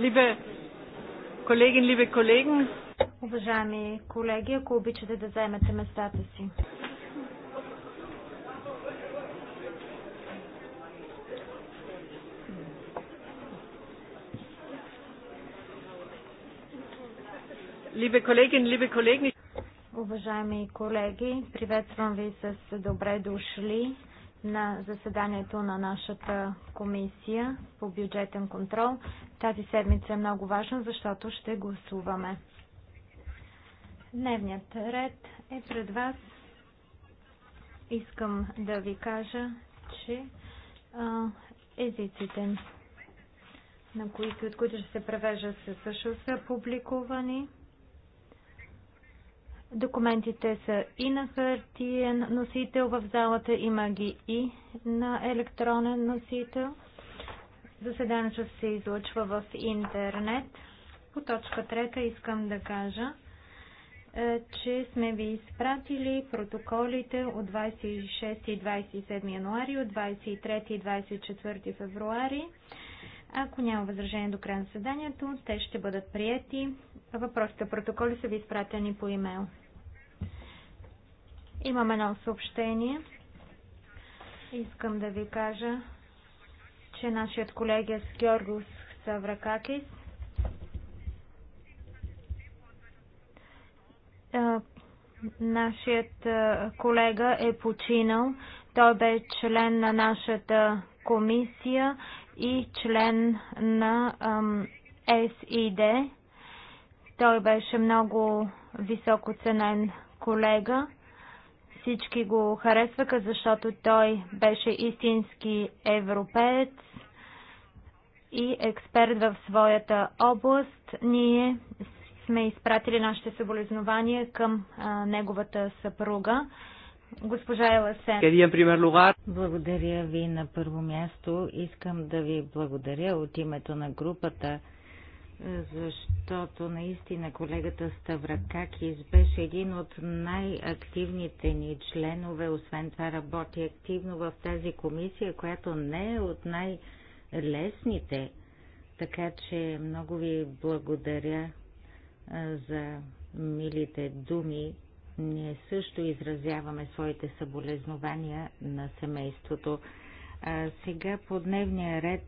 Liebe Kolleginnen, liebe Kollegen, Уважаеми колеги, ако обичате да заемете местата си. Liebe Kolleginnen, liebe Kollegen, Уважаеми колеги, приветствам ви с добре дошли на заседанието на нашата комисия по бюджетен контрол. Тази седмица е много важна, защото ще гласуваме. Дневният ред е пред вас. Искам да ви кажа, че а, езиците, на които, от които ще се превежда, са също са публикувани. Документите са и на хартиен носител в залата, има ги и на електронен носител. Заседанието се излъчва в интернет. По точка трета искам да кажа, е, че сме ви изпратили протоколите от 26 и 27 януари, от 23 и 24 февруари. Ако няма възражение до края на заседанието, те ще бъдат приети. Въпросите протоколи са ви изпратени по имейл. Имаме едно съобщение. Искам да ви кажа, че нашият колега с Савракакис Нашият колега е починал. Той бе член на нашата комисия и член на СИД. Той беше много високо ценен колега. Всички го харесваха, защото той беше истински европеец, и експерт в своята област. Ние сме изпратили нашите съболезнования към а, неговата съпруга. Госпожа Еласен. Благодаря ви на първо място. Искам да ви благодаря от името на групата, защото наистина колегата Ставракакис беше един от най-активните ни членове. Освен това работи активно в тази комисия, която не е от най- лесните. Така че много ви благодаря за милите думи. Ние също изразяваме своите съболезнования на семейството. А сега по дневния ред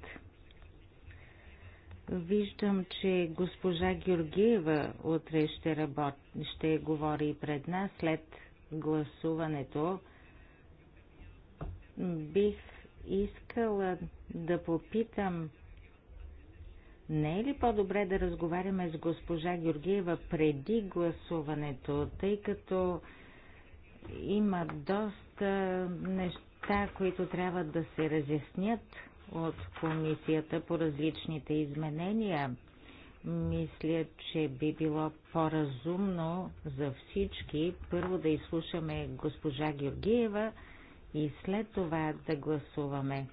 виждам, че госпожа Георгиева утре ще, работ... ще говори пред нас след гласуването. Бих искала да попитам, не е ли по-добре да разговаряме с госпожа Георгиева преди гласуването, тъй като има доста неща, които трябва да се разяснят от комисията по различните изменения. Мисля, че би било по-разумно за всички първо да изслушаме госпожа Георгиева, и след това да гласуваме.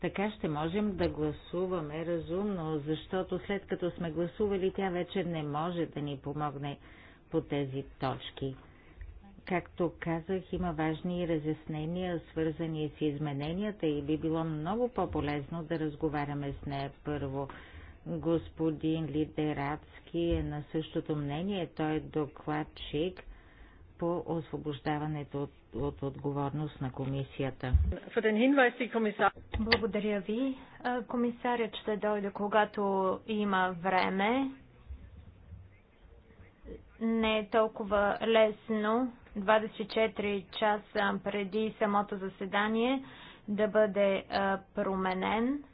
Така ще можем да гласуваме разумно, защото след като сме гласували, тя вече не може да ни помогне по тези точки. Както казах, има важни разяснения, свързани с измененията и би било много по-полезно да разговаряме с нея първо. Господин Лидерацки е на същото мнение, той е докладчик по освобождаването от, от отговорност на комисията. Благодаря ви. Комисарят ще дойде, когато има време. Не е толкова лесно 24 часа преди самото заседание да бъде променен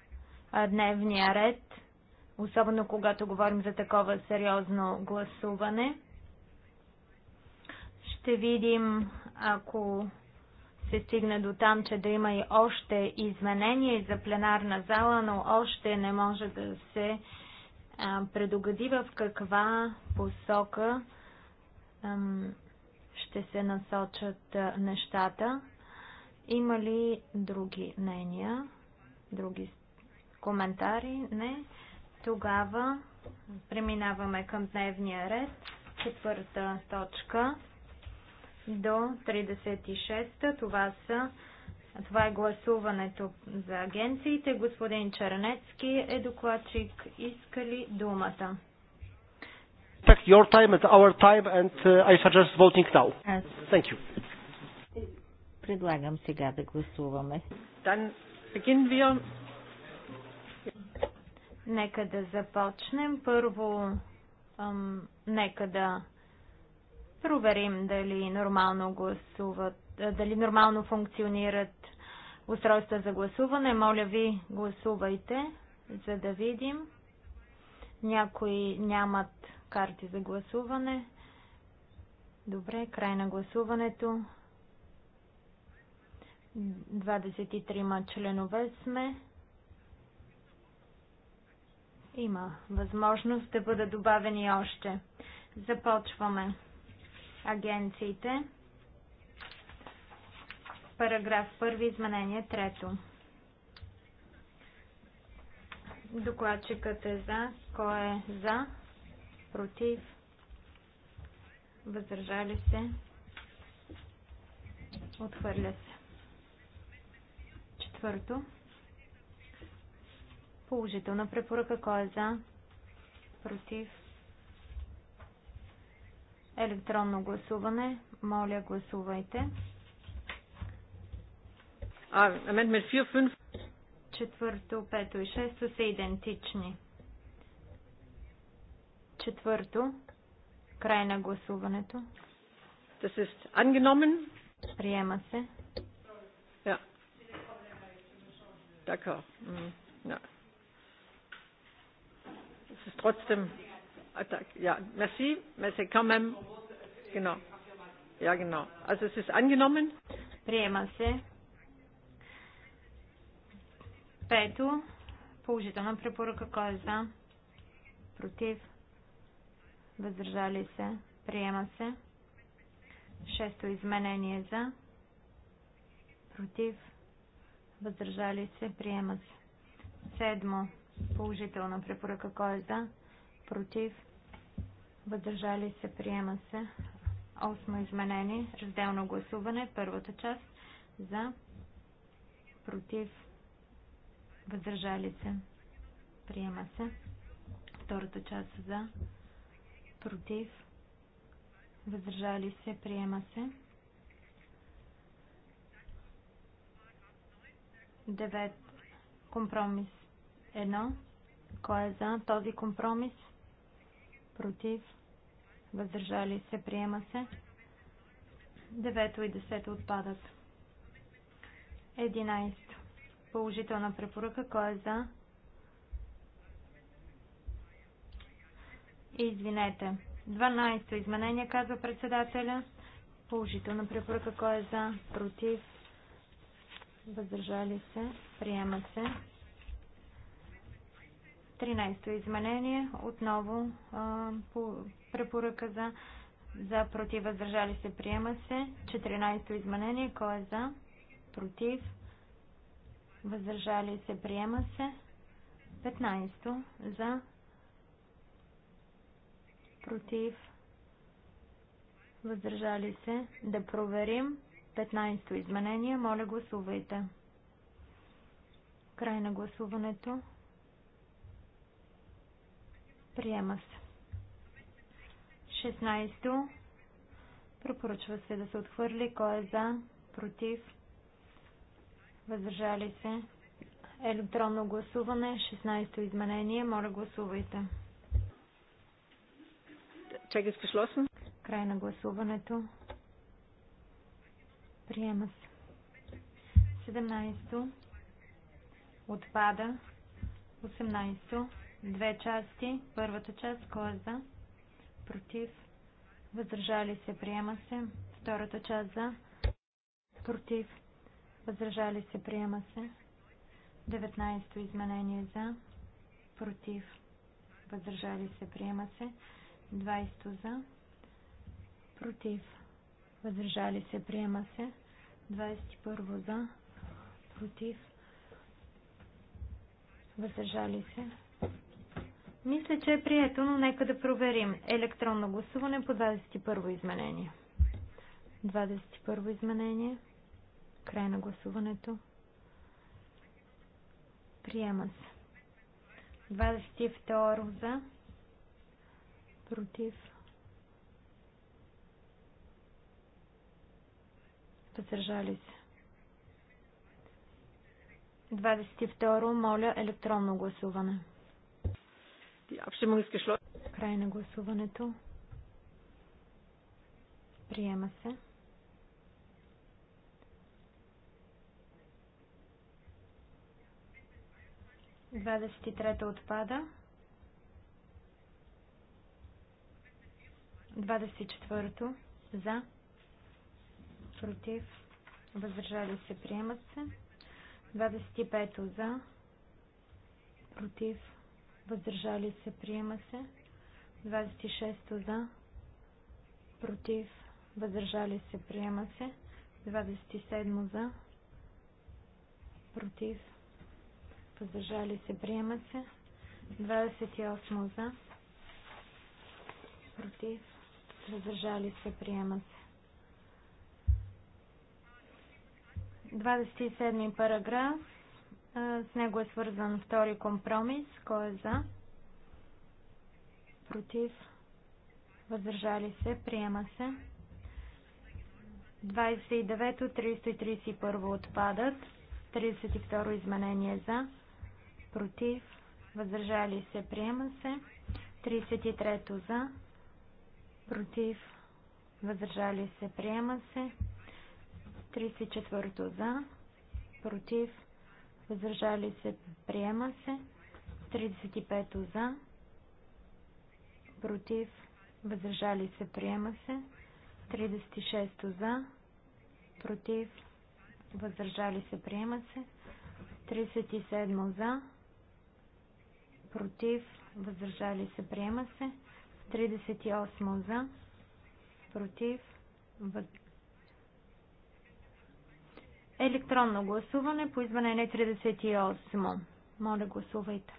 дневния ред, особено когато говорим за такова сериозно гласуване. Ще видим, ако се стигне до там, че да има и още изменения за пленарна зала, но още не може да се предугади в каква посока ще се насочат нещата. Има ли други мнения, други коментари? Не. Тогава преминаваме към дневния ред. Четвърта точка до 36. Това, са, това е гласуването за агенциите. Господин Чернецки е докладчик. Иска ли думата? your time our time and uh, I suggest voting now. Thank you. Предлагам сега да гласуваме. Нека да започнем. Първо, ам, нека да проверим дали нормално гласуват, дали нормално функционират устройства за гласуване. Моля ви, гласувайте, за да видим. Някои нямат карти за гласуване. Добре, край на гласуването. 23 членове сме. Има възможност да бъдат добавени още. Започваме агенциите. Параграф 1. Изменение 3. Докладчикът е за. Кой е за? Против? Въздържали се? Отхвърля се. Четвърто. Положителна препоръка. Кой е за? Против? Електронно гласуване. Моля, гласувайте. Четвърто, пето и шесто са идентични. Четвърто. Край на гласуването. Das ist angenommen. Приема се. Ja. D'accord. Mm, ja. Es ist trotzdem Attac, ja, merci, mais c'est quand même. Genau. Ja, genau. Also es ist angenommen. Приема се. Пето. Положителна препоръка. Кой е за? Против? Въздържали се? Приема се. Шесто изменение е за? Против? Въздържали се? Приема се. Седмо. Положителна препоръка. Кой е за? Против? въздържали се, приема се. Осмо изменение, разделно гласуване, първата част, за, против, въздържали се, приема се. Втората част за, против, въздържали се, приема се. Девет, компромис едно. Кой е за този компромис? Против, въздържали се, приема се. Девето и десето отпадат. Единайсто. Положителна препоръка, кой е за? Извинете. 12 изменение, казва председателя. Положителна препоръка, кой е за? Против? Въздържали се? Приема се. 13-то изменение, отново а, по препоръка за, за против, въздържали се, приема се. 14-то изменение, кой е за, против, въздържали се, приема се. 15-то за, против, въздържали се, да проверим. 15-то изменение, моля гласувайте. Край на гласуването. Приема се. 16. Препоръчва се да се отхвърли. Кой е за? Против? Въздържали се? Електронно гласуване. 16-то изменение. Моля гласувайте. Е спешло съм. Край на гласуването. Приема се. 17-то. Отпада. 18-то. Две части. Първата част, кой е за? Против. Въздържали се, приема се. Втората част за. Против. Въздържали се, приема се. 19 изменение за. Против. Въздържали се, приема се. 20 за. Против. Въздържали се, приема се. 21 за. Против. Въздържали се. Мисля, че е прието, но нека да проверим. Електронно гласуване по 21 изменение. 21 изменение. Край на гласуването. Приема се. 22 за. Против. Въздържали се. 22. Моля електронно гласуване. Край на гласуването. Приема се. Двадесет и трета отпада. Двадесет и четвърто. За. Против. Въздържали се. приема се. Двадесет и пето. За. Против въздържали се, приема се. 26 за, против, въздържали се, приема се. 27 за, против, въздържали се, приема се. 28 за, против, въздържали се, приема се. 27 параграф с него е свързан втори компромис. Кой е за? Против? Въздържали се? Приема се. 29, то 331-во отпадат. 32 изменение за. Против? Въздържали се? Приема се. 33 за. Против? Въздържали се? Приема се. 34 за. Против? въздържали се, приема се. 35 за, против, въздържали се, приема се. 36 за, против, въздържали се, приема се. 37 за, против, въздържали се, приема се. 38 за, против, Електронно гласуване по изменение 38. Моля, гласувайте.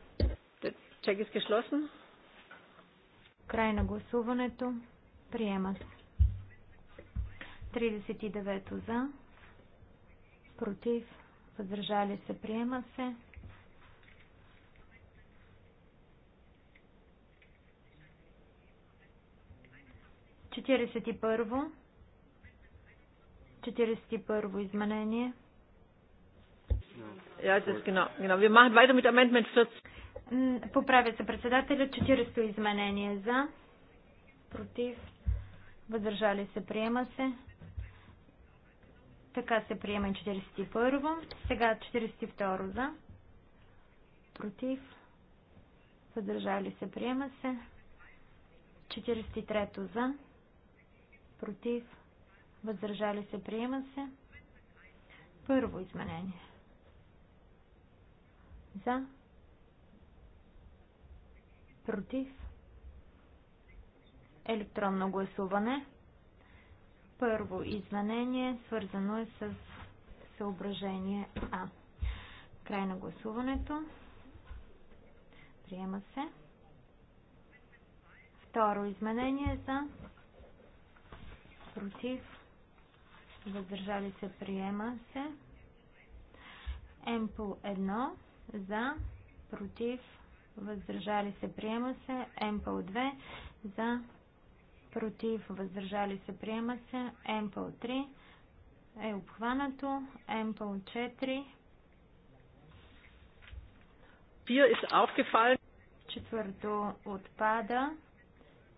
Чек е Край на гласуването. Приема се. 39 за. Против. Въздържали се. Приема се. Четиридесет и първо. 41 изменение. Ja, das genau. Genau. Wir machen weiter mit Amendment 40. Поправя се председателя. 40 изменение за. Против. Въздържали се. Приема се. Така се приема 41. Сега 42 за. Против. Въздържали се. Приема се. 43 за. Против въздържали се, приема се. Първо изменение. За, против, електронно гласуване. Първо изменение, свързано е с съображение А. Край на гласуването. Приема се. Второ изменение за против въздържали се, приема се. М по 1 за, против, въздържали се, приема се. М по 2 за, против, въздържали се, приема се. М по 3 е обхванато. М по 4 Четвърто отпада,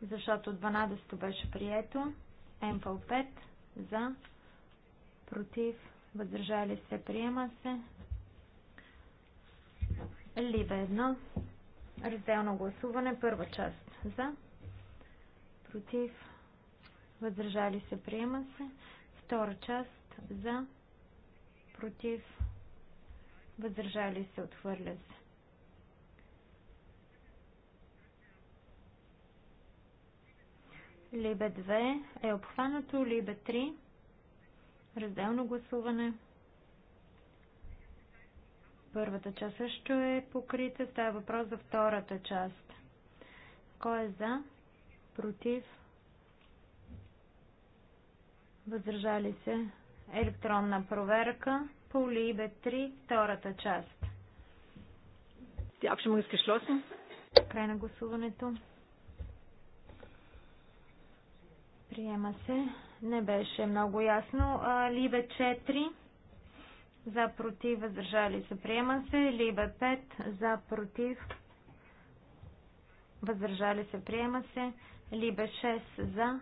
защото 12 беше прието. М по 5 за, против, въздържали се, приема се. Либа едно разделно гласуване, първа част за, против, въздържали се, приема се. Втора част за, против, въздържали се, отхвърля се. Либе 2 е обхванато, либе 3 Разделно гласуване. Първата част също е покрита. Става въпрос за втората част. Кой е за? Против? Въздържали се? Електронна проверка Полибе 3, втората част. Die му ist geschlossen. Край на гласуването. Приема се не беше много ясно. Либе 4 за против, въздържали се, приема се. Либе 5 за против, въздържали се, приема се. Либе 6 за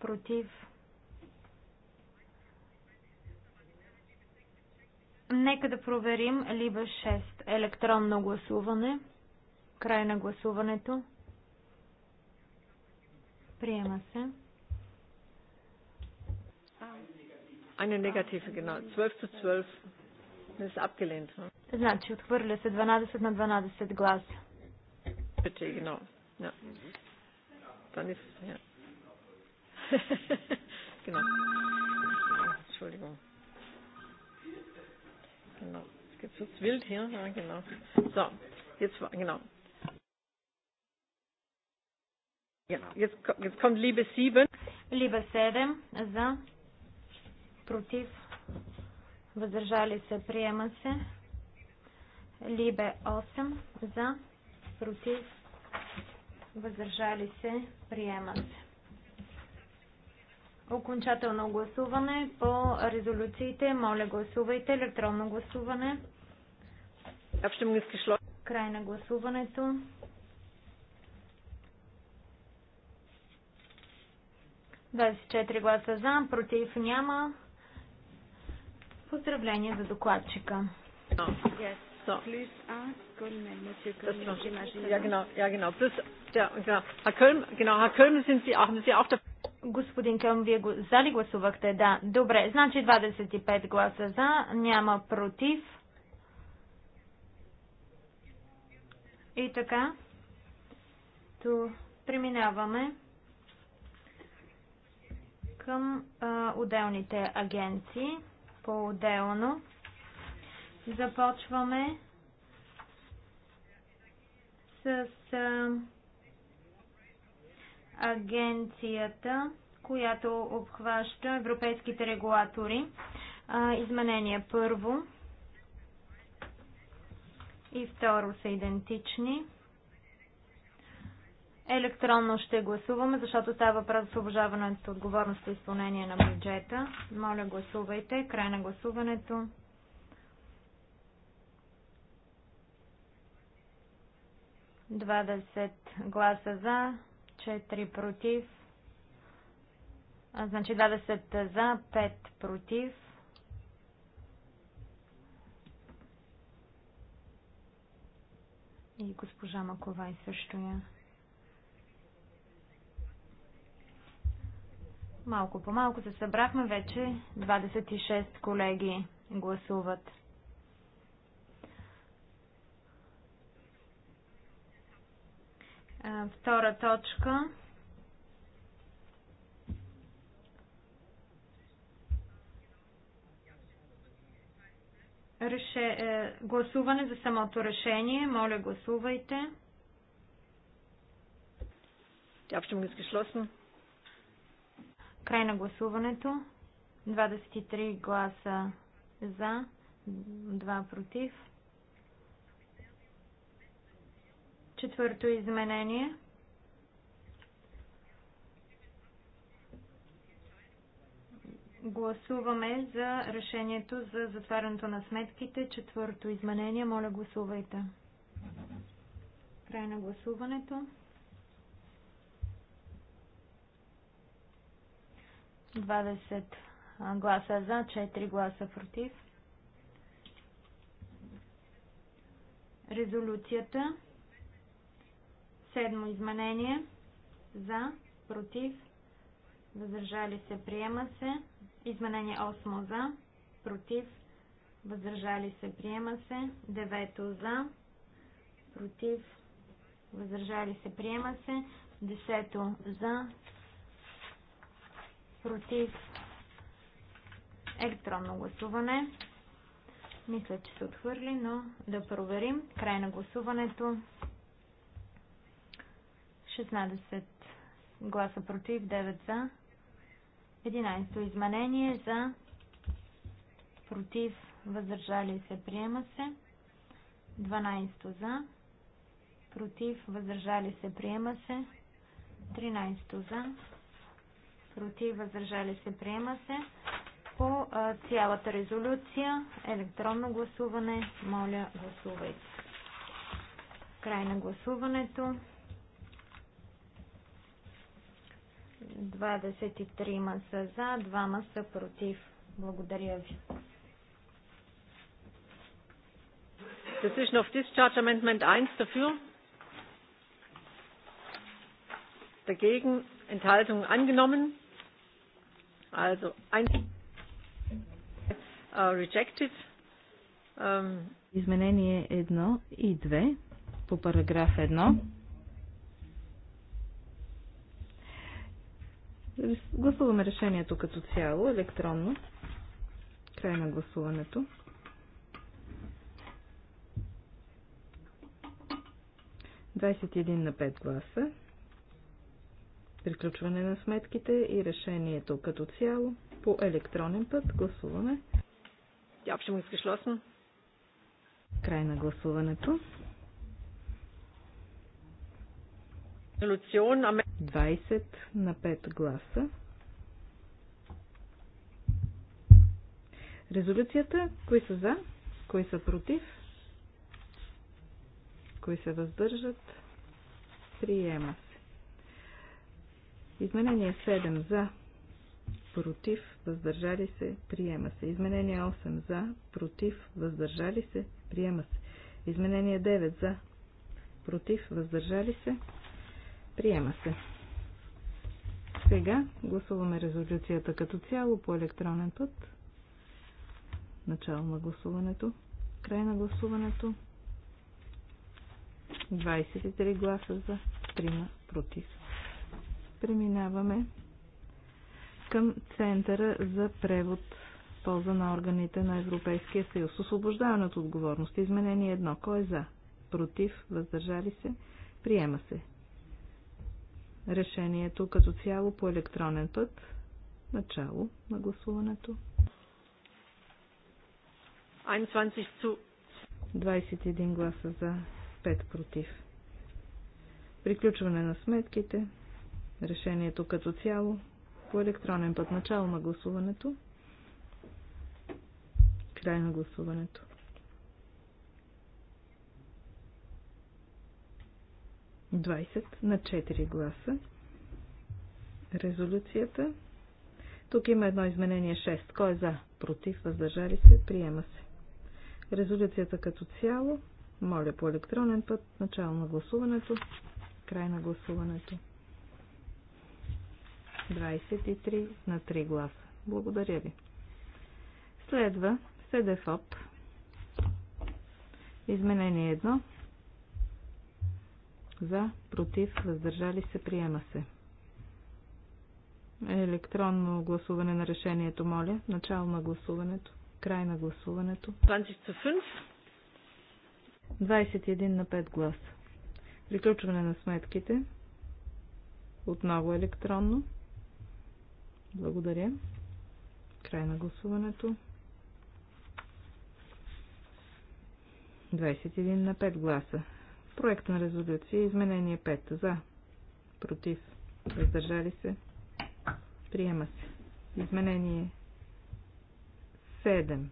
против. Нека да проверим Либе 6. Електронно гласуване. Край на гласуването. Приема се. Eine negative, genau. 12 zu 12. Das ist abgelehnt. Значи, отхвърля се 12 на 12 гласа. Bitte, genau. Ja. Dann ist, ja. genau. Entschuldigung. Genau. Es gibt so wild hier. Ja, genau. So, jetzt war, genau. Ja, jetzt, jetzt kommt Liebe 7. Liebe 7, за против, въздържали се, приема се. Либе 8 за, против, въздържали се, приема се. Окончателно гласуване по резолюциите. Моля гласувайте електронно гласуване. Край на гласуването. Двадесет гласа за, против няма. Поздравления за докладчика. Господин Кълм, вие го, зали гласувахте? Да. Добре, значи 25 гласа за, няма против. И така, то преминаваме към а, отделните агенции по-отделно. Започваме с агенцията, която обхваща европейските регулатори. Изменения първо и второ са идентични. Електронно ще гласуваме, защото става въпрос за освобождаването отговорност и изпълнение на бюджета. Моля, гласувайте. Край на гласуването. Двадесет гласа за, 4 против. Значи 20 за, 5 против. И госпожа Маковай също я. Е. Малко по малко се събрахме, вече 26 колеги гласуват. Втора точка. Реше, е, гласуване за самото решение. Моля, гласувайте. Die Abstimmung ist geschlossen. Край на гласуването. 23 гласа за, 2 против. Четвърто изменение. Гласуваме за решението за затварянето на сметките. Четвърто изменение. Моля, гласувайте. Край на гласуването. 20 гласа за, 4 гласа против. Резолюцията. Седмо изменение. За, против, въздържали се, приема се. Изменение 8 за, против, въздържали се, приема се. Девето за, против, въздържали се, приема се. Десето за, против, електронно гласуване. Мисля, че се отхвърли, но да проверим. Край на гласуването. 16 гласа против, 9 за. 11 изменение за против, въздържали се, приема се. 12 за против, въздържали се, приема се. 13 за против, въздържали се, приема се. По а, цялата резолюция, електронно гласуване, моля гласувайте. Край на гласуването. 23 са за, 2 са против. Благодаря ви. Decision of Discharge Amendment 1 dafür. Dagegen Enthaltung angenommen. Also ein uh, rejected. Um... Изменение 1 и 2 по параграф 1. Гласуваме решението като цяло, електронно. Край на гласуването. Двадесет един на пет гласа приключване на сметките и решението като цяло по електронен път. Гласуваме. Тябщемо изгешлосен. Край на гласуването. 20 на 5 гласа. Резолюцията, кои са за, кои са против, кои се въздържат, приема Изменение 7 за, против, въздържали се, приема се. Изменение 8 за, против, въздържали се, приема се. Изменение 9 за, против, въздържали се, приема се. Сега гласуваме резолюцията като цяло по електронен път. Начало на гласуването, край на гласуването. 23 гласа за, 3 против преминаваме към Центъра за превод полза на органите на Европейския съюз. Освобождаване от отговорност. Изменение едно. Кой е за? Против? Въздържали се? Приема се. Решението като цяло по електронен път. Начало на гласуването. 21 гласа за, 5 против. Приключване на сметките решението като цяло по електронен път. Начало на гласуването. Край на гласуването. Двайсет на 4 гласа. Резолюцията. Тук има едно изменение 6. Кой е за? Против? Въздържали се? Приема се. Резолюцията като цяло. Моля по електронен път. Начало на гласуването. Край на гласуването. 23 на 3 гласа. Благодаря ви. Следва СДФОП. Изменение 1. За, против, въздържали се, приема се. Електронно гласуване на решението, моля. Начало на гласуването. Край на гласуването. 21 на 5 гласа. Приключване на сметките. Отново електронно. Благодаря. Край на гласуването. 21 на 5 гласа. Проект на резолюция. Изменение 5. За. Против. Въздържали се. Приема се. Изменение 7.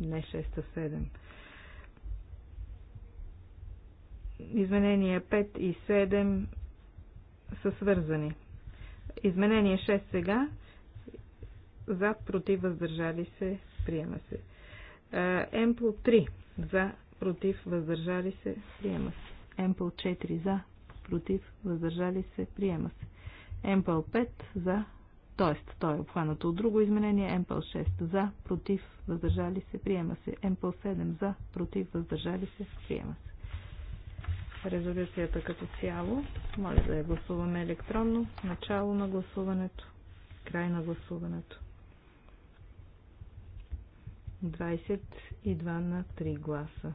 Не 6, 7. Изменения 5 и 7 са свързани. Изменение 6 сега за, против, въздържали се, приема се. Емпл 3 за, против, въздържали се, приема се. Емпл 4 за, против, въздържали се, приема се. Емпл 5 за, т.е. той е обхванато от друго изменение. Емпл 6 за, против, въздържали се, приема се. Емпл 7 за, против, въздържали се, приема се. Резолюцията като цяло. Моля да я гласуваме електронно. Начало на гласуването. Край на гласуването. 22 на 3 гласа.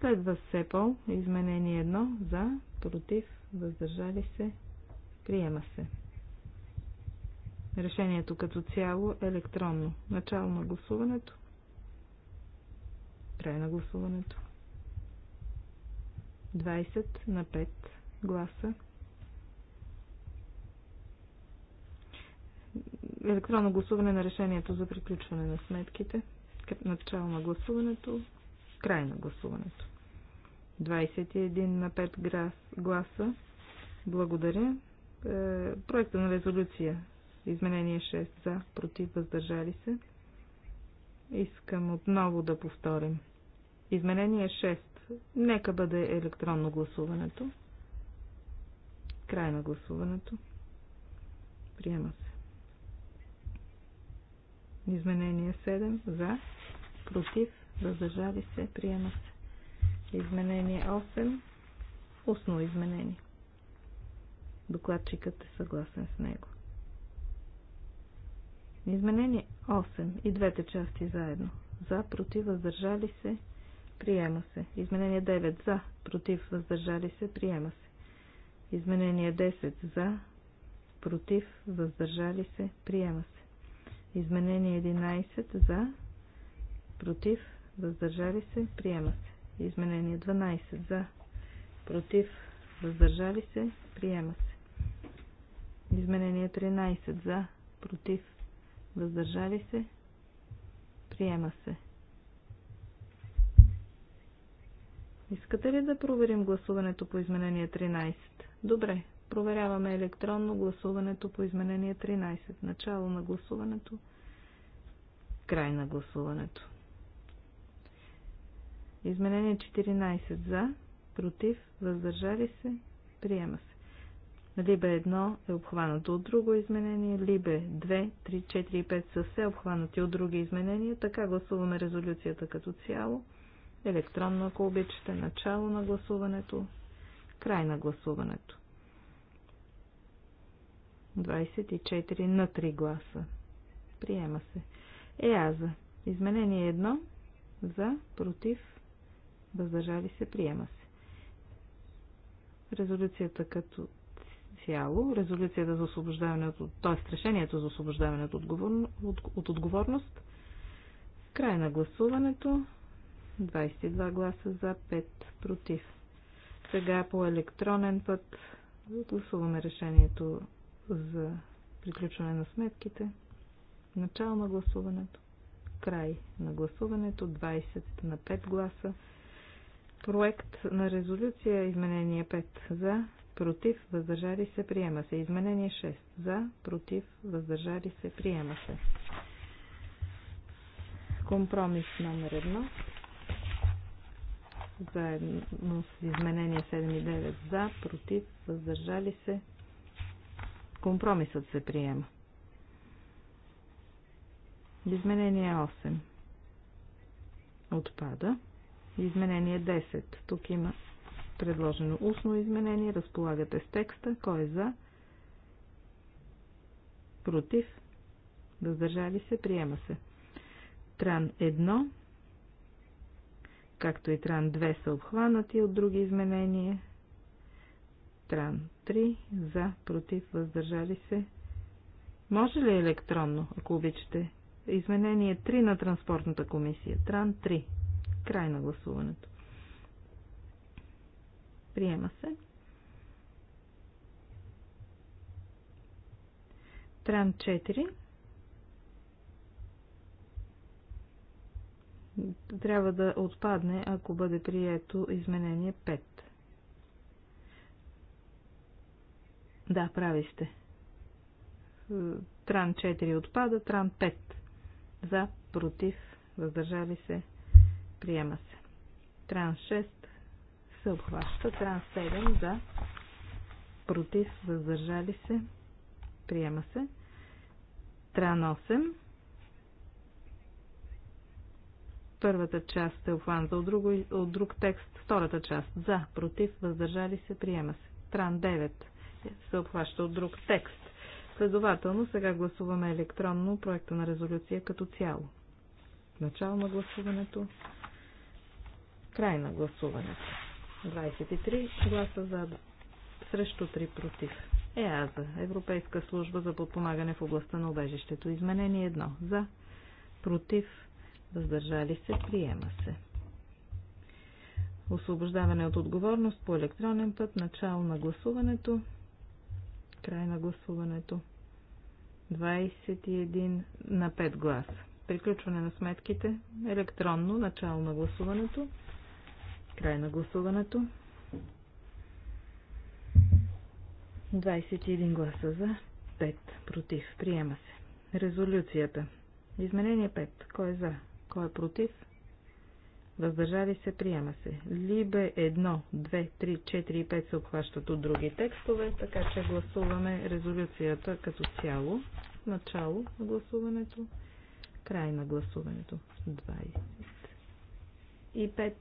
Следва СЕПОЛ, изменение 1, за, против, въздържали се, приема се. Решението като цяло е електронно. Начало на гласуването. Край на гласуването. 20 на 5 гласа електронно гласуване на решението за приключване на сметките. Начало на гласуването, край на гласуването. 21 на 5 гласа. Благодаря. Е, проекта на резолюция. Изменение 6 за, против, въздържали се. Искам отново да повторим. Изменение 6. Нека бъде електронно гласуването. Край на гласуването. Приема се. Изменение 7 за, против, въздържали се, приема се. Изменение 8, устно изменение. Докладчикът е съгласен с него. Изменение 8 и двете части заедно. За, против, въздържали се, приема се. Изменение 9 за, против, въздържали се, приема се. Изменение 10 за, против, въздържали се, приема се. Изменение 11 за, против, въздържали се, приема се. Изменение 12 за, против, въздържали се, приема се. Изменение 13 за, против, въздържали се, приема се. Искате ли да проверим гласуването по изменение 13? Добре, Проверяваме електронно гласуването по изменение 13. Начало на гласуването. Край на гласуването. Изменение 14 за, против, въздържали се, приема се. Либе 1 е обхванато от друго изменение, либе 2, 3, 4 и 5 са все обхванати от други изменения, така гласуваме резолюцията като цяло. Електронно, ако обичате, начало на гласуването, край на гласуването. 24 на 3 гласа. Приема се. ЕАЗа. Изменение 1 за, против, въздържали се, приема се. Резолюцията като цяло, резолюцията за освобождаването, т.е. решението за освобождаването от, от, от отговорност, край на гласуването, 22 гласа за, 5 против. Сега по електронен път гласуваме решението за приключване на сметките. Начало на гласуването. Край на гласуването. 20 на 5 гласа. Проект на резолюция. Изменение 5 за. Против. Въздържали се. Приема се. Изменение 6 за. Против. Въздържали се. Приема се. Компромис номер 1 заедно с изменение 7 и 9 за, против, въздържали се, Компромисът се приема. Изменение 8. Отпада. Изменение 10. Тук има предложено устно изменение. Разполагате с текста. Кой е за? Против? Въздържали се? Приема се. Тран 1, както и Тран 2 са обхванати от други изменения. Тран 3 за, против, въздържали се. Може ли електронно, ако обичате? Изменение 3 на Транспортната комисия. Тран 3. Край на гласуването. Приема се. Тран 4. Трябва да отпадне, ако бъде прието изменение 5. Да, прави сте. Е, тран 4 отпада, Тран 5. За, против, въздържали се, приема се. Тран 6 се обхваща, Тран 7 за, против, въздържали се, приема се. Тран 8. Първата част е обхваната от, от друг текст, втората част за, против, въздържали се, приема се. Тран 9 се обхваща от друг текст. Следователно, сега гласуваме електронно проекта на резолюция като цяло. Начало на гласуването, край на гласуването. 23 гласа за срещу 3 против. ЕАЗА, Европейска служба за подпомагане в областта на обежището. Изменение 1. За, против, въздържали се, приема се. Освобождаване от отговорност по електронен път, начало на гласуването, Край на гласуването. 21 на 5 гласа. Приключване на сметките. Електронно. Начало на гласуването. Край на гласуването. 21 гласа за, 5 против. Приема се. Резолюцията. Изменение 5. Кой е за? Кой е против? Въздържали се, приема се. Либе 1, 2, 3, 4 и 5 се обхващат от други текстове, така че гласуваме резолюцията като цяло. Начало на гласуването, край на гласуването. 20. И 5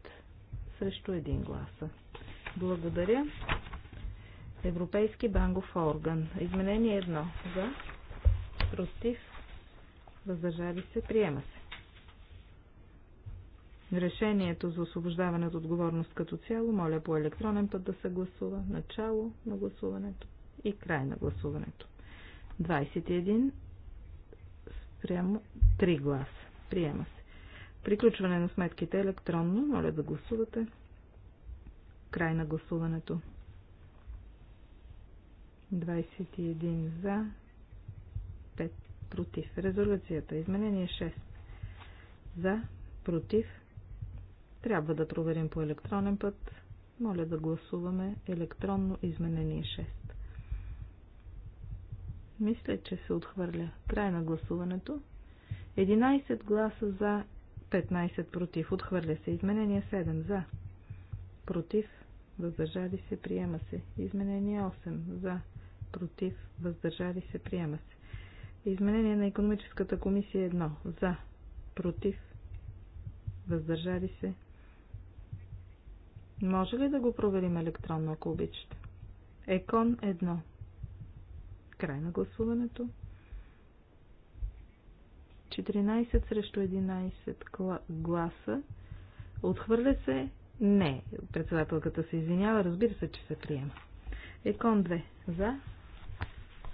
срещу 1 гласа. Благодаря. Европейски банков орган. Изменение 1. За. Против. Въздържали се. Приема се решението за освобождаване от отговорност като цяло, моля по електронен път да се гласува начало на гласуването и край на гласуването. 21 спрямо 3 гласа. Приема се. Приключване на сметките електронно. Моля да гласувате. Край на гласуването. 21 за, 5 против. Резолюцията. Изменение 6. За, против, трябва да проверим по електронен път. Моля да гласуваме електронно изменение 6. Мисля, че се отхвърля. Край на гласуването. 11 гласа за, 15 против. Отхвърля се. Изменение 7 за. Против. Въздържали се. Приема се. Изменение 8 за. Против. Въздържали се. Приема се. Изменение на економическата комисия 1 за. Против. Въздържали се. Може ли да го проверим електронно, ако обичате? Екон 1. Край на гласуването. 14 срещу 11 гласа. Отхвърля се? Не. Председателката се извинява. Разбира се, че се приема. Екон 2. За.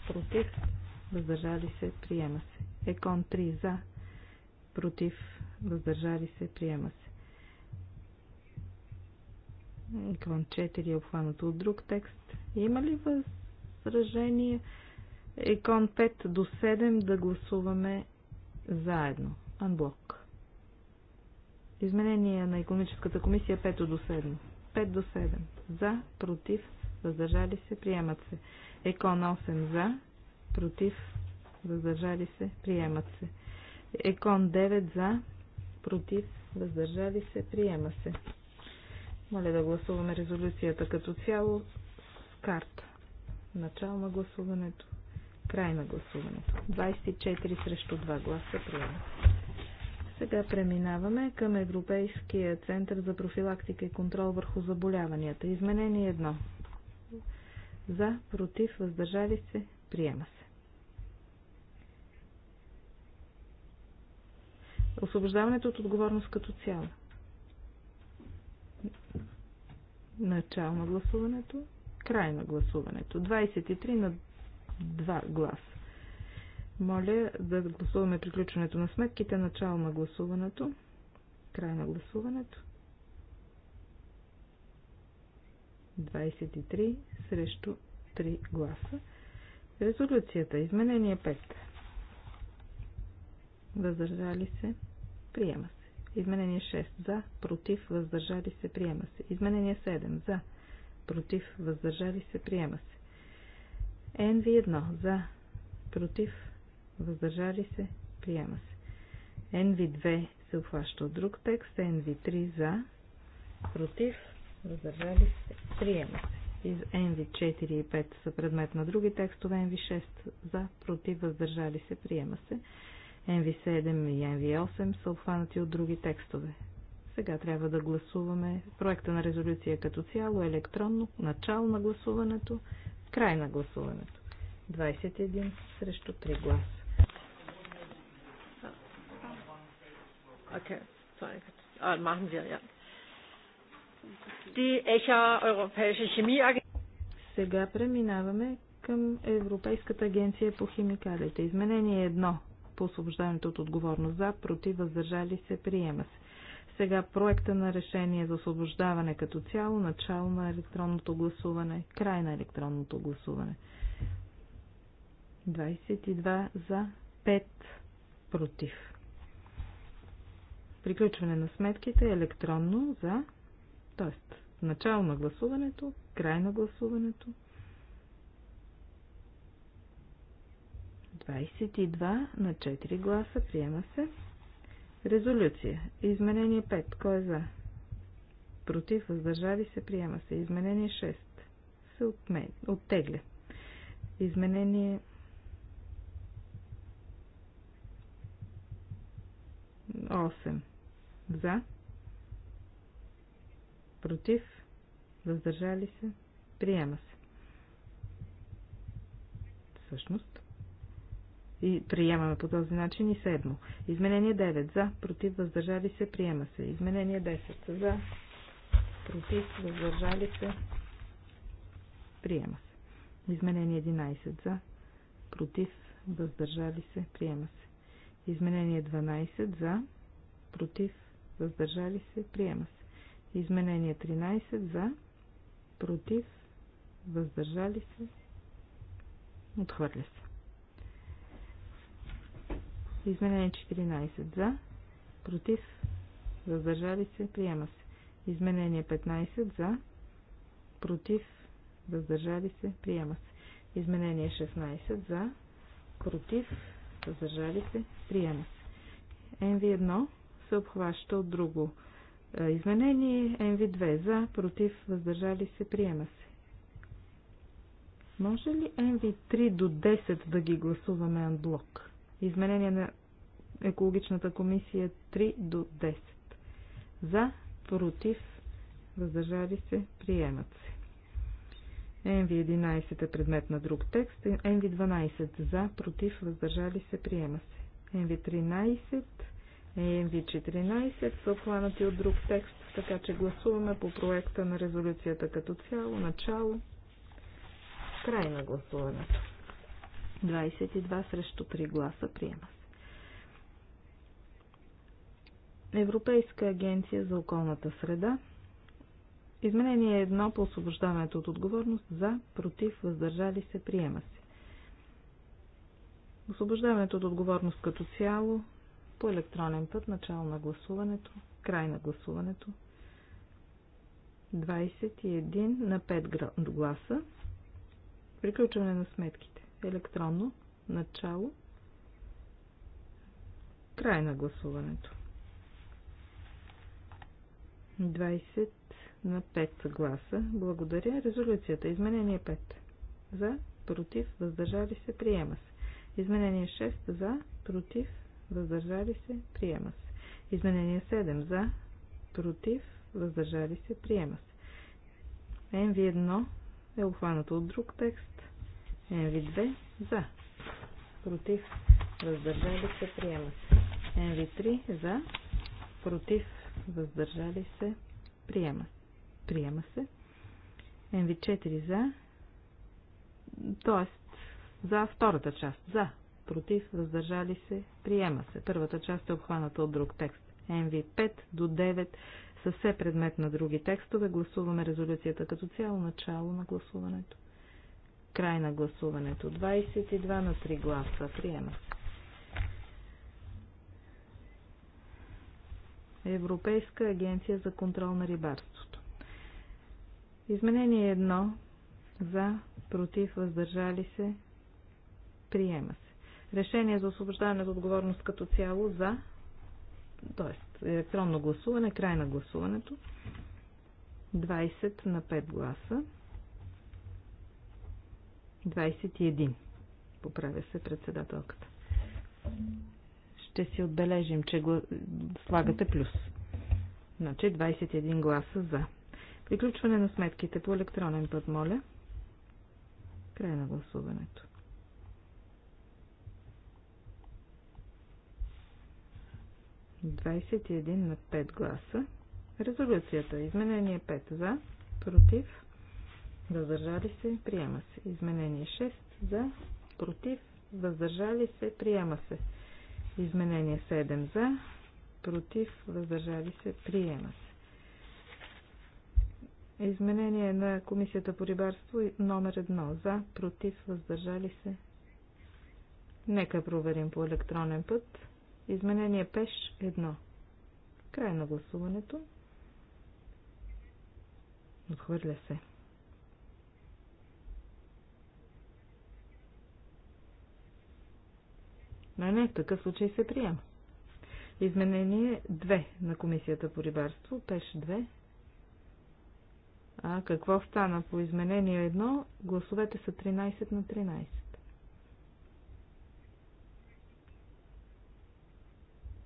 Против. Въздържали се. Приема се. Екон 3. За. Против. Въздържали се. Приема се. Икон 4 е обхванато от друг текст. Има ли възражение? Икон 5 до 7 да гласуваме заедно. Анблок. Изменение на економическата комисия 5 до 7. 5 до 7. За, против, въздържали се, приемат се. Екон 8 за, против, въздържали се, приемат се. Екон 9 за, против, въздържали се, приема се. Моля да гласуваме резолюцията като цяло с карта. Начало на гласуването, край на гласуването. 24 срещу 2 гласа приема. Сега преминаваме към Европейския център за профилактика и контрол върху заболяванията. Изменение 1. За, против, въздържали се, приема се. Освобождаването от отговорност като цяло. Начало на гласуването. Край на гласуването. 23 на 2 гласа. Моля да гласуваме приключването на сметките. Начало на гласуването. Край на гласуването. 23 срещу 3 гласа. Резолюцията. Изменение 5. Въздържали се. Приема се. Изменение 6. За, против, въздържали се, приема се. Изменение 7. За, против, въздържали се, приема се. NV1. За, против, въздържали се, приема се. NV2 се обхваща от друг текст. NV3 за, против, въздържали се, приема се. Из NV4 и 5 са предмет на други текстове. NV6 за, против, въздържали се, приема се. NV7 и NV8 са обхванати от други текстове. Сега трябва да гласуваме проекта на резолюция като цяло, електронно, начало на гласуването, край на гласуването. 21 срещу 3 гласа. Ah, Сега преминаваме към Европейската агенция по химикалите. Изменение 1 по освобождаването от отговорност за, против, въздържали се, приема се. Сега проекта на решение за освобождаване като цяло, начало на електронното гласуване, край на електронното гласуване. 22 за, 5 против. Приключване на сметките електронно за, т.е. начало на гласуването, край на гласуването, 22 22 на 4 гласа. Приема се. Резолюция. Изменение 5. Кой е за? Против. Въздържали се. Приема се. Изменение 6. Се оттегля. Изменение Осем. За. Против. Въздържали се. Приема се. Всъщност и приемаме по този начин и седмо. Изменение 9. За, против, въздържали се, приема се. Изменение 10. За, против, въздържали се, приема се. Изменение 11. За, против, въздържали се, приема се. Изменение 12. За, против, въздържали се, приема се. Изменение 13. За, против, въздържали се, отхвърля се. Изменение 14 за, против, въздържали се, приема се. Изменение 15 за, против, въздържали се, приема се. Изменение 16 за, против, въздържали се, приема се. МВ1 се обхваща от друго изменение. МВ2 за, против, въздържали се, приема се. Може ли МВ3 до 10 да ги гласуваме анблок? Изменение на екологичната комисия 3 до 10. За, против, въздържали се, приемат се. МВ-11 е предмет на друг текст. МВ-12 за, против, въздържали се, приема се. МВ-13 и МВ-14 са обхванати от друг текст, така че гласуваме по проекта на резолюцията като цяло, начало, край на гласуването. 22 срещу 3 гласа приема се. Европейска агенция за околната среда. Изменение 1 по освобождаването от отговорност за, против, въздържали се, приема се. Освобождаването от отговорност като цяло по електронен път, начало на гласуването, край на гласуването. 21 на 5 гласа. Приключване на сметките електронно начало, край на гласуването. 20 на 5 гласа. Благодаря. Резолюцията. Изменение 5. За, против, въздържали се, приема се. Изменение 6. За, против, въздържали се, приема се. Изменение 7. За, против, въздържали се, приема се. МВ1 е обхванато от друг текст. НВ 2 за. Против. Въздържали се. Приема се. NV3 за. Против. Въздържали се. Приема. Приема се. НВ 4 за. Тоест, за втората част. За. Против. Въздържали се. Приема се. Първата част е обхваната от друг текст. мв 5 до 9 са все предмет на други текстове. Гласуваме резолюцията като цяло начало на гласуването. Край на гласуването. 22 на 3 гласа. Приема се. Европейска агенция за контрол на рибарството. Изменение 1 за, против, въздържали се, приема се. Решение за освобождаване от отговорност като цяло за, т.е. електронно гласуване, край на гласуването, 20 на 5 гласа. 21. Поправя се председателката. Ще си отбележим, че гла... слагате плюс. Значи 21 гласа за. Приключване на сметките по електронен път, моля. Край на гласуването. Двадесет на 5 гласа. Резолюцията. Изменение 5 за, против, въздържали се, приема се. Изменение 6 за, против, въздържали се, приема се. Изменение 7 за, против, въздържали се, приема се. Изменение на Комисията по рибарство номер 1 за, против, въздържали се. Нека проверим по електронен път. Изменение ПЕШ 1. Край на гласуването. Отхвърля се. Не, не, в такъв случай се приема. Изменение 2 на Комисията по рибарство, пеш 2. А какво стана по изменение 1? Гласовете са 13 на 13.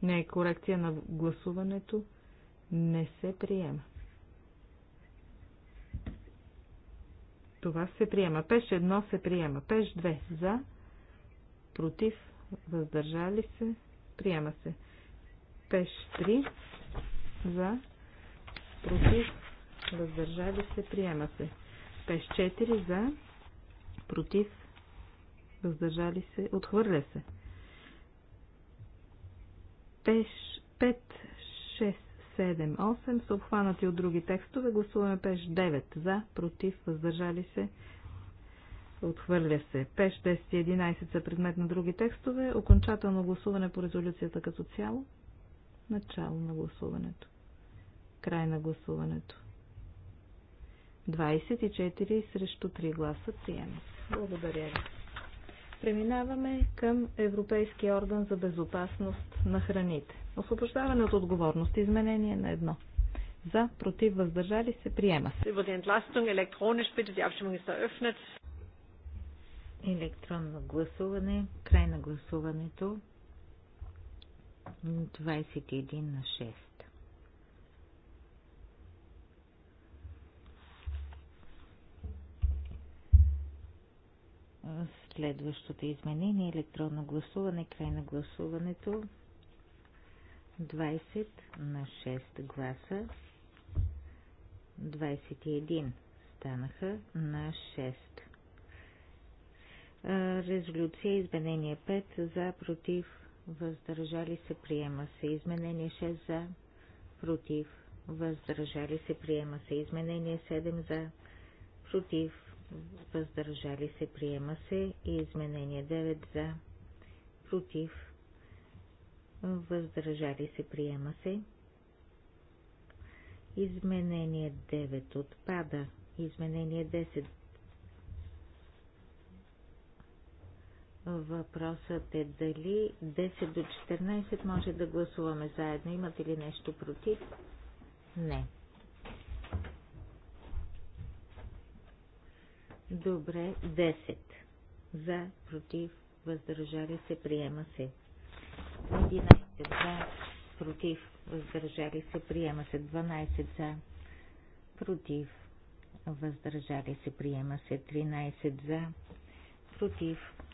Не, корекция на гласуването не се приема. Това се приема. Пеш 1 се приема. Пеш 2 за, против, въздържали се, приема се. Пеш 3 за, против, въздържали се, приема се. Пеш 4 за, против, въздържали се, отхвърля се. Пеш 5, 6, 7, 8 са обхванати от други текстове. Гласуваме пеш 9 за, против, въздържали се, Отхвърля се. 5, 6 и 11 са предмет на други текстове. Окончателно гласуване по резолюцията като цяло. Начало на гласуването. Край на гласуването. 24 срещу 3 гласа приема. Благодаря ви. Преминаваме към Европейския орган за безопасност на храните. Освобождаване от отговорност. Изменение на едно. За, против, въздържали се, приема се. Електронно гласуване. Край на гласуването. 21 на 6. Следващото изменение е електронно гласуване, край на гласуването 20 на 6 гласа 21 станаха на 6. Резолюция изменение 5 за, против, въздържали се, приема се. Изменение 6 за, против, въздържали се, приема се. Изменение 7 за, против, въздържали се, приема се. И изменение 9 за, против, въздържали се, приема се. Изменение 9 отпада. Изменение 10 Въпросът е дали 10 до 14 може да гласуваме заедно. Имате ли нещо против? Не. Добре, 10. За, против, въздържали се, приема се. 11 за, против, въздържали се, приема се. 12 за, против, въздържали се, приема се. 13 за, против,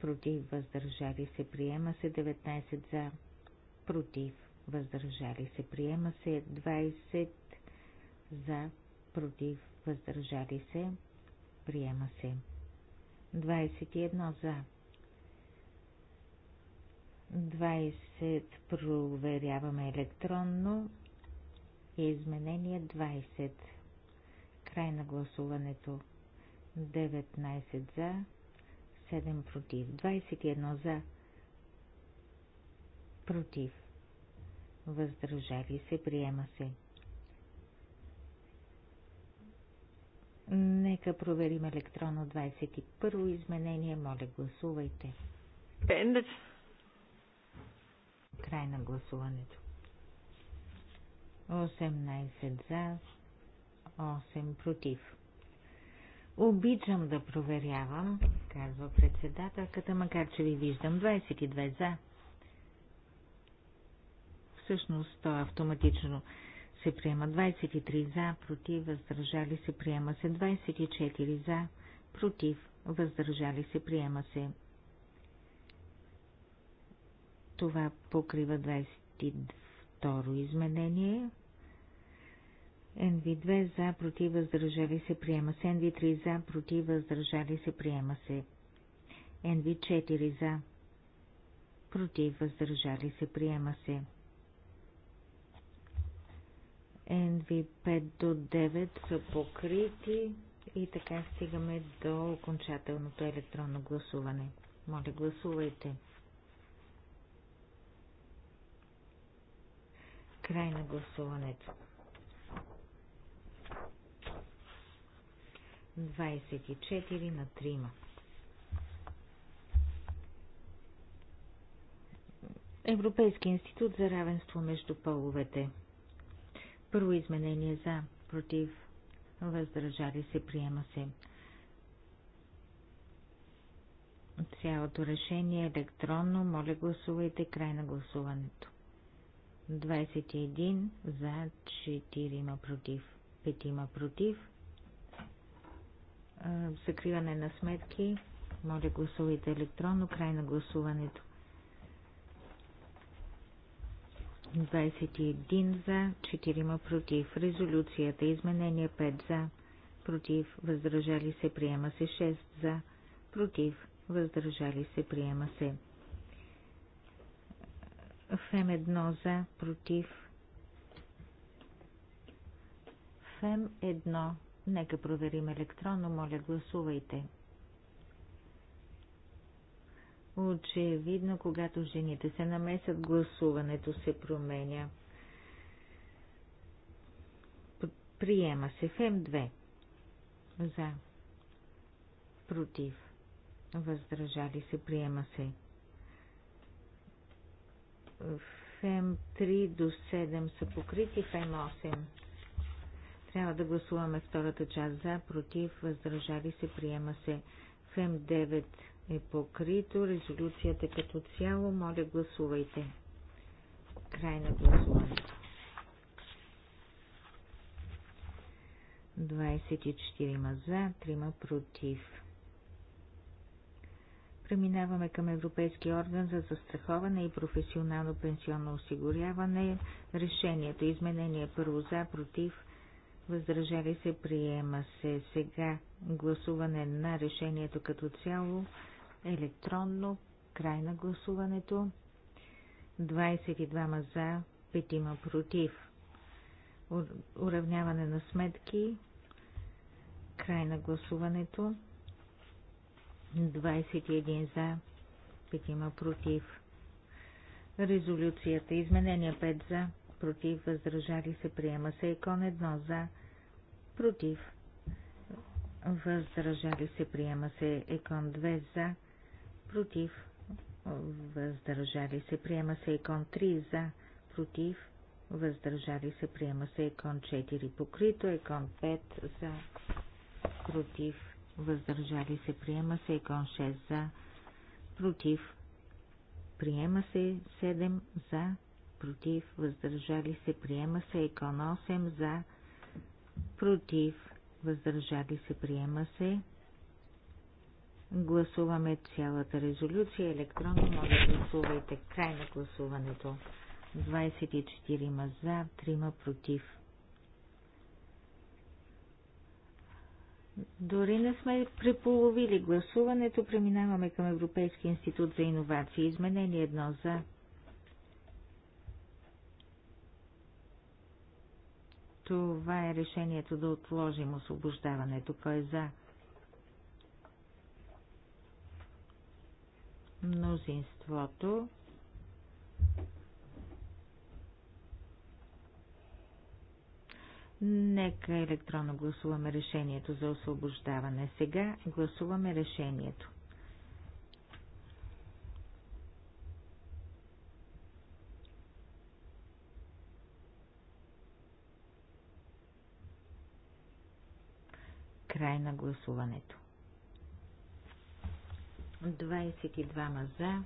против, въздържали се, приема се 19 за, против, въздържали се, приема се 20 за, против, въздържали се, приема се 21 за, 20 проверяваме електронно и изменение 20. Край на гласуването. 19 за, 7 против, 21 за, против, въздържали се, приема се. Нека проверим електронно 21 изменение. Моля, гласувайте. Пендът. Край на гласуването. 18 за, 8 против. Обичам да проверявам казва председателката, макар че ви виждам 22 за. Всъщност то автоматично се приема 23 за, против, въздържали се, приема се 24 за, против, въздържали се, приема се. Това покрива 22 изменение, NV2 за, против, въздържали се, приема се. NV3 за, против, въздържали се, приема се. NV4 за, против, въздържали се, приема се. NV5 до 9 са покрити и така стигаме до окончателното електронно гласуване. Моля, гласувайте. Край на гласуването. 24 на 3. Европейски институт за равенство между половете. Първо изменение за, против, въздържали се, приема се. Цялото решение е електронно. Моля гласувайте край на гласуването. 21 за, 4 против, 5 има против, закриване на сметки. Моля, гласувайте електронно. Край на гласуването. 21 за, 4 против. Резолюцията. Изменение 5 за, против. Въздържали се. Приема се 6 за, против. Въздържали се. Приема се. ФЕМ 1 за, против. ФЕМ 1 Нека проверим електронно, моля гласувайте. Очевидно, когато жените се намесят, гласуването се променя. Приема се ФМ2. За. Против. Въздържали се. Приема се. ФМ3 до 7 са покрити. ФМ8 трябва да гласуваме втората част за, против, въздържали се, приема се. Фем 9 е покрито, резолюцията е като цяло. Моля, гласувайте. Край на гласуването. 24 за, 3 против. Преминаваме към Европейски орган за застраховане и професионално пенсионно осигуряване. Решението изменение първо за, против, въздържали се, приема се. Сега гласуване на решението като цяло, електронно, край на гласуването, 22 за, 5 против. Уравняване на сметки, край на гласуването, 21 за, 5 против. Резолюцията. Изменения 5 за, против, въздържали се, приема се. Икон 1 за, против, въздържали се, приема се Екон 2 за, против, въздържали се, приема се Екон 3 за, против, въздържали се, приема се Екон 4 покрито, Екон 5 за, против, въздържали се, приема се Екон 6 за, против, приема се 7 за, против, въздържали се, приема се Екон 8 за, против, против, въздържали се, приема се. Гласуваме цялата резолюция електронно. Моля, гласувайте край на гласуването. 24 ма за, 3 ма против. Дори не сме преполовили гласуването. Преминаваме към Европейски институт за иновации. Изменение едно за, Това е решението да отложим освобождаването. Кой е за? Мнозинството. Нека електронно гласуваме решението за освобождаване. Сега гласуваме решението. Край на гласуването. 22 за,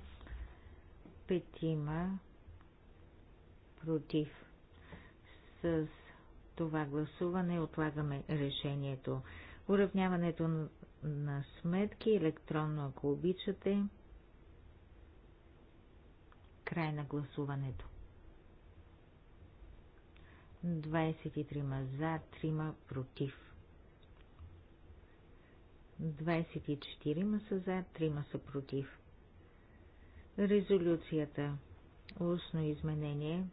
5 против. С това гласуване отлагаме решението. Уравняването на сметки електронно, ако обичате. Край на гласуването. 23 за, 3 против. 24 са за, 3 са против. Резолюцията. Устно изменение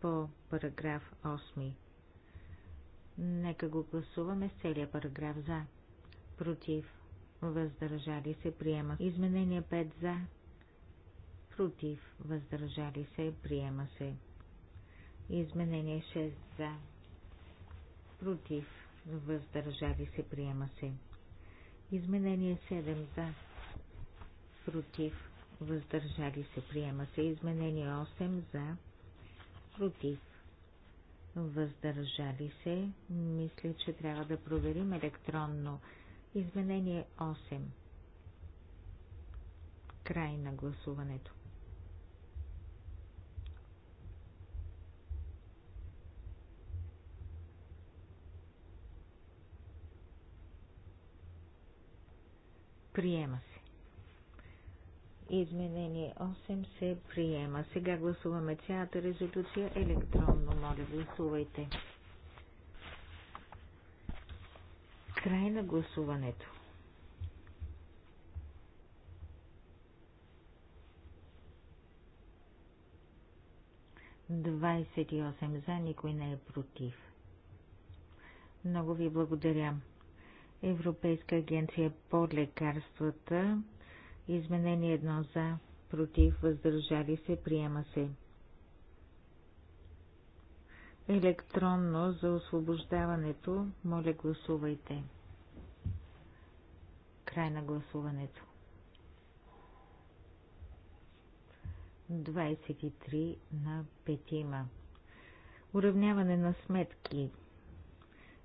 по параграф 8. Нека го гласуваме с целият параграф за. Против. Въздържали се. Приема. Изменение 5 за. Против. Въздържали се. Приема се. Изменение 6 за. Против. Въздържали се. Приема се. Изменение 7 за. Против. Въздържали се. Приема се. Изменение 8 за. Против. Въздържали се. Мисля, че трябва да проверим електронно. Изменение 8. Край на гласуването. Приема се. Изменение 8 се приема. Сега гласуваме цялата резолюция електронно. Моля, гласувайте. Край на гласуването. Двадесет и осем за, никой не е против. Много ви благодаря. Европейска агенция по лекарствата. Изменение едно за, против, въздържали се, приема се. Електронно за освобождаването, моля гласувайте. Край на гласуването. 23 на 5. Уравняване на сметки.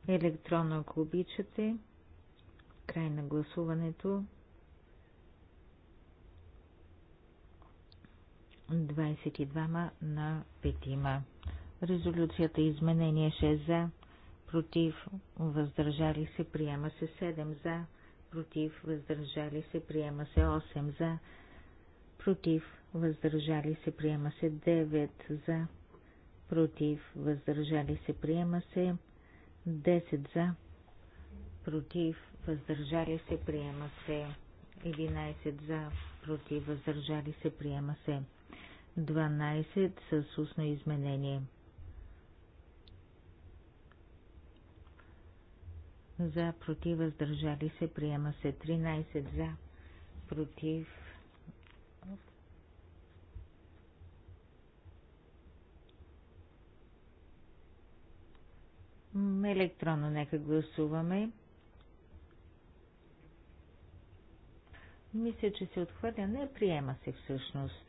Електронно, ако обичате, Край на гласуването. 22 на 5. Резолюцията изменение 6 за, против, въздържали се, приема се 7 за, против, въздържали се, приема се 8 за, против, въздържали се, приема се 9 за, против, въздържали се, приема се 10 за, против, въздържали се, приема се. 11 за, против, въздържали се, приема се. 12 с устно изменение. За, против, въздържали се, приема се. 13 за, против, електронно нека гласуваме. Мисля, че се отхвърля. Не, приема се всъщност.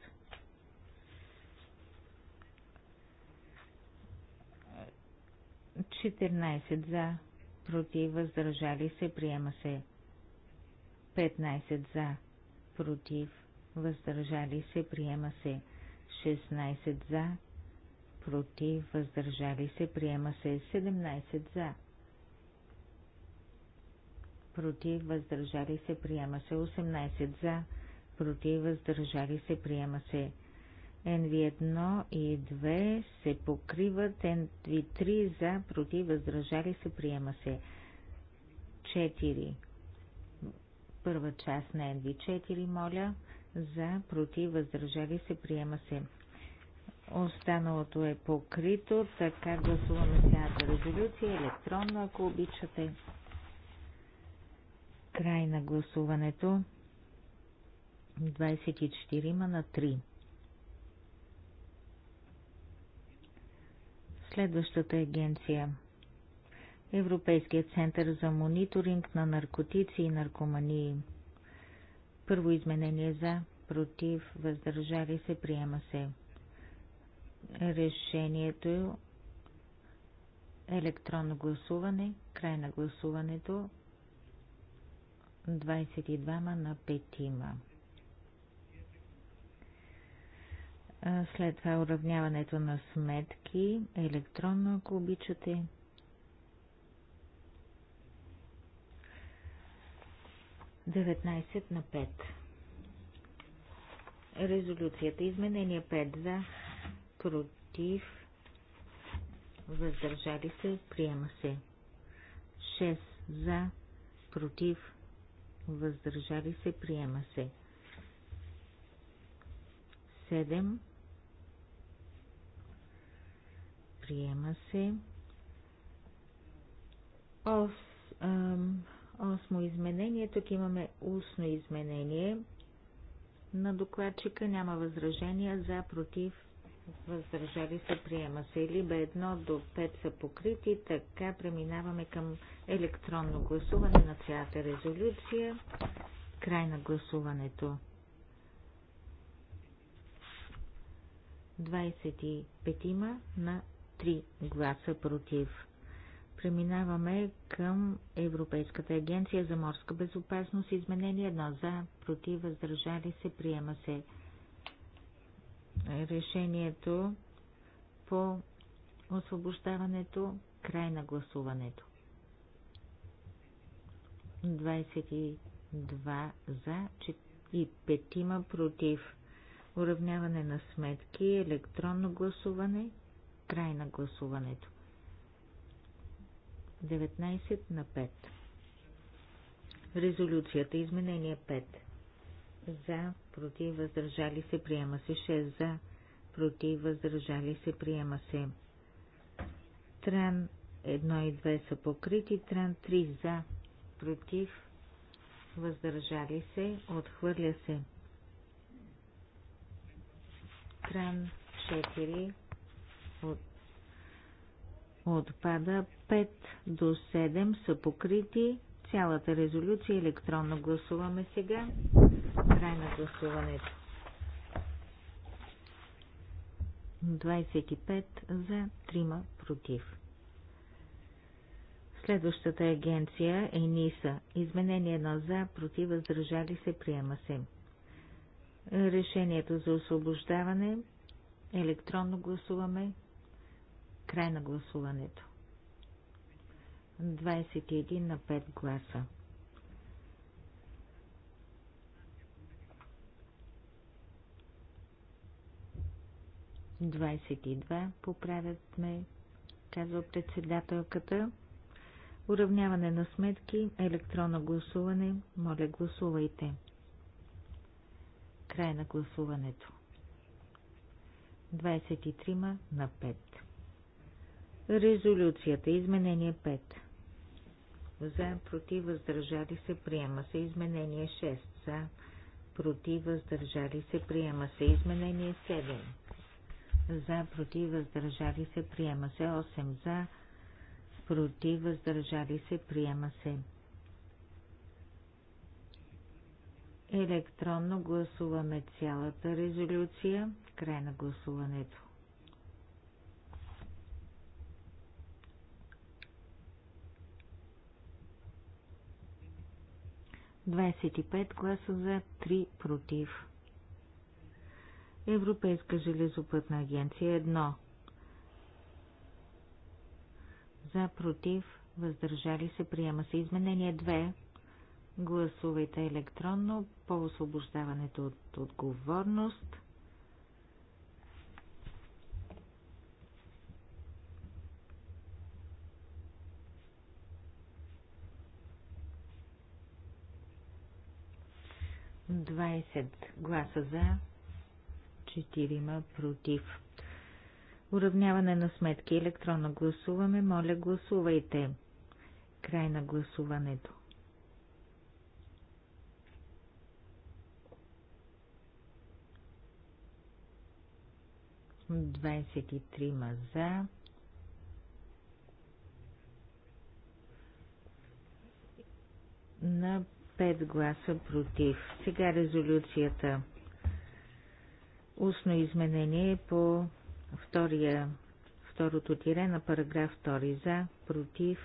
Четирнайсет за, против, въздържали се, приема се. 15 за, против, въздържали се, приема се. 16 за, против, въздържали се, приема се. 17 за, против, въздържали се, приема се. 18 за, против, въздържали се, приема се. NV1 и 2 се покриват, NV3 за, против, въздържали се, приема се. 4. Първа част на NV4, моля, за, против, въздържали се, приема се. Останалото е покрито, така гласуваме цялата резолюция, електронно, ако обичате. Край на гласуването. 24 на 3. Следващата агенция Европейският център за мониторинг на наркотици и наркомании. Първо изменение за, против, въздържали се, приема се. Решението е електронно гласуване, край на гласуването, 22 на 5. ма След това уравняването на сметки, електронно, ако обичате. Деветнайсет на пет. Резолюцията. Изменение 5 за, против, въздържали се, приема се. 6 за, против, въздържали се, приема се. 7. Приема се. 8. Осмо изменение. Тук имаме устно изменение на докладчика. Няма възражения за, против, въздържали се, приема се. Или бе до 5 са покрити, така преминаваме към електронно гласуване на цялата резолюция. Край на гласуването. 25 на 3 гласа против. Преминаваме към Европейската агенция за морска безопасност. Изменение 1 за, против, въздържали се, приема се решението по освобождаването, край на гласуването. 22 за и 5 против. Уравняване на сметки, електронно гласуване, край на гласуването. 19 на 5. Резолюцията изменение 5. За против, въздържали се, приема се. 6 за, против, въздържали се, приема се. Тран 1 и 2 са покрити, Тран 3 за, против, въздържали се, отхвърля се. Тран 4 от, отпада 5 до 7 са покрити. Цялата резолюция електронно гласуваме сега. Край на гласуването. 25 за 3 против. Следващата агенция е НИСА. Изменение на за, против, въздържали се, приема се. Решението за освобождаване. Електронно гласуваме. Край на гласуването. 21 на 5 гласа. 22 поправят ме, казва председателката. Уравняване на сметки, електронно гласуване, моля гласувайте. Край на гласуването. 23 на 5. Резолюцията. Изменение 5. За, против, въздържали се, приема се. Изменение 6. За, против, въздържали се, приема се. Изменение 7 за, против, въздържали се, приема се. 8 за, против, въздържали се, приема се. Електронно гласуваме цялата резолюция. Край на гласуването. Двадесет и пет гласа за, три против. Европейска железопътна агенция 1. За, против, въздържали се, приема се. Изменение 2. Гласувайте електронно по освобождаването от отговорност. Двадесет гласа за, 4 против. Уравняване на сметки. Електронно гласуваме. Моля, гласувайте. Край на гласуването. Двадесет и трима за. На пет гласа против. Сега резолюцията устно изменение по втория, второто тире на параграф 2 за, против,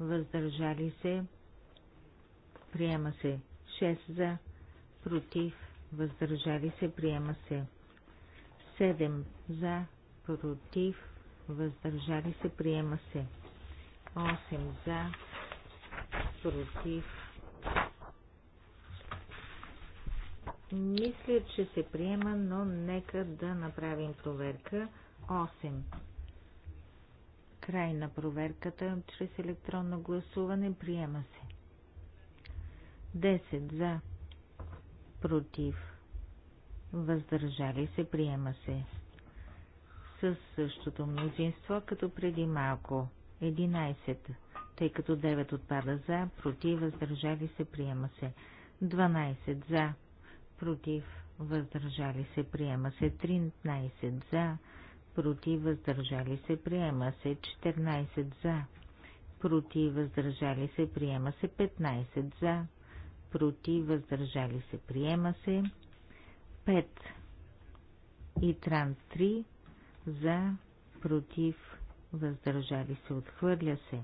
въздържали се, приема се 6 за, против, въздържали се, приема се 7 за, против, въздържали се, приема се 8 за, против, Мисля, че се приема, но нека да направим проверка. 8. Край на проверката чрез електронно гласуване приема се. 10 за. Против. Въздържали се приема се. Със същото мнозинство, като преди малко. 11. Тъй като 9 отпада за, против, въздържали се, приема се. 12 за, против, въздържали се, приема се 13 за, против, въздържали се, приема се 14 за, против, въздържали се, приема се 15 за, против, въздържали се, приема се 5 и тран 3 за, против, въздържали се, отхвърля се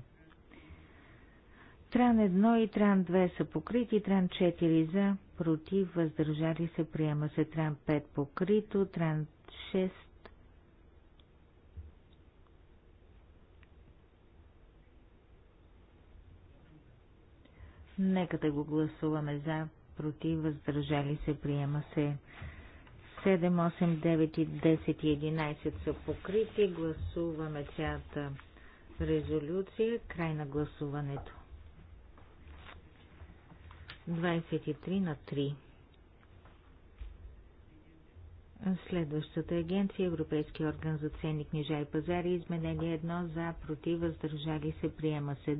Тран 1 и Тран 2 са покрити, Тран 4 за, против, въздържали се, приема се Тран 5 покрито, Тран 6 Нека да го гласуваме за, против, въздържали се, приема се. 7, 8, 9, 10 и 11 са покрити. Гласуваме цялата резолюция. Край на гласуването. 23 на 3. Следващата агенция е Европейски орган за ценни книжа и пазари изменение 1 за против въздържали се приема се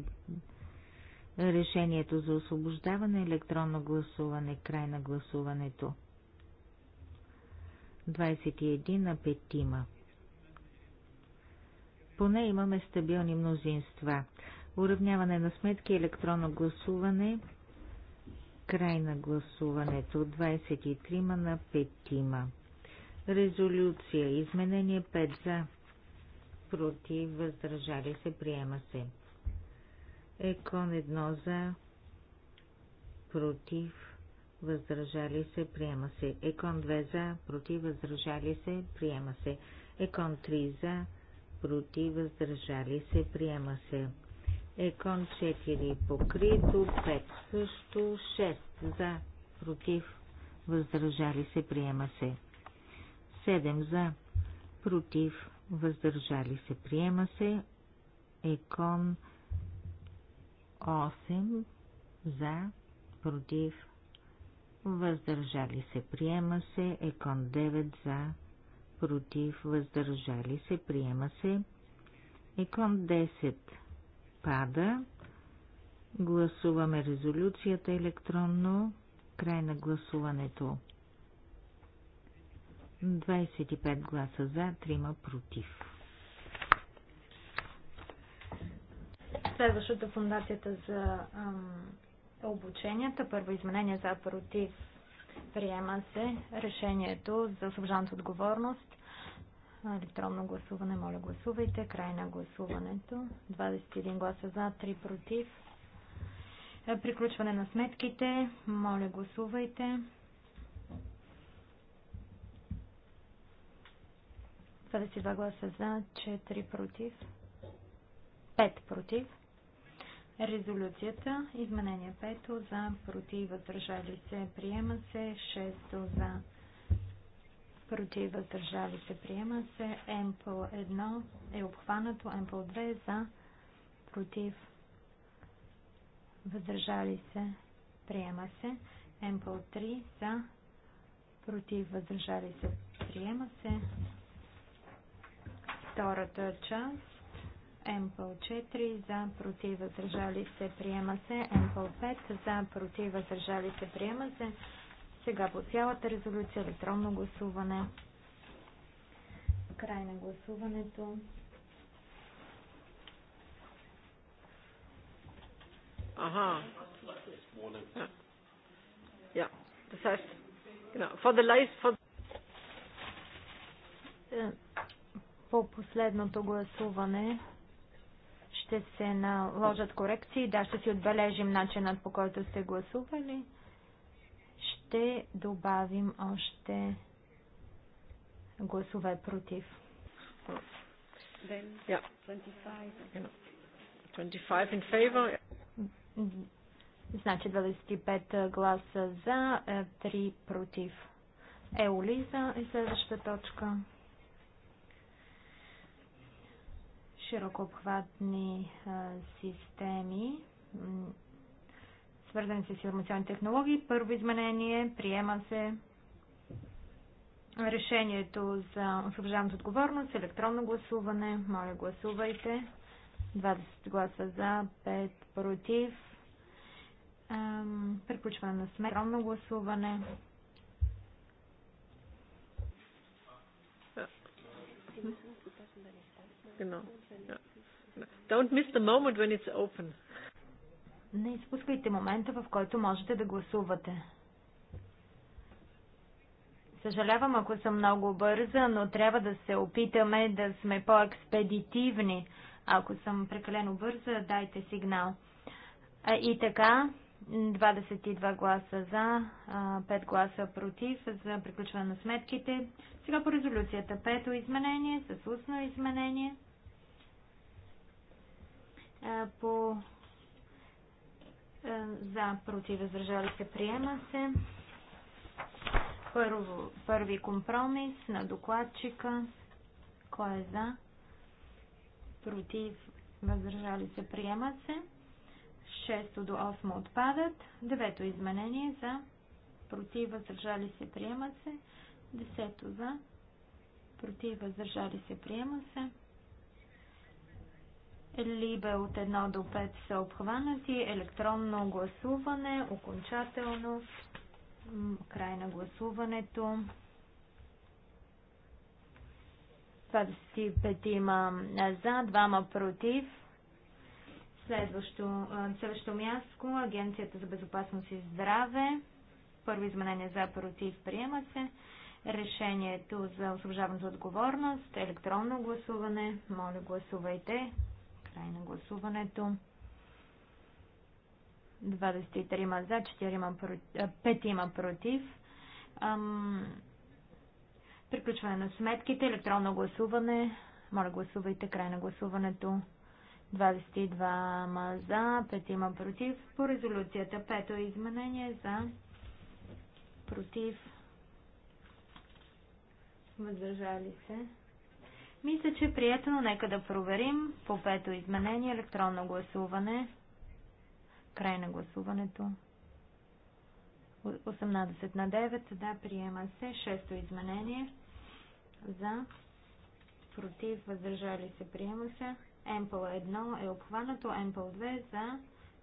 решението за освобождаване е електронно гласуване край на гласуването 21 на 5 Поне имаме стабилни мнозинства. Уравняване на сметки електронно гласуване Край на гласуването. 23 на 5. Резолюция. Изменение 5 за. Против. Въздържали се. Приема се. Екон 1 за. Против. Въздържали се. Приема се. Екон 2 за. Против. Въздържали се. Приема се. Екон 3 за. Против. Въздържали се. Приема се. Екон 4 покрито, 5 също, 6 за, против, въздържали се, приема се. 7 за, против, въздържали се, приема се. Екон 8 за, против, въздържали се, приема се. Екон 9 за, против, въздържали се, приема се. Екон 10 пада. Гласуваме резолюцията електронно. Край на гласуването. 25 гласа за, 3 против. Следващото фундацията за ам, обученията. Първо изменение за против. Приема се решението за служанта отговорност Електронно гласуване, моля гласувайте. Край на гласуването. 21 гласа за, 3 против. Е, приключване на сметките, моля гласувайте. два гласа за, 4 против, 5 против. Резолюцията, изменение 5 за, против, въздържали се, приема се, 6 за против, въздържали се, приема се. МПЛ 1 е обхванато, МПЛ 2 е за, против, въздържали се, приема се. МПЛ 3 за, против, въздържали се, приема се. Втората част МПЛ 4 за, против, въздържали се, приема се. МПЛ 5 за, против, въздържали се, приема се. Сега по цялата резолюция електронно гласуване. Край на гласуването. Ага. ja, das heißt, genau, for the life, for е, по последното гласуване ще се наложат корекции. Да, ще си отбележим начинът по който сте гласували ще добавим още гласове против. Then, yeah. 25. Yeah. 25 in favor. Значи 25 гласа за, 3 е, против. Еолиза е следваща точка. Широкообхватни е, системи свързани с информационни технологии. Първо изменение приема се решението за освобождаването отговорност, електронно гласуване. Моля, гласувайте. 20 гласа за, 5 против. Приключване на сметка. Електронно гласуване. Don't miss the moment when it's open. Не изпускайте момента, в който можете да гласувате. Съжалявам, ако съм много бърза, но трябва да се опитаме да сме по-експедитивни. Ако съм прекалено бърза, дайте сигнал. И така, 22 гласа за, 5 гласа против за приключване на сметките. Сега по резолюцията. Пето изменение с устно изменение. По за, против, въздържали се, приема се. Първо, първи компромис на докладчика. Кой е за? Против, въздържали се, приема се. 6 до 8 отпадат. Девето изменение за. Против, въздържали се, приема се. Десето за. Против, въздържали се, приема се. Либе от 1 до 5 са обхванати. Електронно гласуване, окончателно, край на гласуването. 25 има за, 2 против. Следващо, следващо място, Агенцията за безопасност и здраве. Първо изменение за, против, приема се. Решението за освобождаването отговорност, електронно гласуване. Моля, гласувайте. Край на гласуването. 23 за, 4 против, 5 има против. Ам... Приключване на сметките, електронно гласуване. Моля, гласувайте край на гласуването. 22 ма за, 5 има против. По резолюцията пето изменение за, против, въздържали се. Мисля, че е прието, нека да проверим. По пето изменение електронно гласуване. Край на гласуването. 18 на 9. Да, приема се. Шесто изменение. За. Против. Въздържали се. Приема се. МПЛ 1 е обхванато. МПЛ 2 за.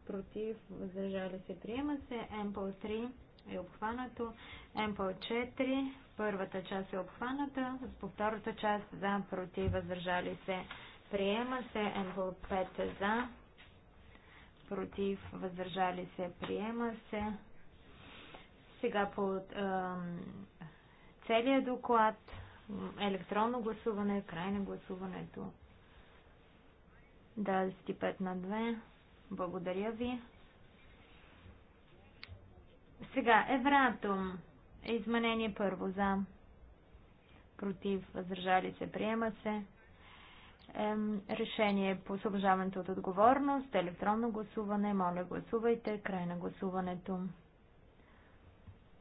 Против. Въздържали се. Приема се. МПЛ 3 е обхванато. МПО 4, първата част е обхваната, по втората част за, против, въздържали се, приема се. МПО 5 за, против, въздържали се, приема се. Сега по целият доклад, електронно гласуване, край на гласуването. 25 на 2. Благодаря ви. Сега, Евратум. Изменение първо за. Против. Въздържали се. Приема се. Ем, решение по освобождаването от отговорност. Електронно гласуване. Моля, гласувайте. Край на гласуването.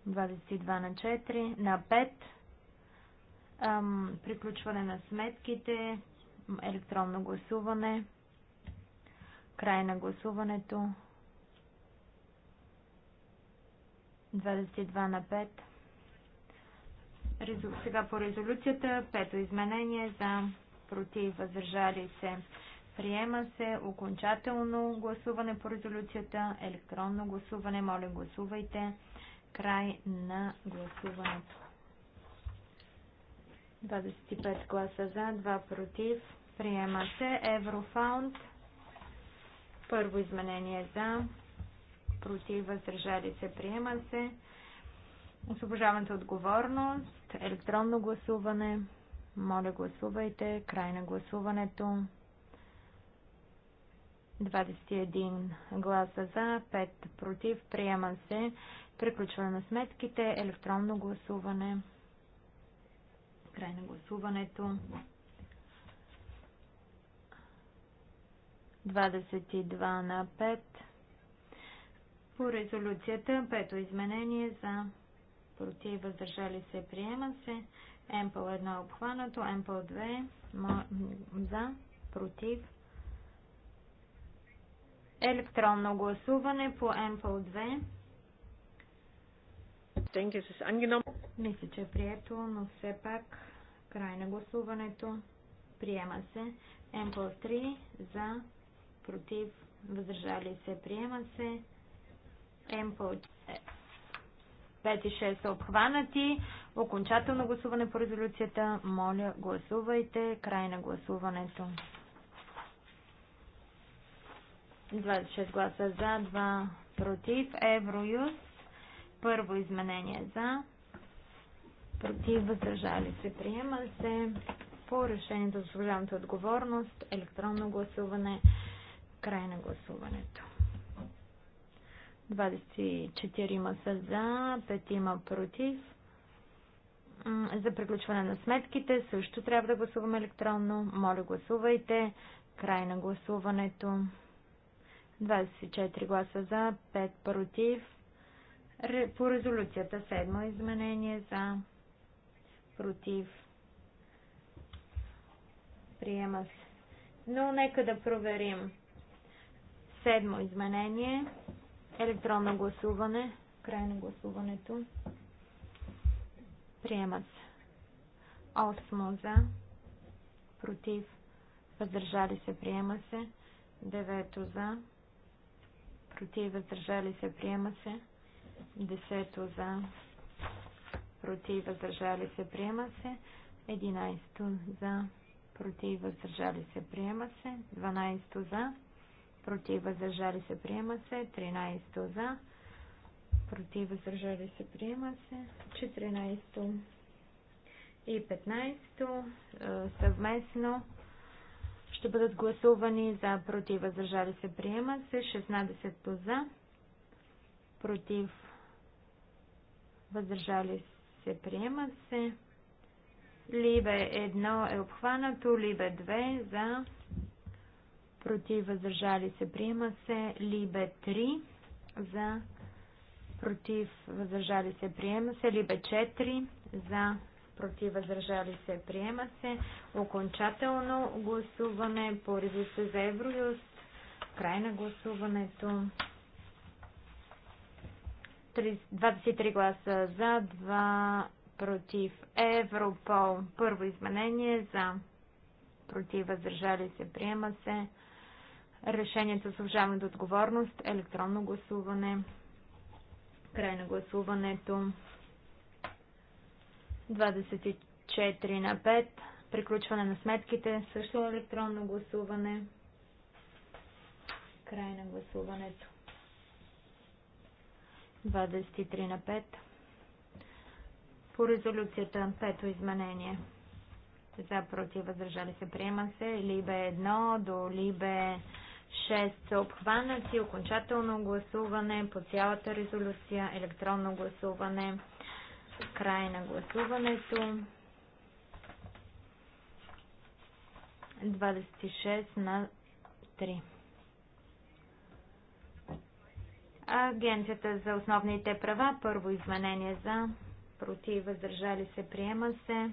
22 на 4. На 5. Ем, приключване на сметките. Електронно гласуване. Край на гласуването. 22 на 5. Сега по резолюцията. Пето изменение за против въздържали се. Приема се окончателно гласуване по резолюцията. Електронно гласуване. Моля, гласувайте. Край на гласуването. 25 гласа за, 2 против. Приема се Еврофаунд. Първо изменение за против, въздържали се, приема се. Освобождаването отговорност, електронно гласуване. Моля, гласувайте. Край на гласуването. 21 гласа за, 5 против, приема се. Приключване на сметките, електронно гласуване. Край на гласуването. 22 на 5. По резолюцията, пето изменение за против въздържали се приема се. МПЛ 1 е обхванато, МПЛ 2 за против. Електронно гласуване по МПЛ 2. Мисля, че е прието, но все пак край на гласуването. Приема се. мпл 3 за, против, въздържали се. Приема се. МПО 5 и 6 са обхванати. Окончателно гласуване по резолюцията. Моля, гласувайте. Край на гласуването. 26 гласа за, 2 против. Евроюз. Първо изменение за. Против, въздържали се. Приема се по решението за служебната отговорност. Електронно гласуване. Край на гласуването. 24 са за, 5 има против. За приключване на сметките също трябва да гласуваме електронно. Моля, гласувайте. Край на гласуването. 24 гласа за, 5 против. По резолюцията 7 изменение за, против. Приема се. Но нека да проверим. Седмо изменение. Електронно гласуване. Край на гласуването. Приемат се. Осмо за. Против. Въздържали се. Приема се. Девето за. Против. Въздържали се. Приема се. Десето за. Против. Въздържали се. Приема се. Единайсто за. Против. Въздържали се. Приема се. Дванайсто за против въздържали се приема се, 13 за, против въздържали се приема се, 14 и 15 е, съвместно ще бъдат гласувани за против въздържали се приема се, 16 за, против въздържали се приема се, Либе 1 е обхванато, Либе 2 за против, въздържали се, приема се. Либе 3 за, против, въздържали се, приема се. Либе 4 за, против, въздържали се, приема се. Окончателно гласуване по резиста за Евроюст. Край на гласуването. 23 гласа за, 2 против Европол. Първо изменение за против въздържали се, приема се. Решението с уважаването отговорност, е електронно гласуване, край на гласуването, 24 на 5, приключване на сметките, също електронно гласуване, край на гласуването, 23 на 5. По резолюцията пето изменение. За против въздържали се приема се. Либе 1 до Либе 6 обхванат обхванати, окончателно гласуване по цялата резолюция, електронно гласуване, край на гласуването. 26 на 3. Агенцията за основните права. Първо изменение за. Против. Въздържали се. Приема се.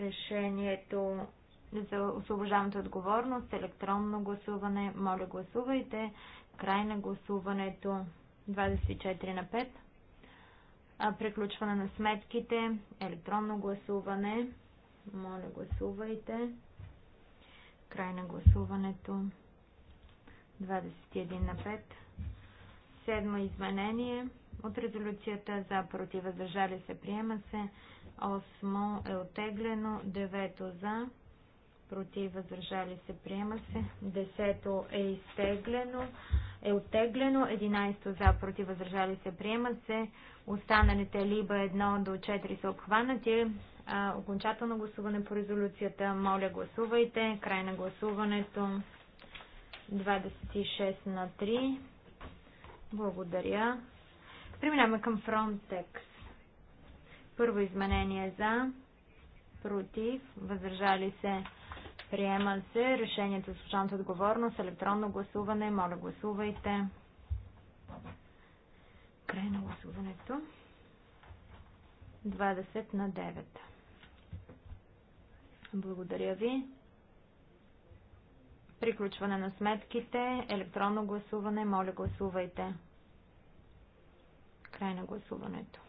Решението за освобождаването отговорност, електронно гласуване. Моля, гласувайте. Край на гласуването 24 на 5. Приключване на сметките, електронно гласуване. Моля, гласувайте. Край на гласуването 21 на 5. Седмо изменение от резолюцията за против въздържали се приема се. Осмо е отеглено. Девето за против, въздържали се, приема се. Десето е изтеглено, е оттеглено. Единайсто за, против, въздържали се, приема се. Останалите либа 1 до 4 са обхванати. А, окончателно гласуване по резолюцията. Моля, гласувайте. Край на гласуването. 26 на 3. Благодаря. Преминаваме към Frontex. Първо изменение за, против, въздържали се, Приема се решението за служаната отговорност, електронно гласуване. Моля, гласувайте. Край на гласуването. 20 на 9. Благодаря ви. Приключване на сметките, електронно гласуване, моля гласувайте. Край на гласуването.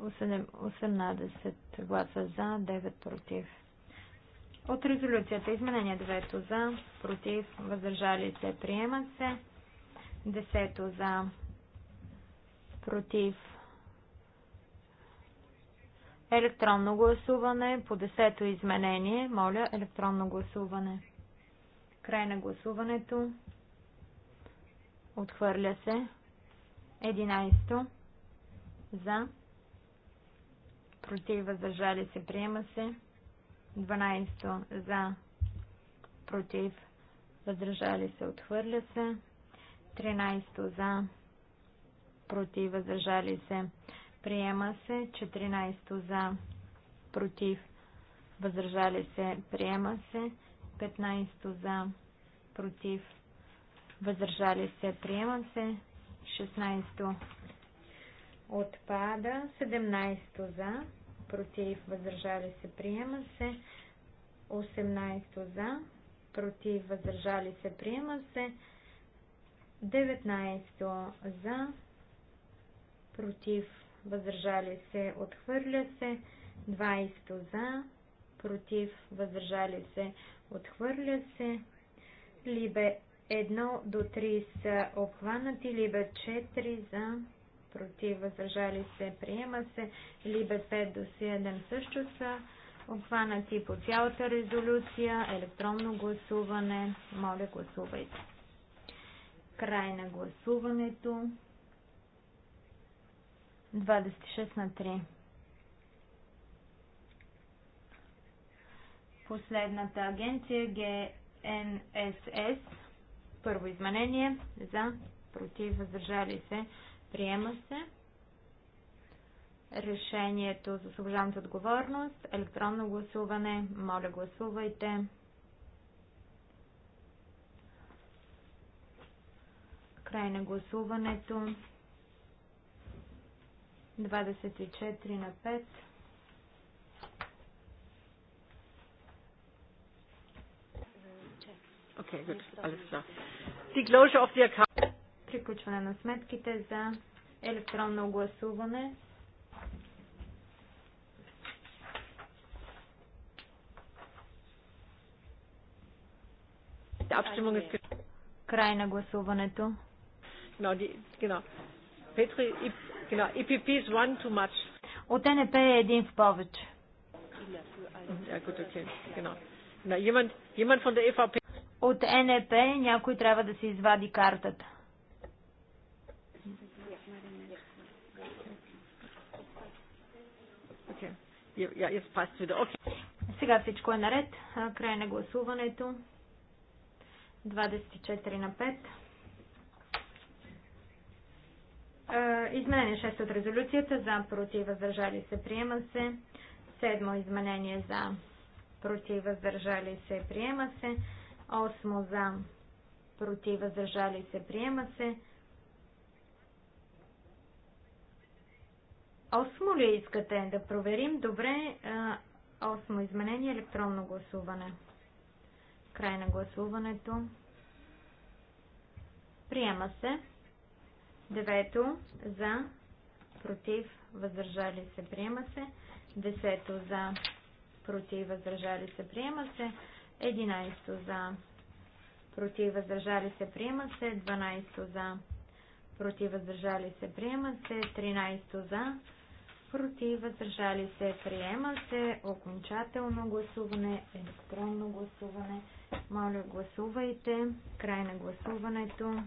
18 гласа за, 9 против от резолюцията. Изменение 2 за, против, въздържали се, приема се. 10 за, против, електронно гласуване по 10 изменение. Моля, електронно гласуване. Край на гласуването. Отхвърля се. 11 за, против, въздържали се, приема се. 12 за, против, въздържали се, отхвърля се. 13 за, против, въздържали се, приема се. 14 за, против, въздържали се, приема се. 15 за, против, въздържали се, приема се. 16 отпада, 17 за, против, въздържали се, приема се. 18 за, против, въздържали се, приема се. 19 за, против, въздържали се, отхвърля се. 20 за, против, въздържали се, отхвърля се. Либе 1 до 3 са обхванати, либе 4 за, против, възражали се, приема се. Либе 5 до 7 също са обхванати по цялата резолюция. Електронно гласуване. Моля, гласувайте. Край на гласуването. 26 на 3. Последната агенция ГНСС. Първо изменение за против въздържали се. Приема се. Решението за служебната отговорност. Електронно гласуване. Моля, гласувайте. Край на гласуването. 24 на 5. Okay, good. alles klar. Die Closure auf the account приключване на сметките за електронно гласуване. Край на гласуването. is one too much. От НП е един в повече. E От НП някой трябва да се извади картата. Сега всичко е наред. Край на гласуването. 24 на 5. Изменение 6 от резолюцията. За, против, въздържали се, приема се. Седмо изменение за, против, въздържали се, приема се. Осмо за, против, въздържали се, приема се. Осмо ли искате да проверим? Добре, осмо изменение електронно гласуване. Край на гласуването. Приема се. Девето за, против, въздържали се, приема се. Десето за, против, въздържали се, приема се. Единайсто за, против, въздържали се, приема се. Дванайсто за, против, въздържали се, приема се. Тринайсто за, против, въздържали се, приема се, окончателно гласуване, електронно гласуване. Моля, гласувайте. Край на гласуването.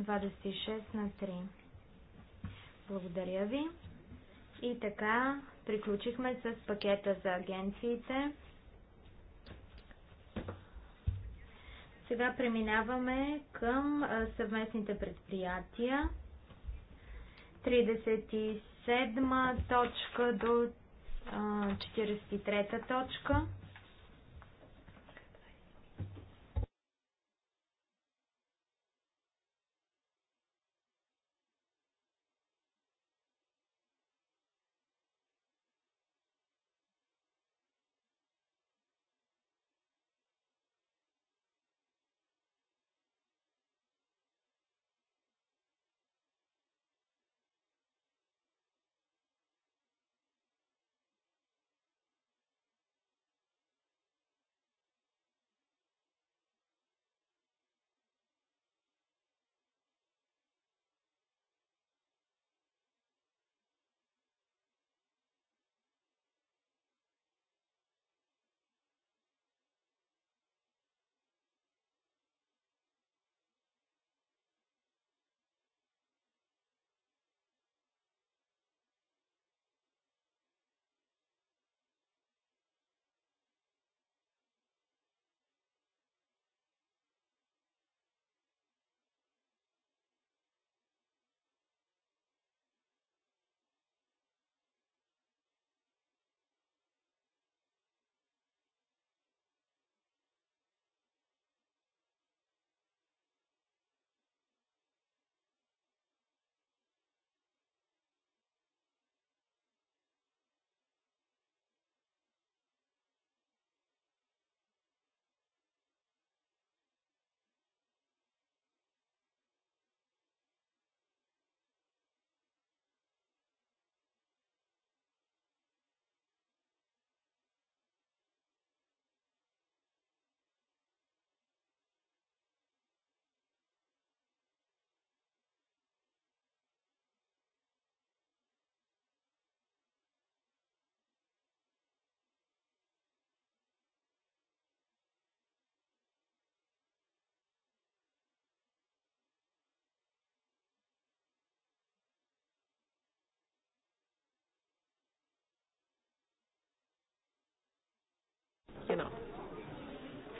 26 на 3. Благодаря ви. И така, приключихме с пакета за агенциите. Сега преминаваме към съвместните предприятия. 37 точка до 43 точка.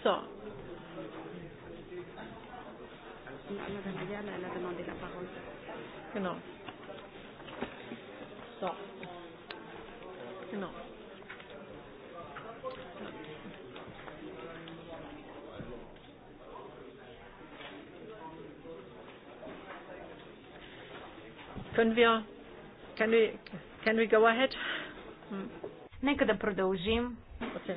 So. Genau. So. Genau. Können wir, can we, can we go ahead? Нека да продължим. Okay.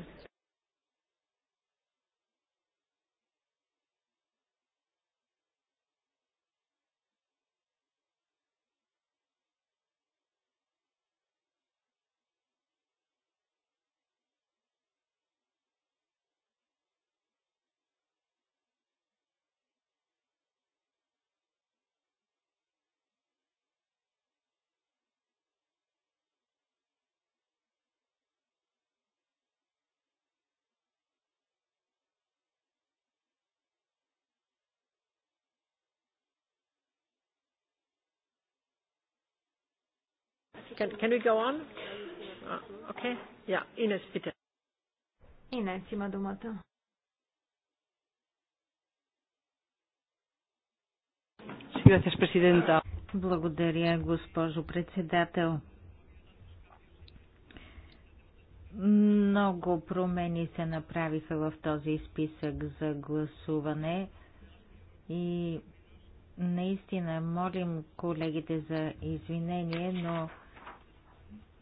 Can, we go on? Uh, okay. Yeah, Ines, bitte. Ines има думата. Gracias, Presidenta. Благодаря, госпожо председател. Много промени се направиха в този списък за гласуване и наистина молим колегите за извинение, но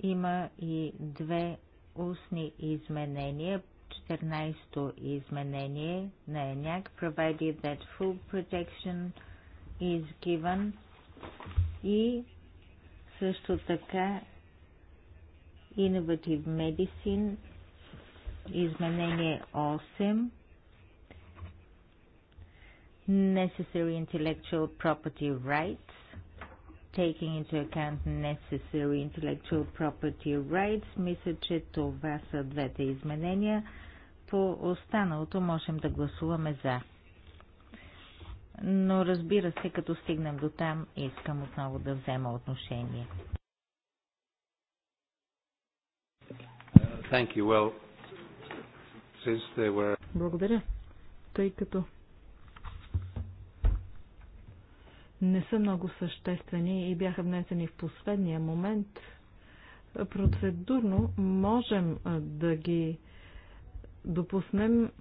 има и две устни изменения. 14-то изменение на ЕНЯК, provided that full protection is given и също така Innovative Medicine, изменение 8, Necessary Intellectual Property Rights, taking into account necessary intellectual property rights. Мисля, че това са двете изменения. По останалото можем да гласуваме за. Но разбира се, като стигнем до там, искам отново да взема отношение. Благодаря. Тъй като не са много съществени и бяха внесени в последния момент, процедурно можем да ги допуснем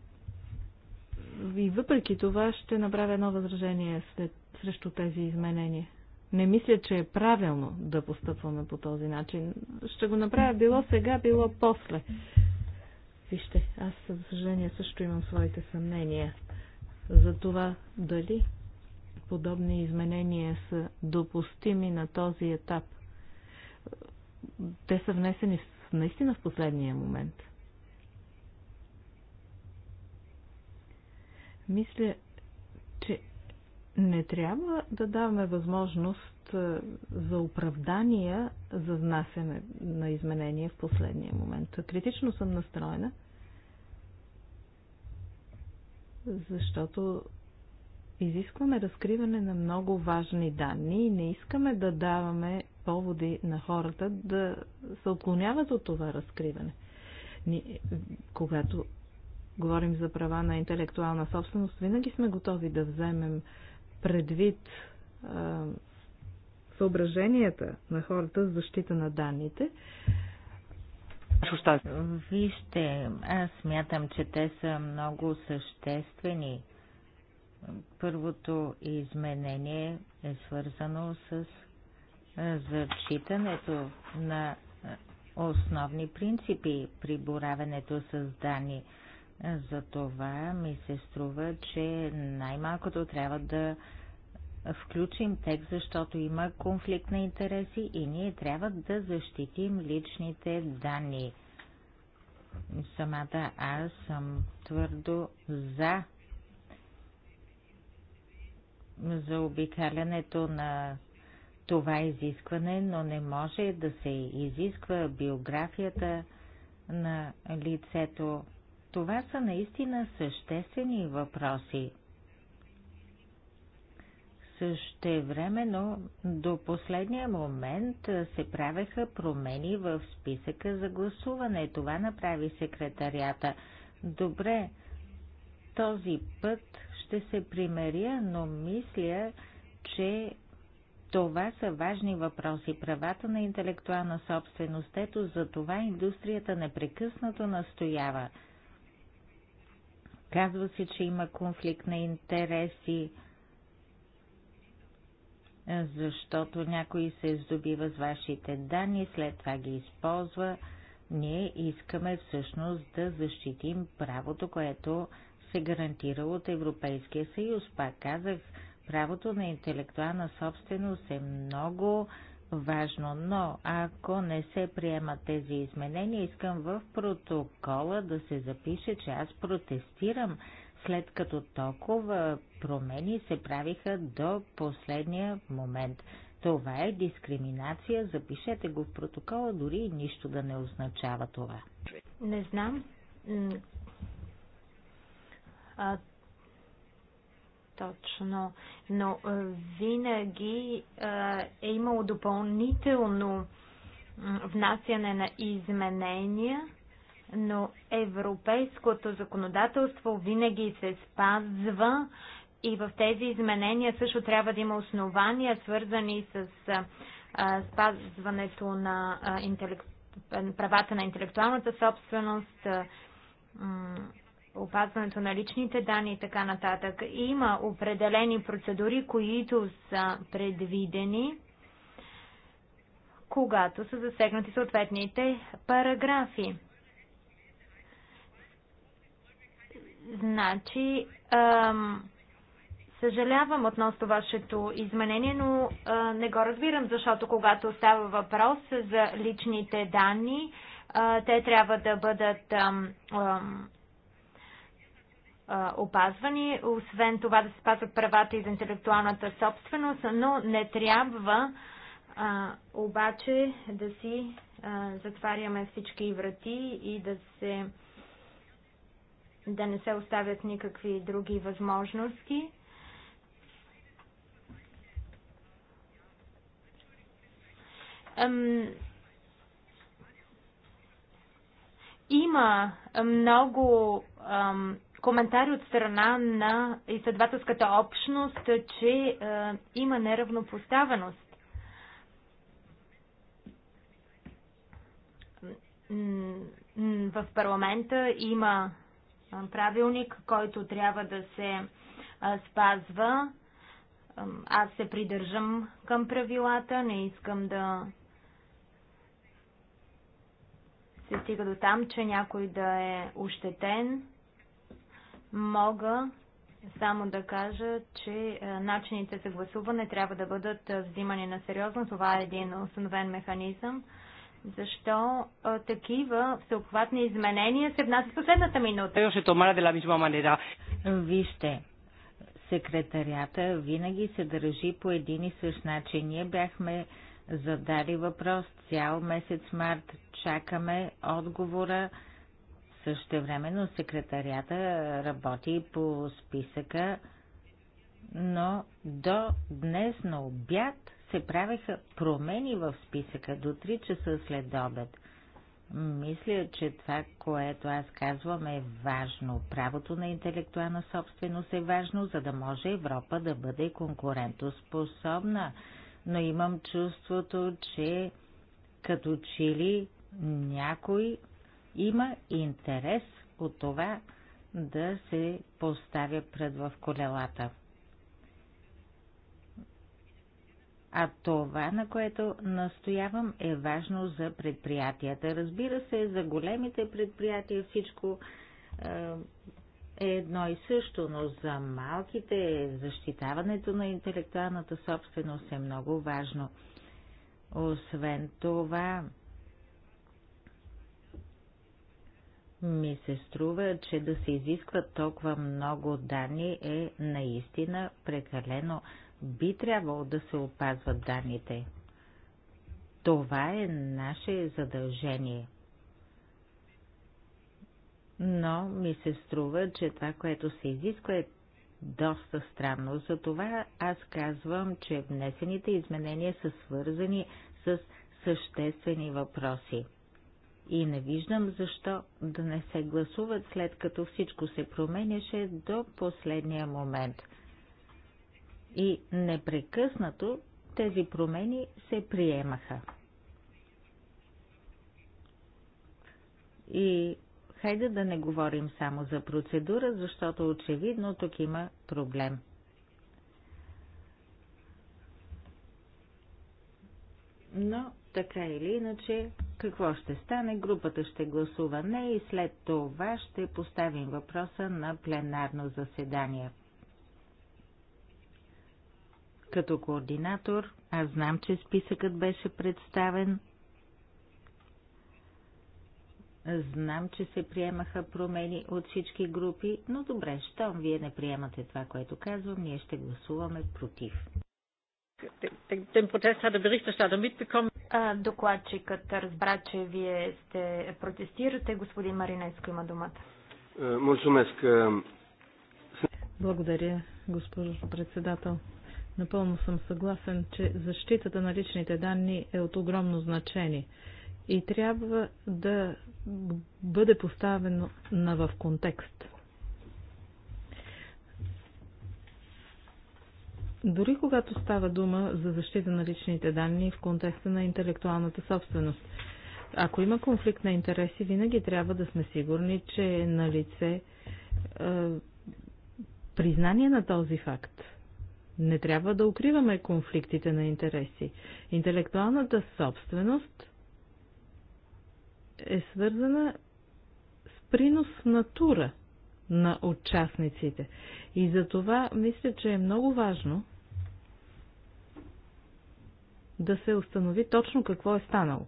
и въпреки това ще направя едно възражение след, срещу тези изменения. Не мисля, че е правилно да постъпваме по този начин. Ще го направя било сега, било после. Вижте, аз, за съжаление, също имам своите съмнения за това дали подобни изменения са допустими на този етап. Те са внесени наистина в последния момент. Мисля, че не трябва да даваме възможност е, за оправдания за внасяне на изменения в последния момент. Критично съм настроена, защото изискваме разкриване на много важни данни и не искаме да даваме поводи на хората да се отклоняват от това разкриване. Ни, когато говорим за права на интелектуална собственост, винаги сме готови да вземем предвид а, съображенията на хората за защита на данните. Вижте, аз смятам, че те са много съществени Първото изменение е свързано с зачитането на основни принципи при боравенето с данни. За това ми се струва, че най-малкото трябва да включим текст, защото има конфликт на интереси и ние трябва да защитим личните данни. Самата аз съм твърдо за за обикалянето на това изискване, но не може да се изисква биографията на лицето. Това са наистина съществени въпроси. Същевременно до последния момент се правеха промени в списъка за гласуване. Това направи секретарията. Добре, този път ще се примеря, но мисля, че това са важни въпроси. Правата на интелектуална собственост, ето за това индустрията непрекъснато настоява. Казва се, че има конфликт на интереси, защото някой се здобива с вашите данни, след това ги използва. Ние искаме всъщност да защитим правото, което се гарантира от Европейския съюз. Пак казах, правото на интелектуална собственост е много важно, но ако не се приемат тези изменения, искам в протокола да се запише, че аз протестирам, след като толкова промени се правиха до последния момент. Това е дискриминация, запишете го в протокола, дори нищо да не означава това. Не знам а, точно, но винаги а, е имало допълнително внасяне на изменения, но европейското законодателство винаги се спазва и в тези изменения също трябва да има основания, свързани с а, спазването на а, интелект, правата на интелектуалната собственост, опазването на личните данни и така нататък. Има определени процедури, които са предвидени, когато са засегнати съответните параграфи. Значи, ам, съжалявам относно вашето изменение, но а, не го разбирам, защото когато става въпрос за личните данни, а, те трябва да бъдат ам, ам, опазвани, освен това да се спазват правата и за интелектуалната собственост, но не трябва а, обаче да си а, затваряме всички врати и да се да не се оставят никакви други възможности. Ам, има много ам, коментари от страна на изследователската общност, че е, има неравнопоставеност. В парламента има е, правилник, който трябва да се е, спазва. Аз се придържам към правилата, не искам да се стига до там, че някой да е ощетен. Мога само да кажа, че е, начините за гласуване трябва да бъдат е, взимани на сериозно. Това е един установен механизъм. Защо е, такива всеобхватни изменения се внасят в последната минута? Вижте, секретарията винаги се държи по един и същ начин. Ние бяхме задали въпрос цял месец март. Чакаме отговора също времено секретарята работи по списъка, но до днес на обяд се правеха промени в списъка до 3 часа след обед. Мисля, че това, което аз казвам е важно. Правото на интелектуална собственост е важно, за да може Европа да бъде конкурентоспособна. Но имам чувството, че като чили някой има интерес от това да се поставя пред в колелата. А това, на което настоявам, е важно за предприятията. Разбира се, за големите предприятия всичко е едно и също, но за малките защитаването на интелектуалната собственост е много важно. Освен това, ми се струва, че да се изискват толкова много данни е наистина прекалено. Би трябвало да се опазват данните. Това е наше задължение. Но ми се струва, че това, което се изисква е доста странно. Затова аз казвам, че внесените изменения са свързани с съществени въпроси. И не виждам защо да не се гласуват, след като всичко се променяше до последния момент. И непрекъснато тези промени се приемаха. И хайде да не говорим само за процедура, защото очевидно тук има проблем. Но така или иначе какво ще стане? Групата ще гласува не и след това ще поставим въпроса на пленарно заседание. Като координатор, аз знам, че списъкът беше представен. Знам, че се приемаха промени от всички групи, но добре, щом вие не приемате това, което казвам, ние ще гласуваме против. Den протест hatte Berichterstatter mitbekommen. Докладчикът разбра, че вие сте протестирате. Господин Маринеско има думата. Е, Мулцумеск. Благодаря, госпожо председател. Напълно съм съгласен, че защитата на личните данни е от огромно значение и трябва да бъде поставено в контекст. дори когато става дума за защита на личните данни в контекста на интелектуалната собственост. Ако има конфликт на интереси, винаги трябва да сме сигурни, че е на лице е, признание на този факт. Не трябва да укриваме конфликтите на интереси. Интелектуалната собственост е свързана с принос натура на участниците. И за това мисля, че е много важно да се установи точно какво е станало.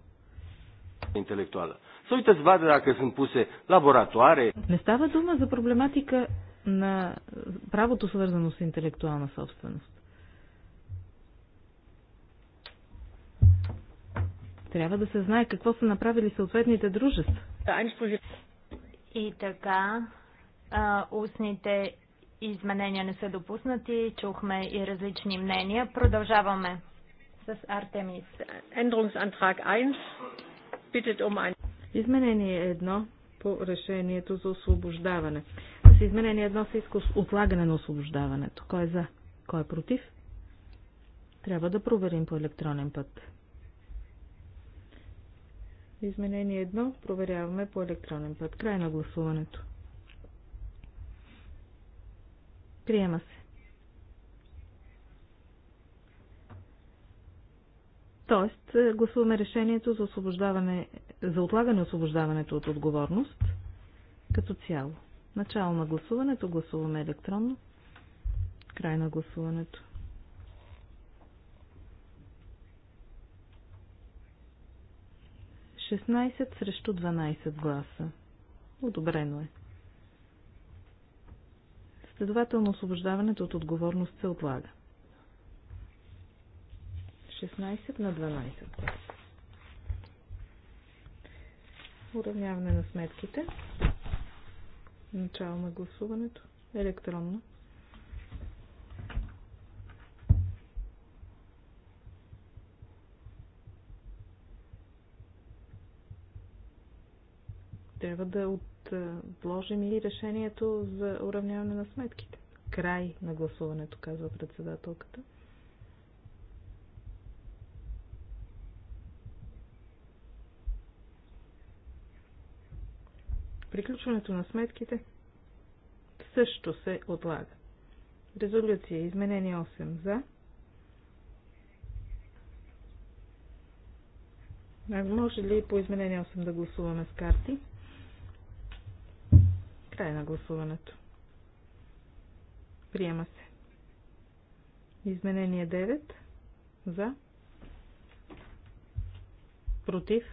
Интелектуала. Să звада, ако съм пусе лаборатуаре. Не става дума за проблематика на правото свързано с интелектуална собственост. Трябва да се знае какво са направили съответните дружества. И така, а, устните изменения не са допуснати, чухме и различни мнения. Продължаваме с Артемис. Änderungsantrag 1 bittet um ein... Изменение едно по решението за освобождаване. С изменение едно се иска отлагане на освобождаването. Кой е за? Кой е против? Трябва да проверим по електронен път. Изменение едно, проверяваме по електронен път. Край на гласуването. Приема се. Тоест, е, гласуваме решението за, освобождаване, за отлагане освобождаването от отговорност като цяло. Начало на гласуването гласуваме електронно. Край на гласуването. Шестнайсет срещу 12 гласа. Одобрено е. Следователно освобождаването от отговорност се отлага. 16 на 12 Уравняване на сметките. Начало на гласуването. Електронно. Трябва да отложим и решението за уравняване на сметките. Край на гласуването, казва председателката. Приключването на сметките също се отлага. Резолюция. Изменение 8 за. Може ли по изменение 8 да гласуваме с карти? Край на гласуването. Приема се. Изменение 9. За. Против.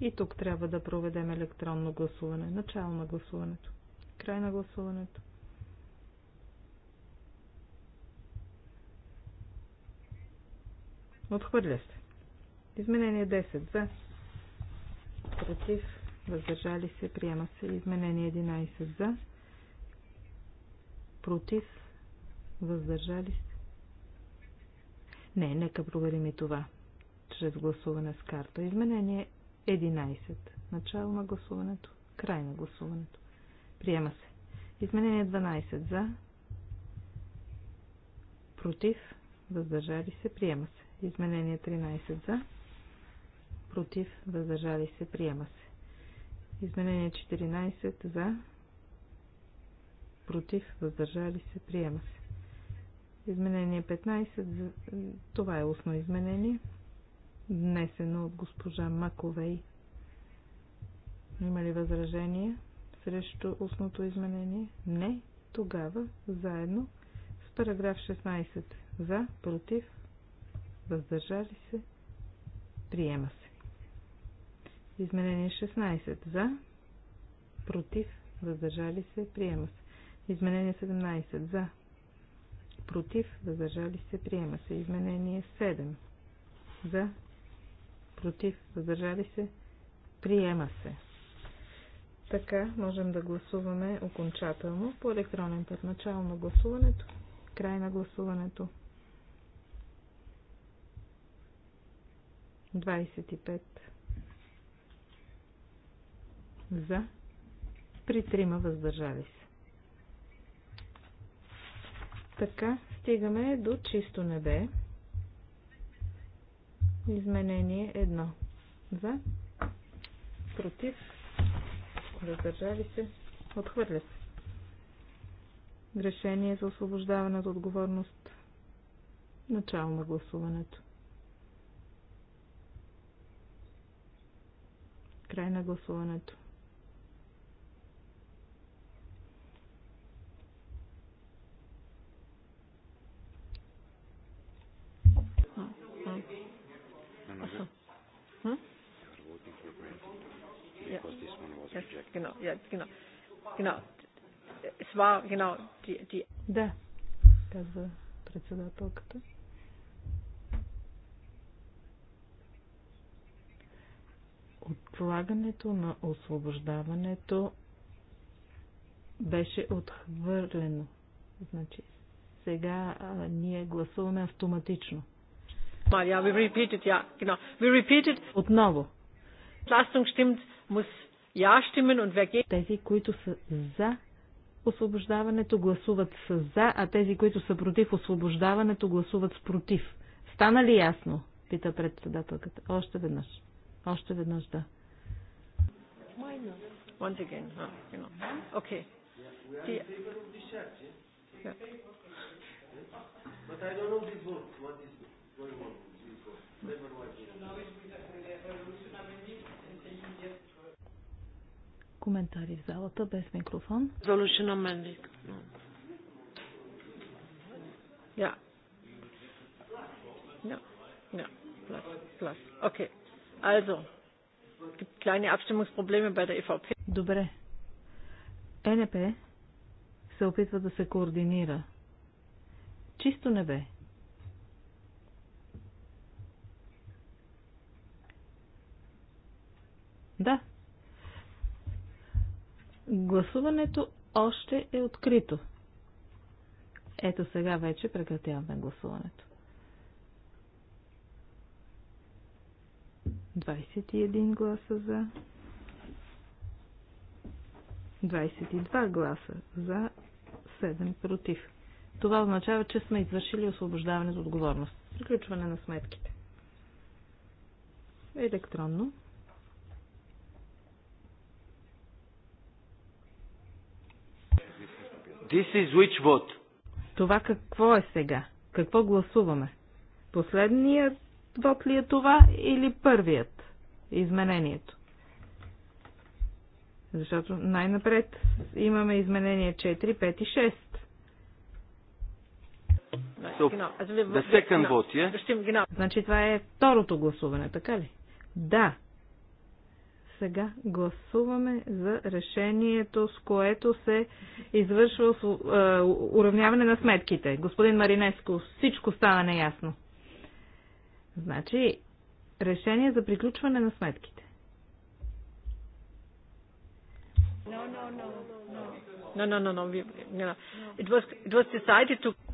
И тук трябва да проведем електронно гласуване. Начало на гласуването. Край на гласуването. Отхвърля се. Изменение 10 за. Против. Въздържали се. Приема се. Изменение 11 за. Против. Въздържали се. Не, нека проверим и това. Чрез гласуване с карта. Изменение 11. Начало на гласуването. Край на гласуването. Приема се. Изменение 12. За. Против. Въздържали се. Приема се. Изменение 13. За. Против. Въздържали се. Приема се. Изменение 14. За. Против. Въздържали се. Приема се. Изменение 15. За... Това е устно изменение внесено от госпожа Маковей. Има ли възражение срещу устното изменение? Не. Тогава, заедно с параграф 16 за, против, въздържали се, приема се. Изменение 16 за, против, въздържали се, приема се. Изменение 17 за, против, въздържали се, приема се. Изменение 7 за, против, въздържали се, приема се. Така можем да гласуваме окончателно по електронен път. Начало на гласуването, край на гласуването. 25 за, при трима въздържали се. Така стигаме до чисто небе. Изменение 1. За. Против. Раздържали се. Отхвърля се. Решение за освобождаване от отговорност. Начало на гласуването. Край на гласуването. das, genau, ja, genau, genau. Es war, genau, die, die. Да, каза председателката. Отлагането на освобождаването беше отхвърлено. Значи, сега а, ние гласуваме автоматично. Отново. Тези, които са за освобождаването, гласуват с за, а тези, които са против освобождаването, гласуват с против. Стана ли ясно? Пита председателката. Още веднъж. Още веднъж, да. Once again, huh? you know. Okay. The... Yeah. But I don't know this vote. What is going on? This vote. Never watched. Коментари в залата без микрофон. Залушена Мендик. Да. Да. Да. Плас. Плас. Окей. Also. Клайни kleine Abstimmungsprobleme bei der EVP. Добре. Е НП се опитва да се координира. Чисто небе. Да, Гласуването още е открито. Ето сега вече прекратяваме гласуването. 21 гласа за. 22 гласа за. 7 против. Това означава, че сме извършили освобождаване от отговорност. Приключване на сметките. Електронно. This is which vote? Това какво е сега? Какво гласуваме? Последният вод ли е това или първият? Изменението. Защото най-напред имаме изменение 4, 5 и 6. So, the second vote, yeah? Значи това е второто гласуване, така ли? Да, сега гласуваме за решението, с което се извършва е, уравняване на сметките. Господин Маринеско, всичко стана неясно. Значи, решение за приключване на сметките.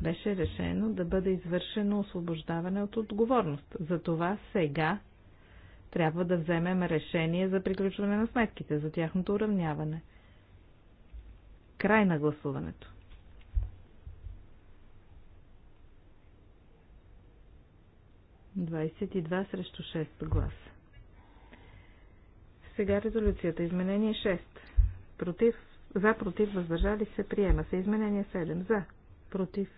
Беше решено да бъде извършено освобождаване от отговорност. Затова сега трябва да вземем решение за приключване на сметките, за тяхното уравняване. Край на гласуването. Двадесет и два срещу 6 гласа. Сега резолюцията. Изменение 6. Против. За, против, въздържали се, приема се. Изменение 7. За, против,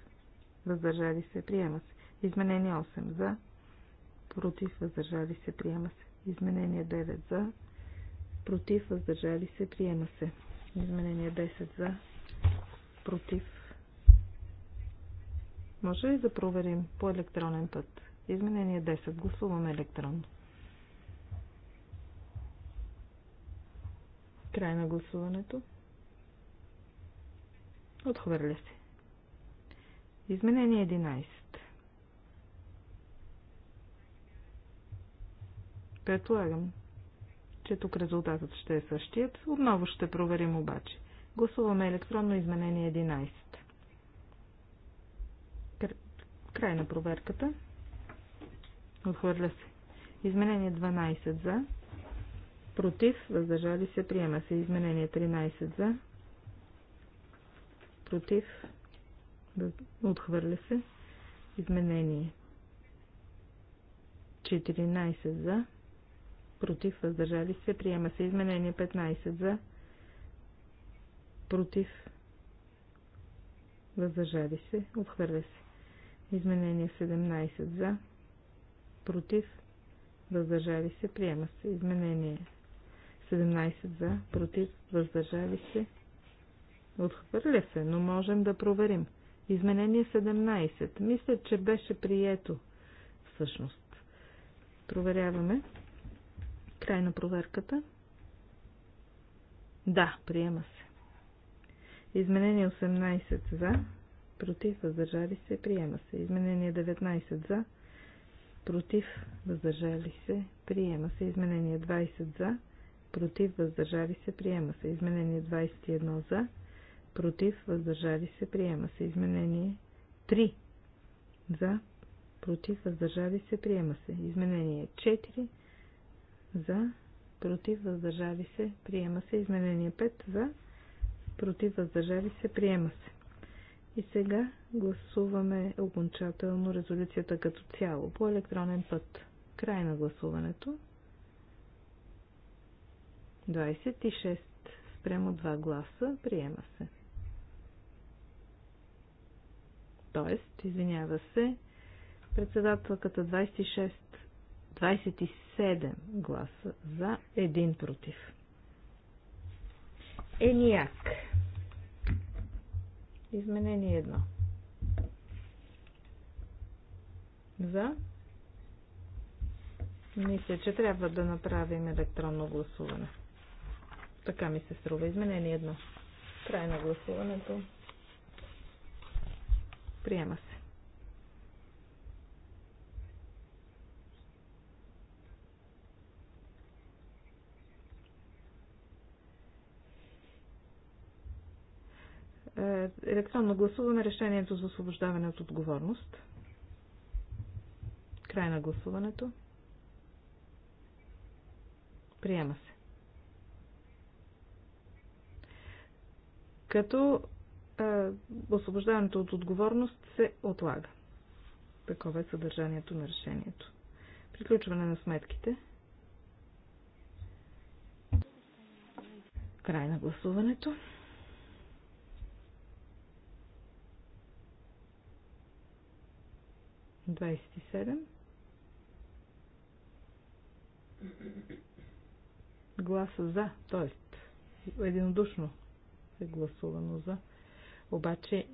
въздържали се, приема се. Изменение 8. За, против, въздържали се, приема се. Изменение 9 за, против, въздържали се, приема се. Изменение 10 за, против. Може ли да проверим по електронен път? Изменение 10. Гласуваме електронно. Край на гласуването. Отхвърля се. Изменение 11. Предполагам, че тук резултатът ще е същият. Отново ще проверим обаче. Гласуваме електронно изменение 11. Край на проверката. Отхвърля се. Изменение 12 за. Против. Въздържали се. Приема се. Изменение 13 за. Против. Отхвърля се. Изменение 14 за против, въздържали се, приема се. Изменение 15 за, против, въздържали се, отхвърля се. Изменение 17 за, против, въздържали се, приема се. Изменение 17 за, против, въздържали се, отхвърля се, но можем да проверим. Изменение 17. Мисля, че беше прието всъщност. Проверяваме. Край на проверката. Да, приема се. Изменение 18 за, против, въздържали се, приема се. Изменение 19 за, против, въздържали се, приема се. Изменение 20 за, против, въздържали се, приема се. Изменение 21 за, против, въздържали се, приема се. Изменение 3 за, против, въздържали се, приема се. Изменение 4 за, против, въздържали се, приема се. Изменение 5 за, против, въздържали се, приема се. И сега гласуваме окончателно резолюцията като цяло по електронен път. Край на гласуването. 26 спрямо 2 гласа приема се. Тоест, извинява се, председателката 26 27 гласа за, 1 против. Ениак. Изменение 1. За. Мисля, че трябва да направим електронно гласуване. Така ми се струва. Изменение 1. Край на гласуването. Приема се. Е, електронно гласуване, решението за освобождаване от отговорност. Край на гласуването. Приема се. Като е, освобождаването от отговорност се отлага. Такова е съдържанието на решението. Приключване на сметките. Край на гласуването. 27. Гласа за, т.е. единодушно е гласувано за. Обаче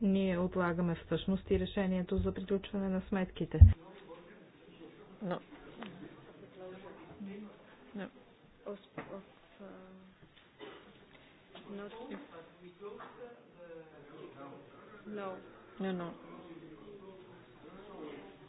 ние отлагаме всъщност и решението за приключване на сметките. Но. No. No, no.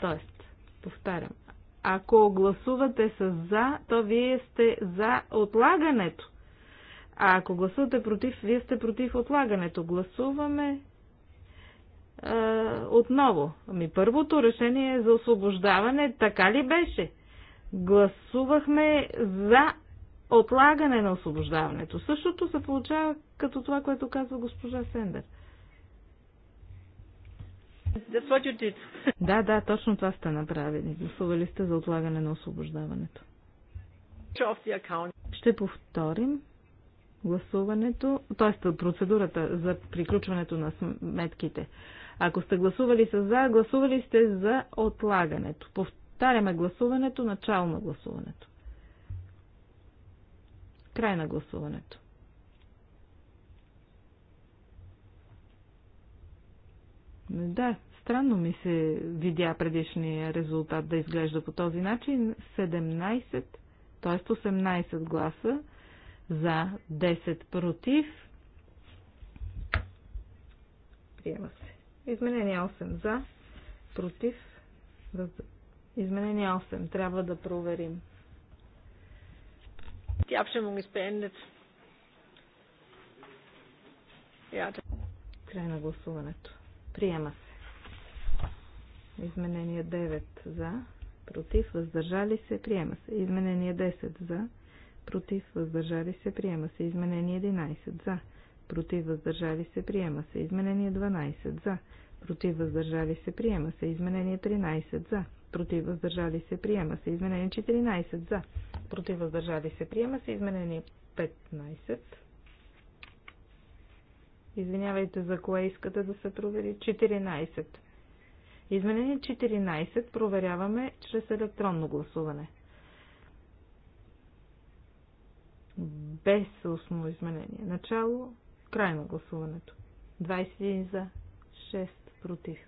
Тоест, повтарям, ако гласувате с за, то вие сте за отлагането. А ако гласувате против, вие сте против отлагането. Гласуваме е, отново. Ами първото решение е за освобождаване, така ли беше? Гласувахме за отлагане на освобождаването. Същото се получава като това, което казва госпожа Сендер. That's what you did. Да, да, точно това сте направили. Гласували сте за отлагане на освобождаването. Ще повторим гласуването, т.е. процедурата за приключването на сметките. Ако сте гласували с за, гласували сте за отлагането. Повтаряме гласуването, начало на гласуването. Край на гласуването. Да, странно ми се видя предишния резултат да изглежда по този начин. 17, т.е. 18 гласа за 10 против. Приема се. Изменение 8 за, против. Изменение 8. Трябва да проверим. Die Abstimmung ist beendet. Ja, Край на гласуването. Приема се. Изменение 9 за, против, въздържали се, приема се. Изменение 10 за, против, въздържали се, приема се. Изменение 11 за, против, въздържали се, приема се. Изменение 12 за, против, въздържали се, приема се. Изменение 13 за, против, въздържали се, приема се. Изменение 14 за, против, въздържали се, приема се. Изменение 15 Извинявайте, за кое искате да се провери? 14. Изменение 14 проверяваме чрез електронно гласуване. Без устно изменение. Начало, край на гласуването. 21 за, 6 против.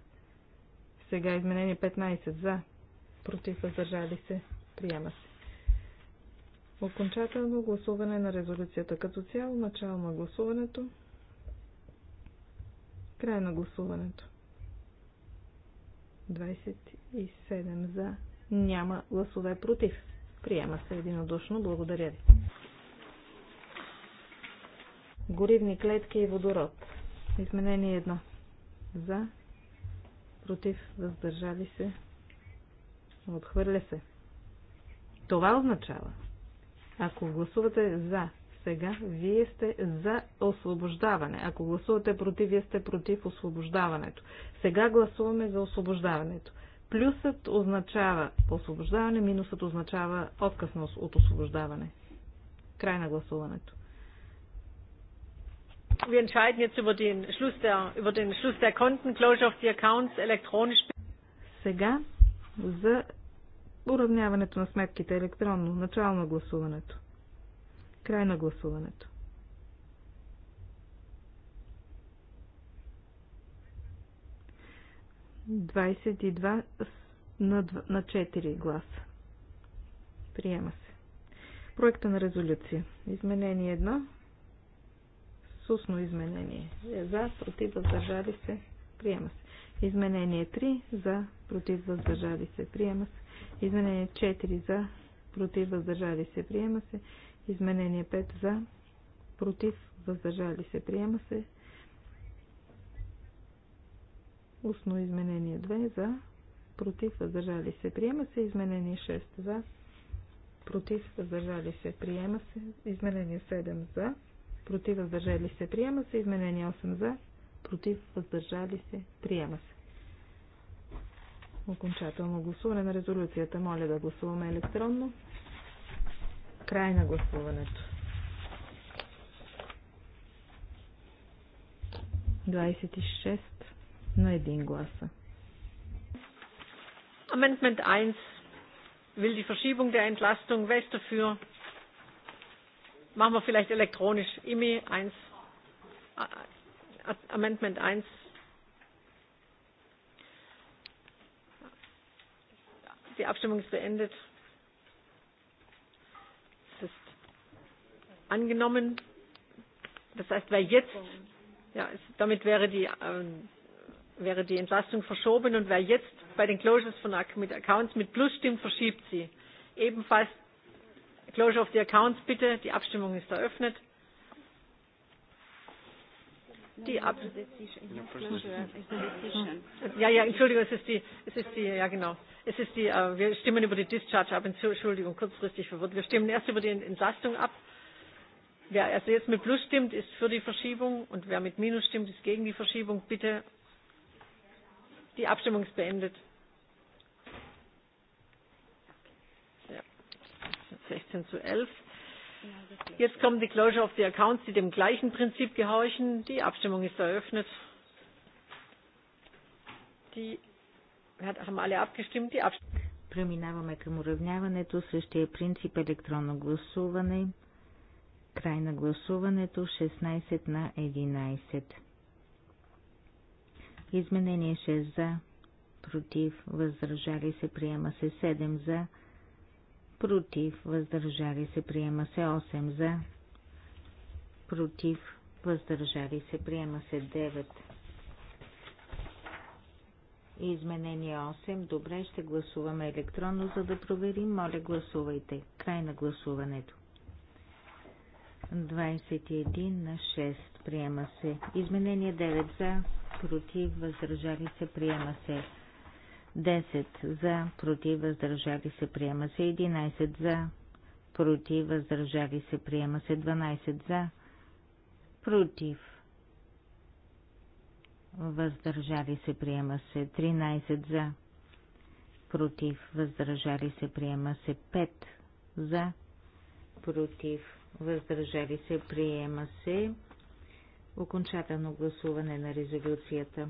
Сега изменение 15 за, против, въздържали се, приема се. Окончателно гласуване на резолюцията като цяло, начало на гласуването. Край на гласуването. 27 за. Няма гласове против. Приема се единодушно. Благодаря ви. Горивни клетки и водород. Изменение едно. За. Против. Въздържали се. Отхвърля се. Това означава, ако гласувате за сега вие сте за освобождаване. Ако гласувате против, вие сте против освобождаването. Сега гласуваме за освобождаването. Плюсът означава освобождаване, минусът означава откъсност от освобождаване. Край на гласуването. Wir entscheiden jetzt über den Schluss der, über den Schluss der Konten, Closure of the Accounts, elektronisch. Сега за уравняването на сметките електронно, начало на гласуването. Край на гласуването. Двадесет и два на четири гласа. Приема се. Проекта на резолюция. Изменение едно. Сусно изменение. За, против, въздържали се. Приема се. Изменение 3. За, против, въздържали се. Приема се. Изменение 4. За, против, въздържали се. Приема се. Изменение 5 за, против, въздържали се, приема се. Устно изменение 2 за, против, въздържали се, приема се. Изменение 6 за, против, въздържали се, приема се. Изменение 7 за, против, въздържали се, приема се. Изменение 8 за, против, въздържали се, приема се. Окончателно гласуване на резолюцията. Моля да гласуваме електронно. Край на гласуването. 26 на 1 гласа. Amendment 1 will die Verschiebung der Entlastung. West dafür? Machen wir vielleicht elektronisch. IMI 1. Amendment 1. Die Abstimmung ist beendet. angenommen. Das heißt, wer jetzt, ja, damit wäre die, äh, wäre die Entlastung verschoben und wer jetzt bei den Closures von mit Accounts mit Plus stimmt, verschiebt sie. Ebenfalls Closure of the Accounts bitte. Die Abstimmung ist eröffnet. Die Ab ja, ja, Entschuldigung, es ist die, es ist die, ja genau, es ist die, äh, wir stimmen über die Discharge ab, Entschuldigung, kurzfristig verwirrt. Wir stimmen erst über die Entlastung ab Wer also jetzt mit Plus stimmt, ist für die Verschiebung und wer mit Minus stimmt, ist gegen die Verschiebung. Bitte, die Abstimmung ist beendet. Ja, 16 zu 11. Jetzt kommen die Closure of the Accounts, die dem gleichen Prinzip gehorchen. Die Abstimmung ist eröffnet. Die haben alle abgestimmt. Die Abstimmung. Преминаваме към уравняването, същия принцип електронно гласуване. Край на гласуването 16 на 11. Изменение 6 за, против, въздържали се, приема се 7 за, против, въздържали се, приема се 8 за, против, въздържали се, приема се 9. Изменение 8. Добре, ще гласуваме електронно, за да проверим. Моля, гласувайте. Край на гласуването. 21 на 6. Приема се. Изменение 9 за, против, въздържали се, приема се. 10 за, против, въздържали се, приема се. 11 за, против, въздържали се, приема се. 12 за, против, въздържали се, приема се. 13 за, против, въздържали се, приема се. 5 за, против, въздържали се, приема се. Окончателно гласуване на резолюцията.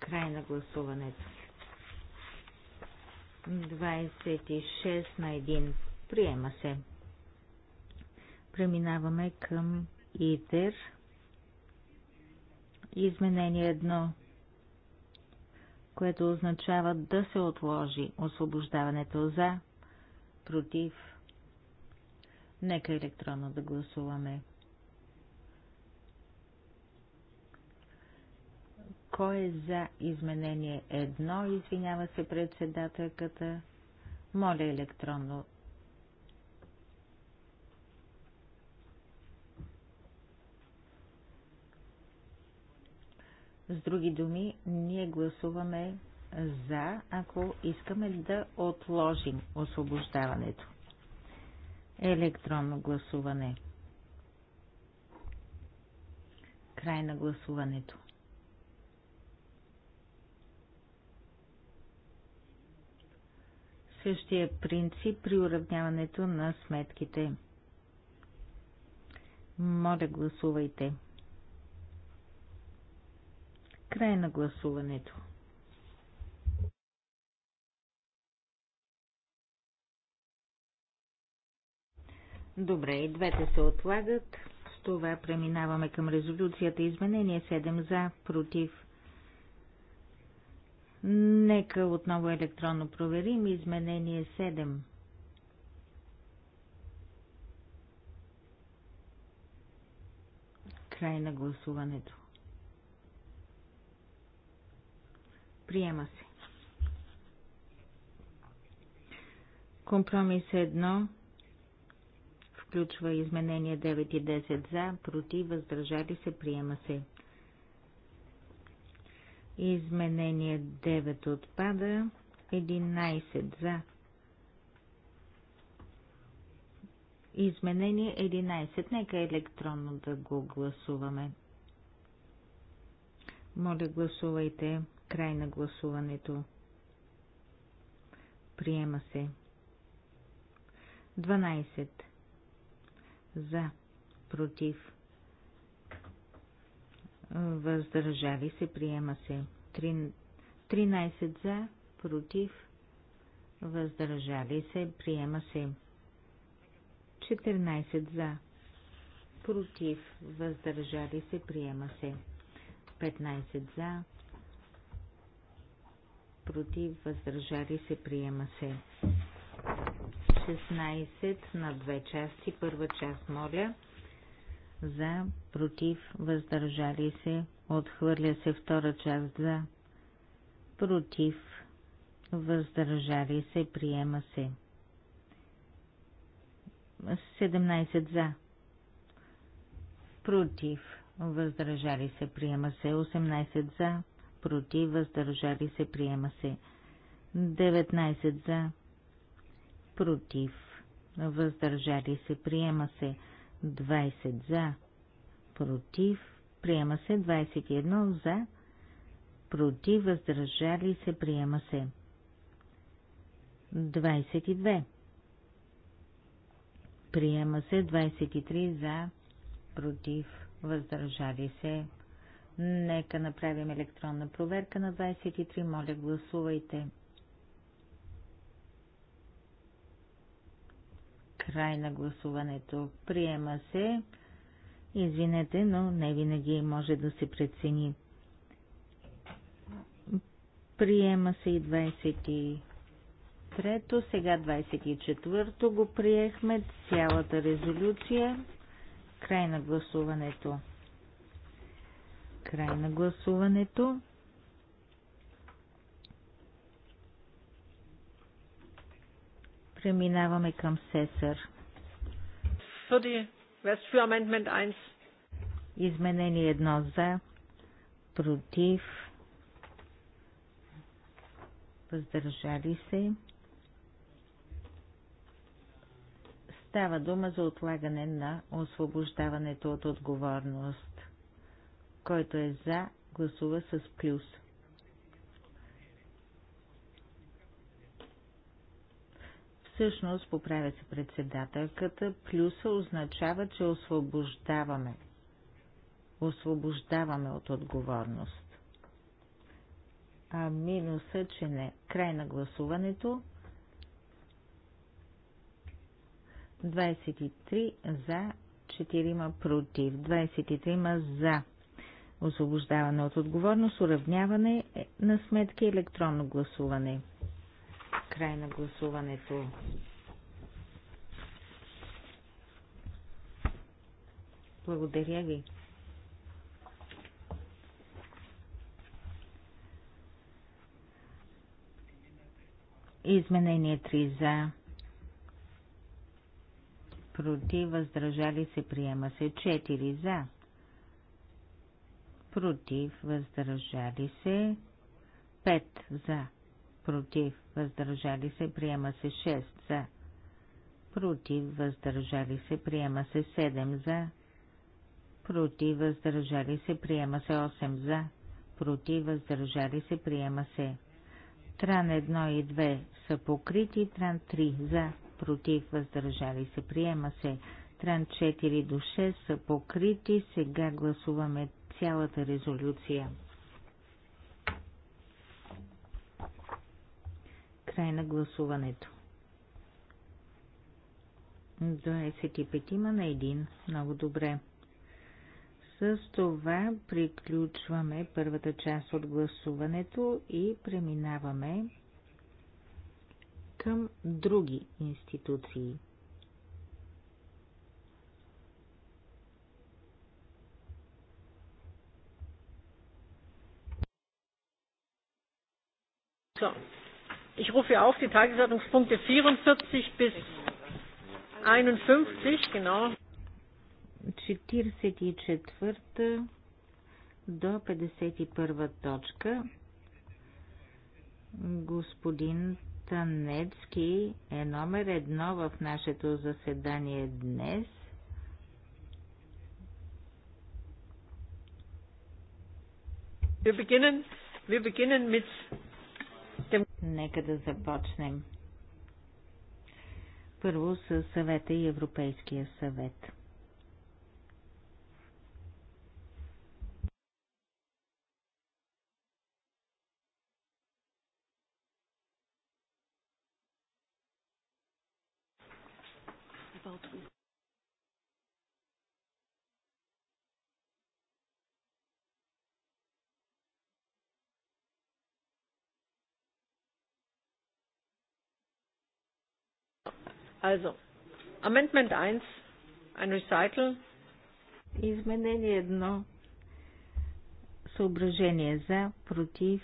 Край на гласуването. 26 на 1. Приема се. Преминаваме към ИТЕР. Изменение 1 което означава да се отложи освобождаването за, против, Нека електронно да гласуваме. Кой е за изменение едно, Извинява се председателката. Моля електронно С други думи, ние гласуваме за, ако искаме да отложим освобождаването електронно гласуване. Край на гласуването. Същия принцип при уравняването на сметките. Моля, гласувайте. Край на гласуването. Добре, и двете се отлагат. С това преминаваме към резолюцията. Изменение 7 за, против. Нека отново електронно проверим изменение 7. Край на гласуването. Приема се. Компромис 1 включва изменения 9 и 10 за, против, въздържали се, приема се. Изменение 9 отпада, 11 за. Изменение 11. Нека електронно да го гласуваме. Моля, гласувайте. Край на гласуването. Приема се. 12 за, против, въздържали се, приема се. 13 за, против, въздържали се, приема се. 14 за, против, въздържали се, приема се. 15 за, против, въздържали се, приема се. 16 на две части. Първа част, моля, за, против, въздържали се, отхвърля се втора част за, против, въздържали се, приема се. 17 за, против, въздържали се, приема се, 18 за, против, въздържали се, приема се, 19 за, против, въздържали се, приема се 20 за, против, приема се 21 за, против, въздържали се, приема се 22. Приема се 23 за, против, въздържали се. Нека направим електронна проверка на 23. Моля, гласувайте. 23. Край на гласуването. Приема се. Извинете, но не винаги може да се прецени. Приема се и 23-то, сега 24-то го приехме, цялата резолюция. Край на гласуването. Край на гласуването. Преминаваме към сесър. Изменение едно за, против, въздържали се. Става дума за отлагане на освобождаването от отговорност. Който е за, гласува с плюс. Всъщност, поправя се председателката, плюса означава, че освобождаваме. Освобождаваме от отговорност. А минуса, че не. Край на гласуването. 23 за, 4 против, 23 за. Освобождаване от отговорност, уравняване на сметки, електронно гласуване. Край на гласуването. Благодаря ви. Изменение 3 за. Против, въздържали се, приема се 4 за. Против, въздържали се, 5 за. Против, въздържали се, приема се 6 за, против, въздържали се, приема се 7 за, против, въздържали се, приема се 8 за, против, въздържали се, приема се. Тран 1 и 2 са покрити, Тран 3 за, против, въздържали се, приема се. Тран 4 до 6 са покрити, сега гласуваме цялата резолюция. Край на гласуването. 25 на 1. Много добре. С това приключваме първата част от гласуването и преминаваме към други институции. So. Ich rufe auf die Tagesordnungspunkte 44 bis 51, genau. 44 до 51 точка. Господин Танецки е номер едно в нашето заседание днес. Wir beginnen, wir beginnen mit Нека да започнем. Първо с съвета и Европейския съвет. Also, Amendment 1, ein Recital. Изменение едно. Съображение за, против,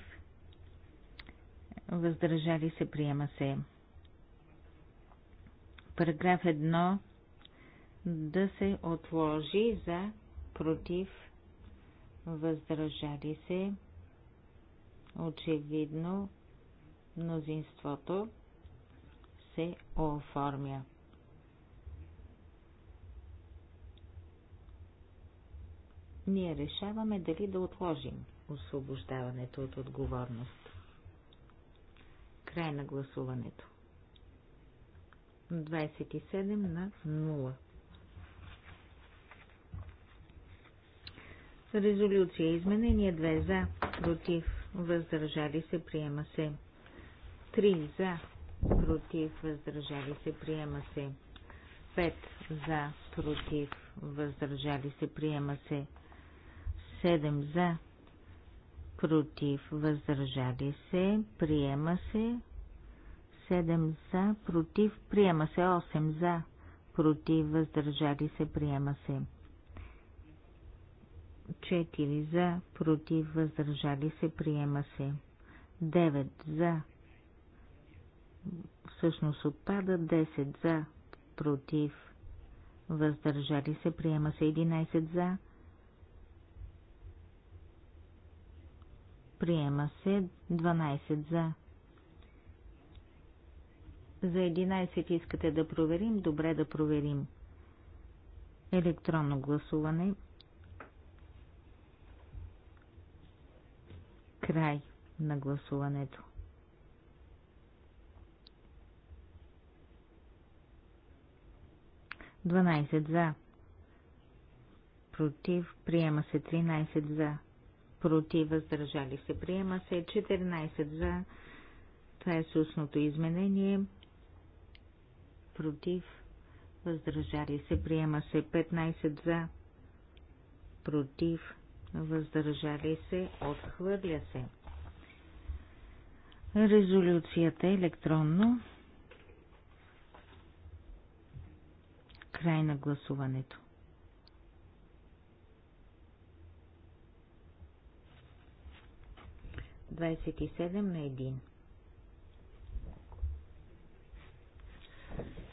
въздържали се, приема се. Параграф 1 да се отложи за, против, въздържали се. Очевидно, мнозинството се оформя. Ние решаваме дали да отложим освобождаването от отговорност. Край на гласуването. 27 на 0. Резолюция изменение 2 за, против, въздържали се, приема се. 3 за, против, въздържали се, приема се. 5 за, против, въздържали се, приема се. 7 за, против, въздържали се, приема се. 7 за, против, приема се. 8 за, против, въздържали се, приема се. 4 за, против, въздържали се, приема се. 9 за, всъщност отпада 10 за, против, въздържали се, приема се 11 за, приема се 12 за. За 11 искате да проверим, добре да проверим. Електронно гласуване. Край на гласуването. 12 за. Против. Приема се 13 за. Против. Въздържали се. Приема се 14 за. Това е сусното изменение. Против. Въздържали се. Приема се 15 за. Против. Въздържали се. Отхвърля се. Резолюцията е електронно. Край на гласуването. Двадесет и седем на един.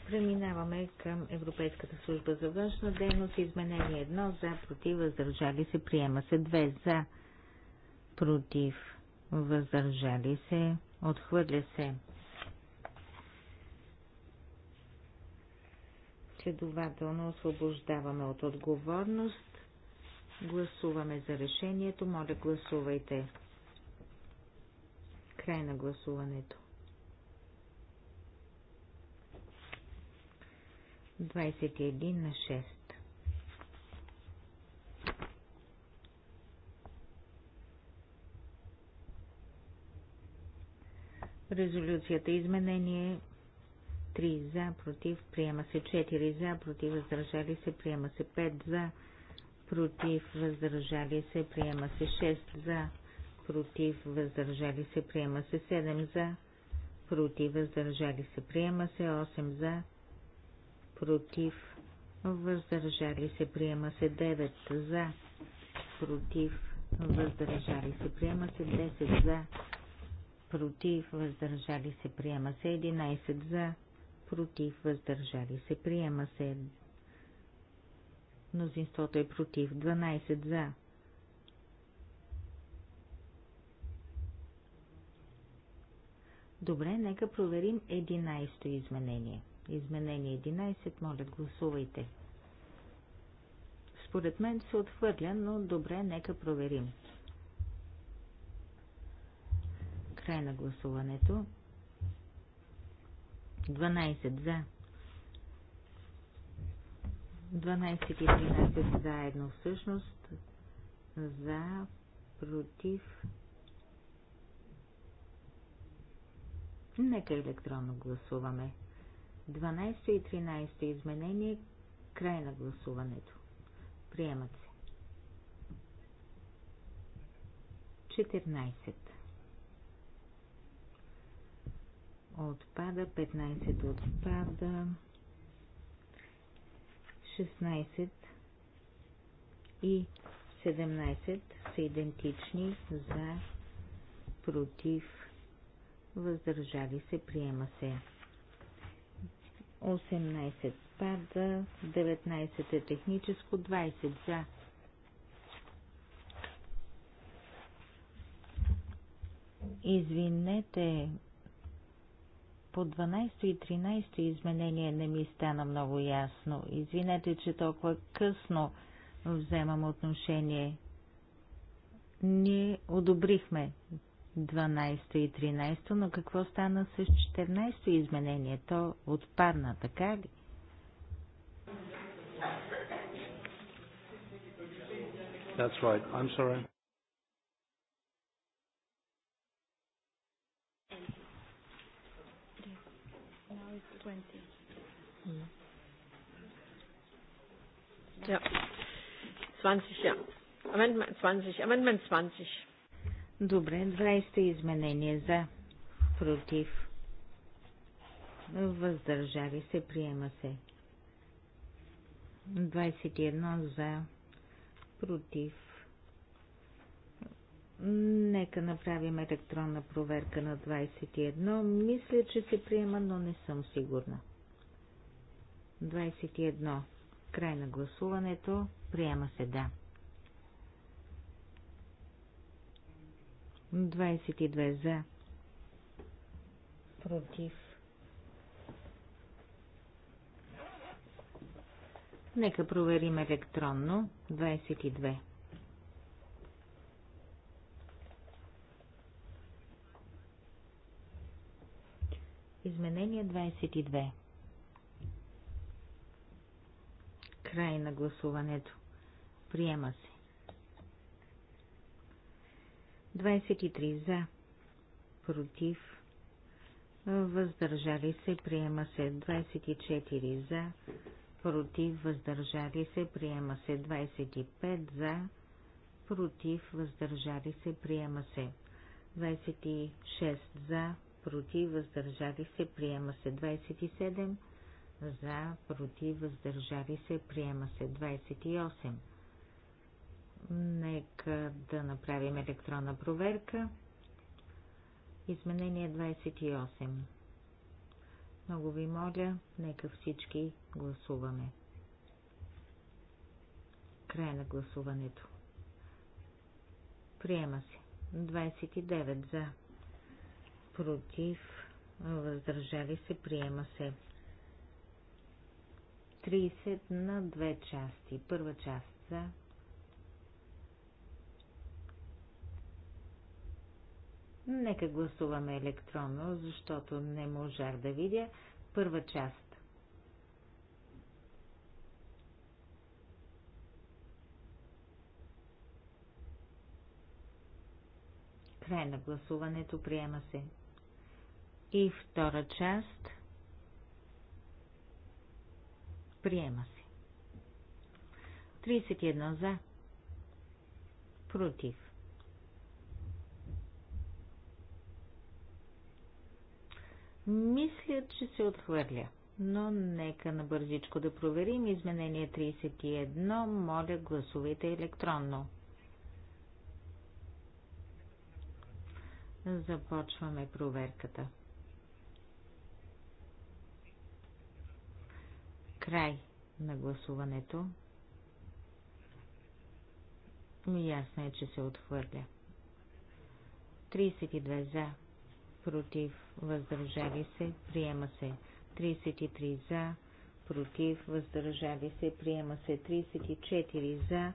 Преминаваме към Европейската служба за външна дейност. Изменение 1 за, против, въздържали се, приема се 2 за, против, въздържали се, отхвърля се Следователно освобождаваме от отговорност. Гласуваме за решението. Моля, гласувайте. Край на гласуването. 21 на 6. Резолюцията е изменение 3 за, против, приема се 4 за, против, въздържали се, приема се 5 за, против, въздържали се, приема се 6 за, против, въздържали се, приема се 7 за, против, въздържали се, приема се 8 за, против, въздържали се, приема се 9 за, против, въздържали се, приема се 10 за, против, въздържали се, приема се 11 за, против, въздържали се, приема се. Мнозинството е против, 12 за. Добре, нека проверим 11-то изменение. Изменение 11, моля, гласувайте. Според мен се отхвърля, но добре, нека проверим. Край на гласуването. 12 за. 12 и 13 заедно всъщност. За, против. Нека електронно гласуваме. 12 и 13 изменение. Край на гласуването. Приемат се. 14. отпада, 15 отпада, 16 и 17 са идентични за против, въздържали се, приема се. 18 пада, 19 е техническо, 20 за. Извинете, по 12 и 13 изменение не ми стана много ясно. Извинете, че толкова късно вземам отношение. Ние одобрихме 12 и 13, но какво стана с 14 изменение? То отпадна, така ли? That's right. I'm sorry. 20. Hm. Ja. 20, ja. Amendment 20. Amendment 20. Добре, 20 изменения за, против, въздържали се, приема се. 21 за, против, Нека направим електронна проверка на 21. Мисля, че се приема, но не съм сигурна. 21. Край на гласуването. Приема се да. 22 за. Против. Нека проверим електронно. 22. Изменение 22. Край на гласуването. Приема се. 23 за. Против. Въздържали се. Приема се. 24 за. Против. Въздържали се. Приема се. 25 за. Против. Въздържали се. Приема се. 26 за против, въздържали се, приема се 27, за, против, въздържали се, приема се 28. Нека да направим електронна проверка. Изменение 28. Много ви моля, нека всички гласуваме. Край на гласуването. Приема се. 29 за против, въздържали се, приема се. 30 на две части. Първа част за Нека гласуваме електронно, защото не можах да видя първа част. Край на гласуването приема се. И втора част. Приема се. 31 за. Против. Мисля, че се отхвърля, но нека на бързичко да проверим изменение 31. Моля, гласувайте електронно. Започваме проверката. Край на гласуването. Ясно е, че се отхвърля. 32 за, против, въздържали се, приема се. 33 за, против, въздържали се, приема се. 34 за,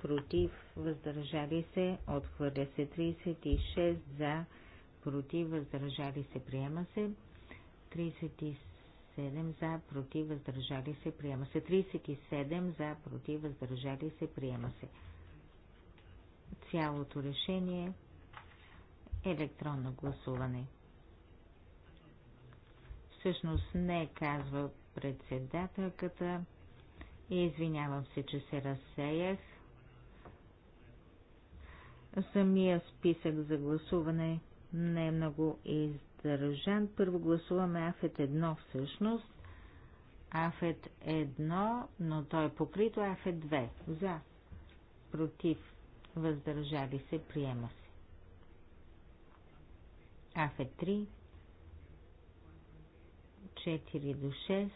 против, въздържали се, отхвърля се. 36 за, против, въздържали се, приема се. 37 за, против, въздържали се, приема се. 37 за, против, въздържали се, приема се. Цялото решение е електронно гласуване. Всъщност не казва председателката извинявам се, че се разсеях. Самия списък за гласуване не е много издържан Държан. Първо гласуваме Афет 1 всъщност. Афет 1, но той е покрито. Афет 2. За. Против. Въздържали се. Приема се. Афет 3. 4 до 6.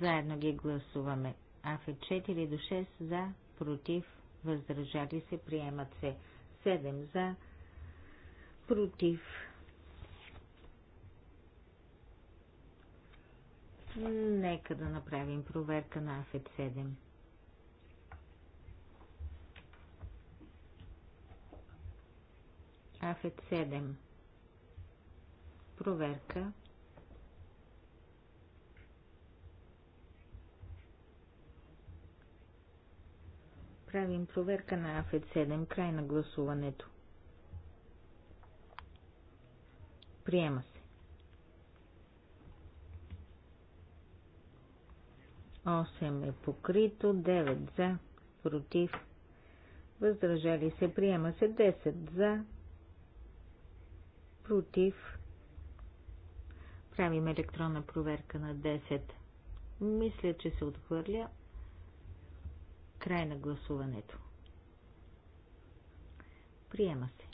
Заедно ги гласуваме. Афет 4 до 6 за, против, въздържали се, приемат се. 7 за, против, Нека да направим проверка на АФЕД 7. АФЕД 7. Проверка. Правим проверка на АФЕД 7. Край на гласуването. Приема се. 8 е покрито, 9 за, против, въздържали се, приема се 10 за, против. Правим електронна проверка на 10. Мисля, че се отхвърля. Край на гласуването. Приема се.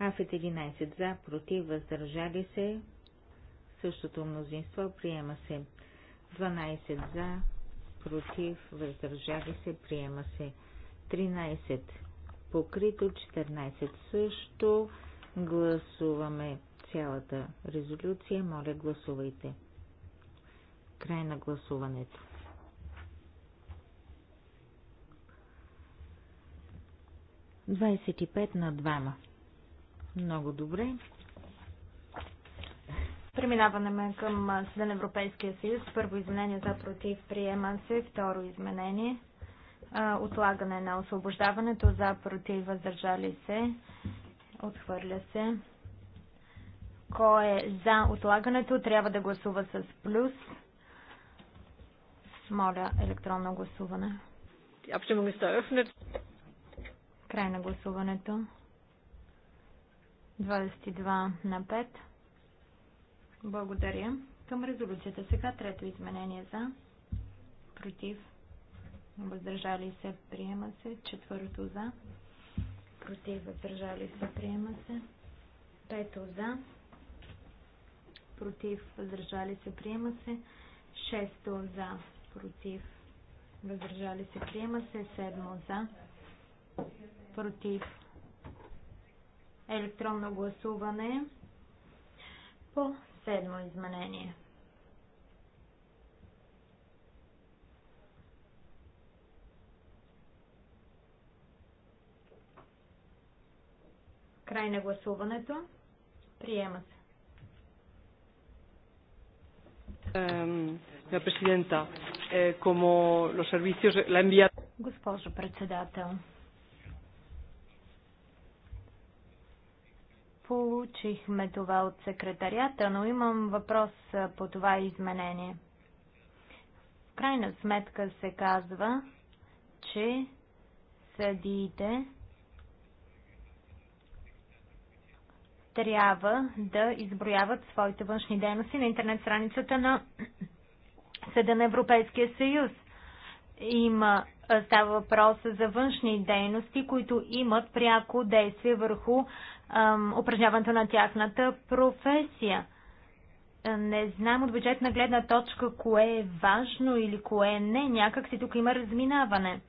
Афет 11 за, против, въздържали се. Същото мнозинство приема се. 12 за, против, въздържали се, приема се. 13 покрито, 14 също. Гласуваме цялата резолюция. Моля, гласувайте. Край на гласуването. Двадесет и пет на двама. Много добре. Преминаваме към Съден Европейския съюз. Първо изменение за против приема се. Второ изменение. Отлагане на освобождаването за против въздържали се. Отхвърля се. Кой е за отлагането, трябва да гласува с плюс. Моля електронно гласуване. Край на гласуването. 22 на 5. Благодаря. Към резолюцията сега трето изменение за, против, въздържали се, приема се. Четвърто за, против, въздържали се, приема се. Пето за, против, въздържали се, приема се. Шесто за, против, въздържали се, приема се. Седмо за, против, електронно гласуване по седмо изменение. Край на гласуването. Приема се. Е, Госпожо председател, Получихме това от секретарията, но имам въпрос по това изменение. В крайна сметка се казва, че съдиите трябва да изброяват своите външни дейности на интернет страницата на Съда на Европейския съюз. Има става въпрос за външни дейности, които имат пряко действие върху упражняването на тяхната професия. Е, не знам от бюджетна гледна точка кое е важно или кое не. Някак си тук има разминаване.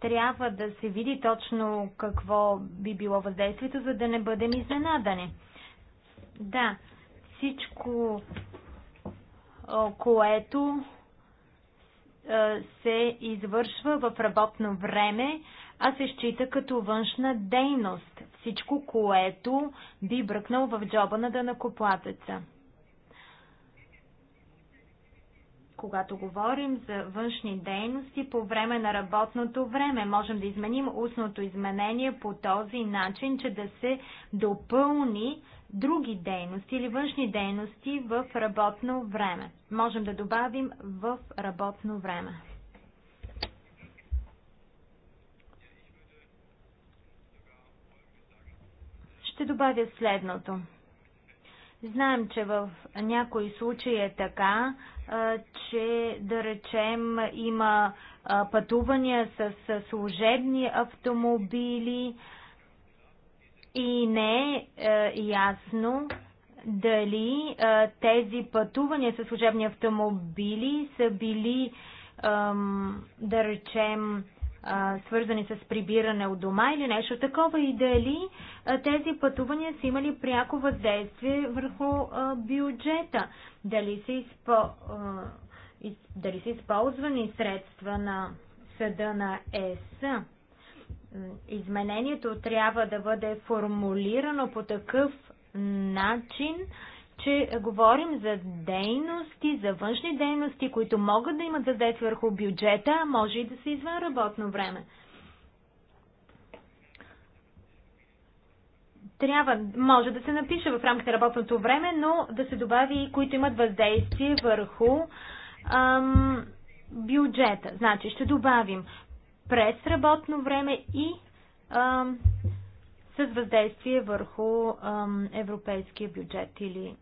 Трябва да се види точно какво би било въздействието, за да не бъдем изненадани. Да, всичко, което е, се извършва в работно време, а се счита като външна дейност. Всичко, което би бръкнал в джоба на дънакоплатеца. Когато говорим за външни дейности по време на работното време, можем да изменим устното изменение по този начин, че да се допълни други дейности или външни дейности в работно време. Можем да добавим в работно време. Ще добавя следното. Знаем, че в някои случаи е така, че да речем има пътувания с служебни автомобили и не е, е ясно дали тези пътувания с служебни автомобили са били, да речем, а, свързани с прибиране от дома или нещо такова и дали а, тези пътувания са имали пряко въздействие върху а, бюджета, дали са, изпо, а, дали са използвани средства на съда на ЕС. Изменението трябва да бъде формулирано по такъв начин, че говорим за дейности, за външни дейности, които могат да имат въздействие върху бюджета, а може и да са извън работно време. Трябва, може да се напише в рамките на работното време, но да се добави, които имат въздействие върху ам, бюджета. Значи ще добавим през работно време и ам, с въздействие върху ам, европейския бюджет или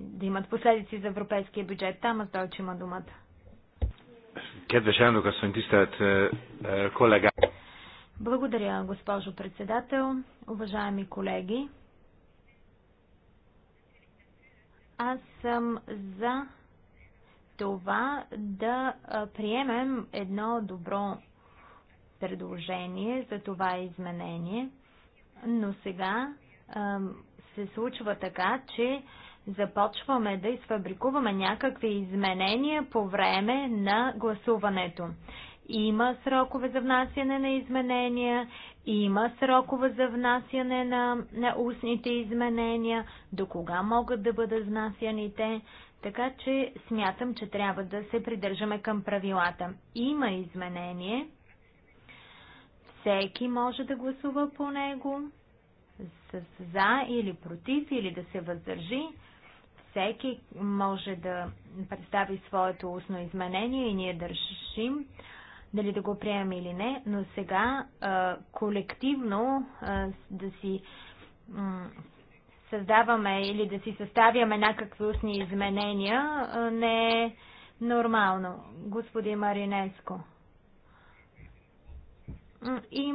да имат последици за европейския бюджет. Там Тамас Дойч има думата. Е, е, Благодаря, госпожо председател, уважаеми колеги. Аз съм за това да приемем едно добро предложение за това изменение, но сега се случва така, че започваме да изфабрикуваме някакви изменения по време на гласуването. Има срокове за внасяне на изменения, има срокове за внасяне на, на устните изменения, до кога могат да бъдат внасяни те, така че смятам, че трябва да се придържаме към правилата. Има изменение, всеки може да гласува по него, с за или против, или да се въздържи всеки може да представи своето устно изменение и ние държим дали да го приемем или не, но сега колективно да си създаваме или да си съставяме някакви устни изменения не е нормално, господин Маринеско. И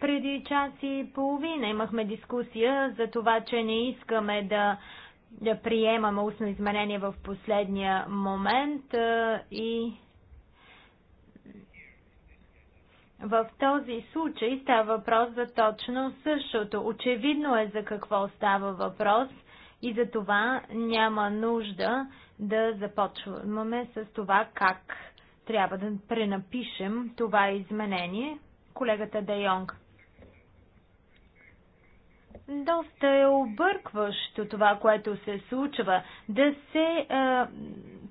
преди час и половина имахме дискусия за това, че не искаме да да приемаме устно изменение в последния момент и в този случай става въпрос за точно същото. Очевидно е за какво става въпрос и за това няма нужда да започваме с това как трябва да пренапишем това изменение. Колегата Дайонг доста е объркващо това, което се случва. Да се е,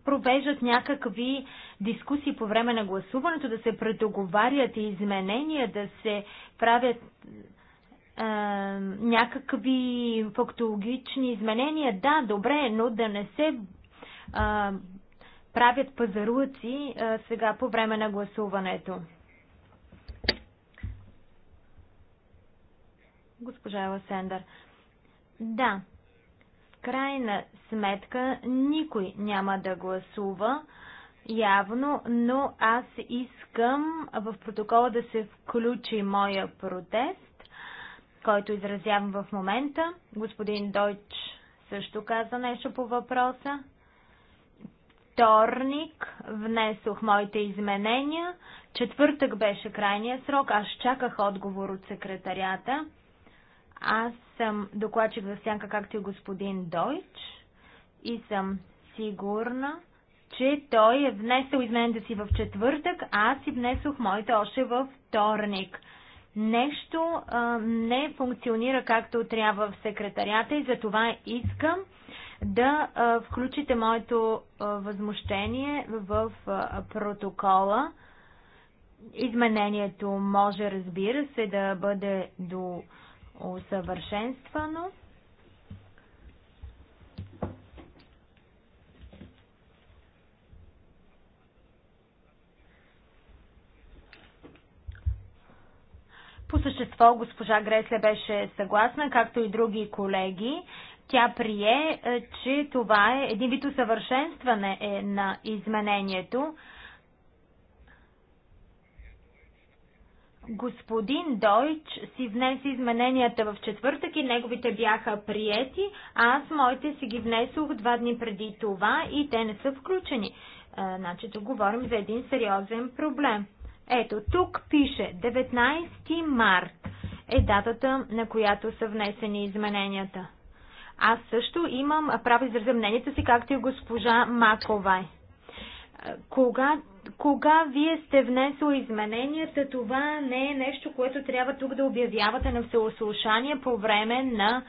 провеждат някакви дискусии по време на гласуването, да се предоговарят и изменения, да се правят е, някакви фактологични изменения. Да, добре, но да не се е, правят пазаруци е, сега по време на гласуването. госпожа Ласендър. Да, в крайна сметка никой няма да гласува явно, но аз искам в протокола да се включи моя протест, който изразявам в момента. Господин Дойч също каза нещо по въпроса. Вторник внесох моите изменения. Четвъртък беше крайния срок. Аз чаках отговор от секретарята. Аз съм докладчик за сянка, както и господин Дойч и съм сигурна, че той е внесъл измененията си в четвъртък, а аз си внесох моите още във вторник. Нещо а, не функционира както трябва в секретарията и затова искам да а, включите моето а, възмущение в а, протокола. Изменението може, разбира се, да бъде до. А, усъвършенствано. По същество госпожа Гресле беше съгласна, както и други колеги. Тя прие, е, че това е един вид усъвършенстване е, на изменението. Господин Дойч си внесе измененията в четвъртък и неговите бяха приети, а аз моите си ги внесох два дни преди това и те не са включени. А, значи, тук говорим за един сериозен проблем. Ето, тук пише 19 март е датата, на която са внесени измененията. Аз също имам право изразя мнението си, както и госпожа Маковай. Кога, кога вие сте внесло измененията, това не е нещо, което трябва тук да обявявате на всеослушание по време на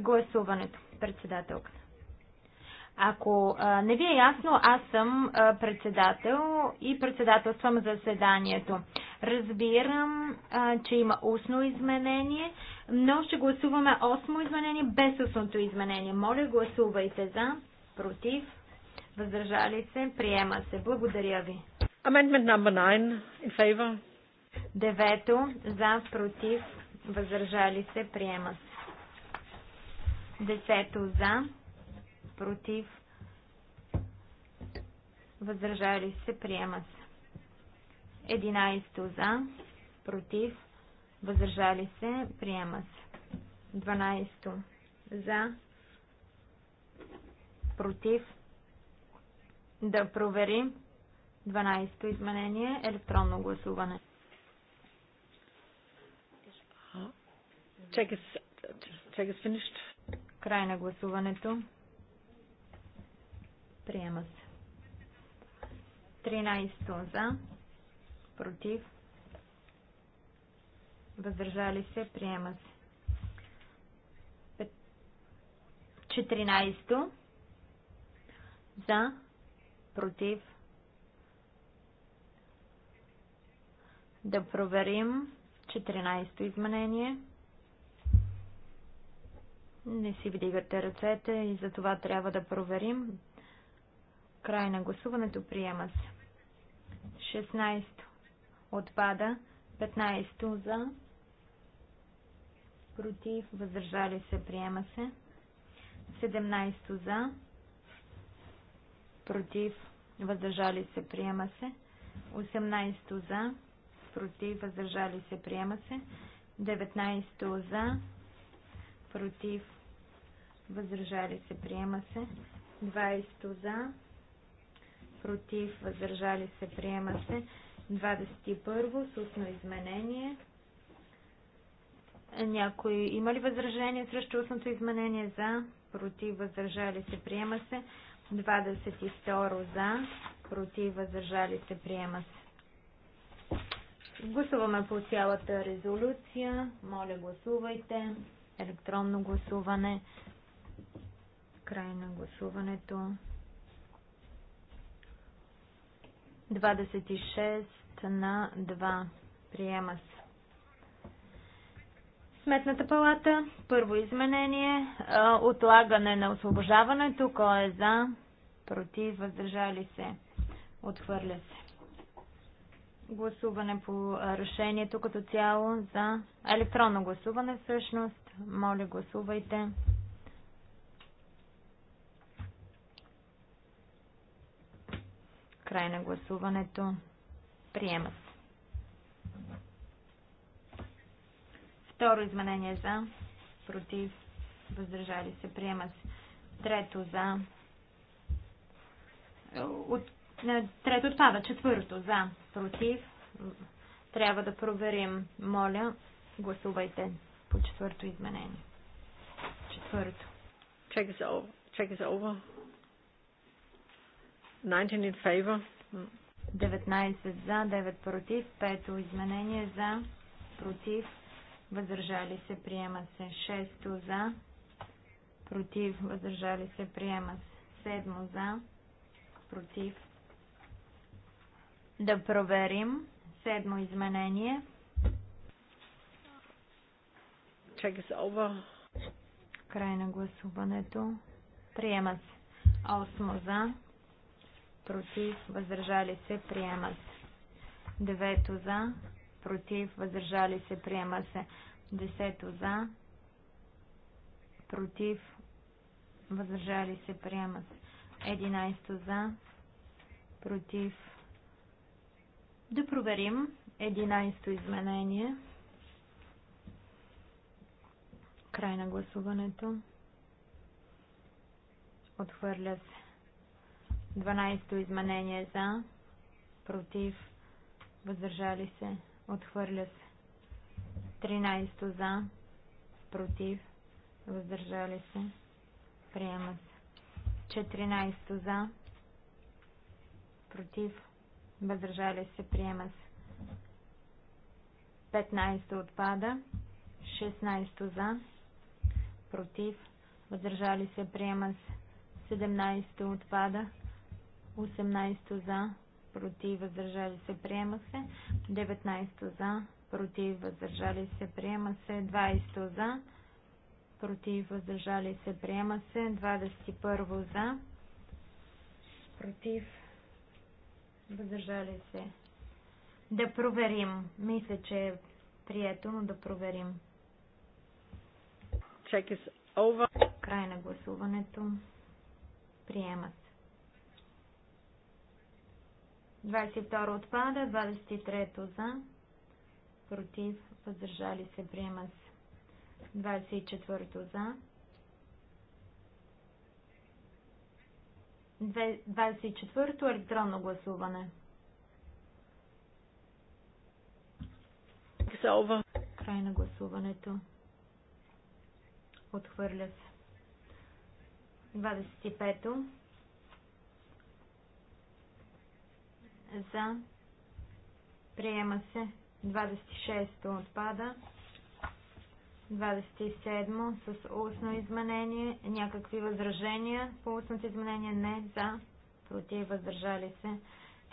гласуването, председателката. Ако а, не ви е ясно, аз съм а, председател и председателствам заседанието. Разбирам, а, че има устно изменение, но ще гласуваме осмо изменение без устното изменение. Моля, гласувайте за, против, въздържали се, приема се. Благодаря ви. Amendment number 9 in favor. Девето, за, против, въздържали се, приема се. Десето, за, против, въздържали се, приема се. Единайсто, за, против, въздържали се, приема се. Дванайсто, за, против, да проверим 12-то изменение електронно гласуване. Check is, check is finished. Край на гласуването. Приема се. 13 за. Против. Въздържали се. Приема се. 14 за против. Да проверим 14-то изменение. Не си вдигате ръцете и за това трябва да проверим. Край на гласуването приема се. 16 отпада, 15 за, против, въздържали се, приема се, 17 за, против, въздържали се, приема се. 18 за, против, въздържали се, приема се. 19 за, против, въздържали се, приема се. 20 за, против, въздържали се, приема се. 21 с устно изменение. Някой има ли възражение срещу устното изменение за? Против, въздържали се, приема се. 22 за, против, въздържали се, приема се. Гласуваме по цялата резолюция. Моля, гласувайте. Електронно гласуване. Край на гласуването. 26 на 2. Приема се. Сметната палата. Първо изменение. Отлагане на освобождаването. Кой е за? Против? Въздържали се? Отхвърля се. Гласуване по решението като цяло за електронно гласуване всъщност. Моля, гласувайте. Край на гласуването. Приема се. Второ изменение за, против, въздържали се, приема се. Трето за, от, трето отпада, четвърто за, против. Трябва да проверим. Моля, гласувайте по четвърто изменение. Четвърто. Check is over. Check is over. 19 in favor. 19 hmm. за, 9 против, 5 изменение за, против, въздържали се, приема се. 6 за, против, въздържали се, приема се. 7 за, против. Да проверим. Седмо изменение. Check is over. Край на гласуването. Приема се. Осмо за. Против. Въздържали се. Приема се. Девето за против, въздържали се, приема се. Десето за, против, въздържали се, приема се. Единайсто за, против. Да проверим единайсто изменение. Край на гласуването. Отхвърля се. 12 изменение за, против, въздържали се, Отхвърля се. 13 за. Против. Въздържали се. Приема се. 14 за. Против. Въздържали се. Приема се. 15 отпада. 16 за. Против. Въздържали се. Приема се. 17 отпада. 18 за против, въздържали се, приема се. 19 за, против, въздържали се, приема се. 20 за, против, въздържали се, приема се. 21 за, против, въздържали се. Да проверим. Мисля, че е прието, но да проверим. Check is over. Край на гласуването. Приема се. 22 отпада, 23 за, против, въздържали се, приема се. 24 за, 24 електронно гласуване. Салва. Край на гласуването. Отхвърля се. 25 за, приема се, 26 отпада, 27 с устно изменение, някакви възражения по устното изменение, не, за, против, въздържали се,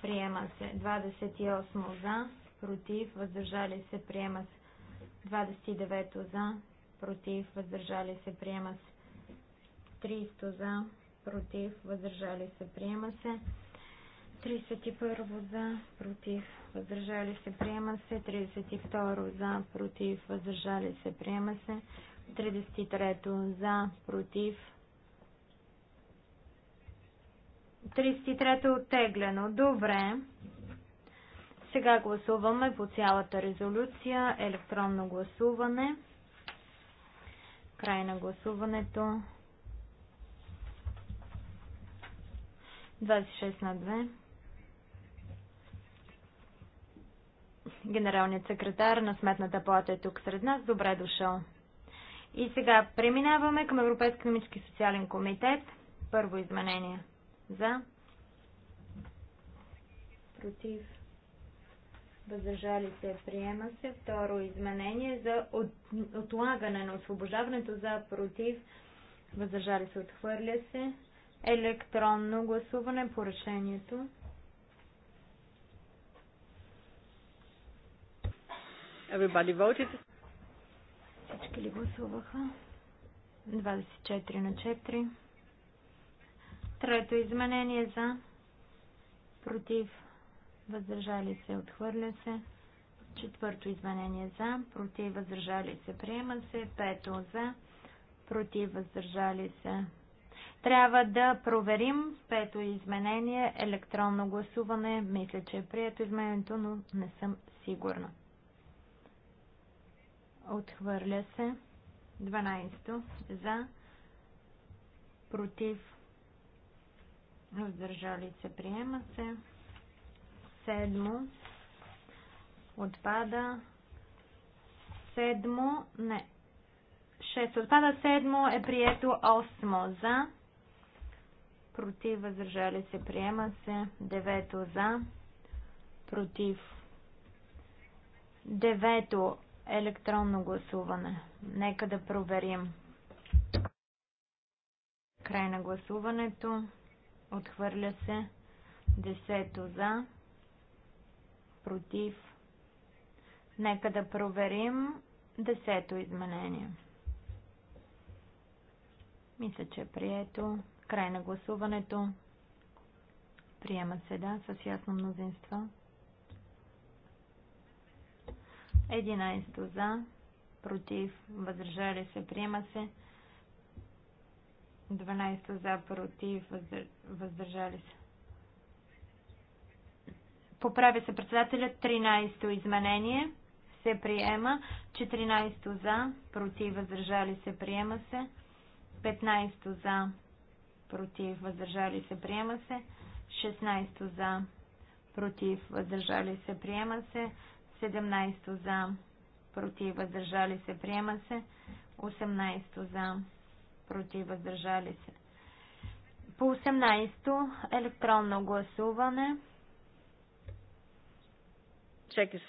приема се, 28 за, против, въздържали се, приема се, 29 за, против, въздържали се, приема се, 300 за, против, въздържали се, приема се, 31 за, против, въздържали се, приема се. 32 за, против, въздържали се, приема се. 33 за, против. 33 е оттеглено. Добре. Сега гласуваме по цялата резолюция електронно гласуване. Край на гласуването. 26 на 2. Генералният секретар на Сметната плата е тук сред нас. Добре дошъл. И сега преминаваме към Европейски економически и социален комитет. Първо изменение. За. Против. Въздържали се. Приема се. Второ изменение за от, отлагане на освобождаването за против. Въздържали се. Отхвърля се. Електронно гласуване по решението. Everybody voted. Всички ли гласуваха? 24 на 4. Трето изменение за против въздържали се, отхвърля се. Четвърто изменение за против въздържали се, приема се. Пето за против въздържали се. Трябва да проверим пето изменение, електронно гласуване. Мисля, че е прието изменението, но не съм сигурна. Отхвърля се. 12. За. Против. Въздържали се. Приема се. 7. Отпада. 7. Не. 6. Отпада. 7 е прието. 8. За. Против. Въздържали се. Приема се. 9. За. Против. 9 електронно гласуване. Нека да проверим. Край на гласуването. Отхвърля се. Десето за. Против. Нека да проверим десето изменение. Мисля, че е прието. Край на гласуването. Приема се да, с ясно мнозинство. 11 за, против, въздържали се, приема се. 12 за, против, въздържали се. Поправя се председателя. 13-то изменение се приема. 14-то за, против, въздържали се, приема се. 15-то за, против, въздържали се, приема се. 16-то за, против, въздържали се, приема се. 17 за, против, въздържали се, приема се. 18 за, против, въздържали се. По 18 електронно гласуване. се.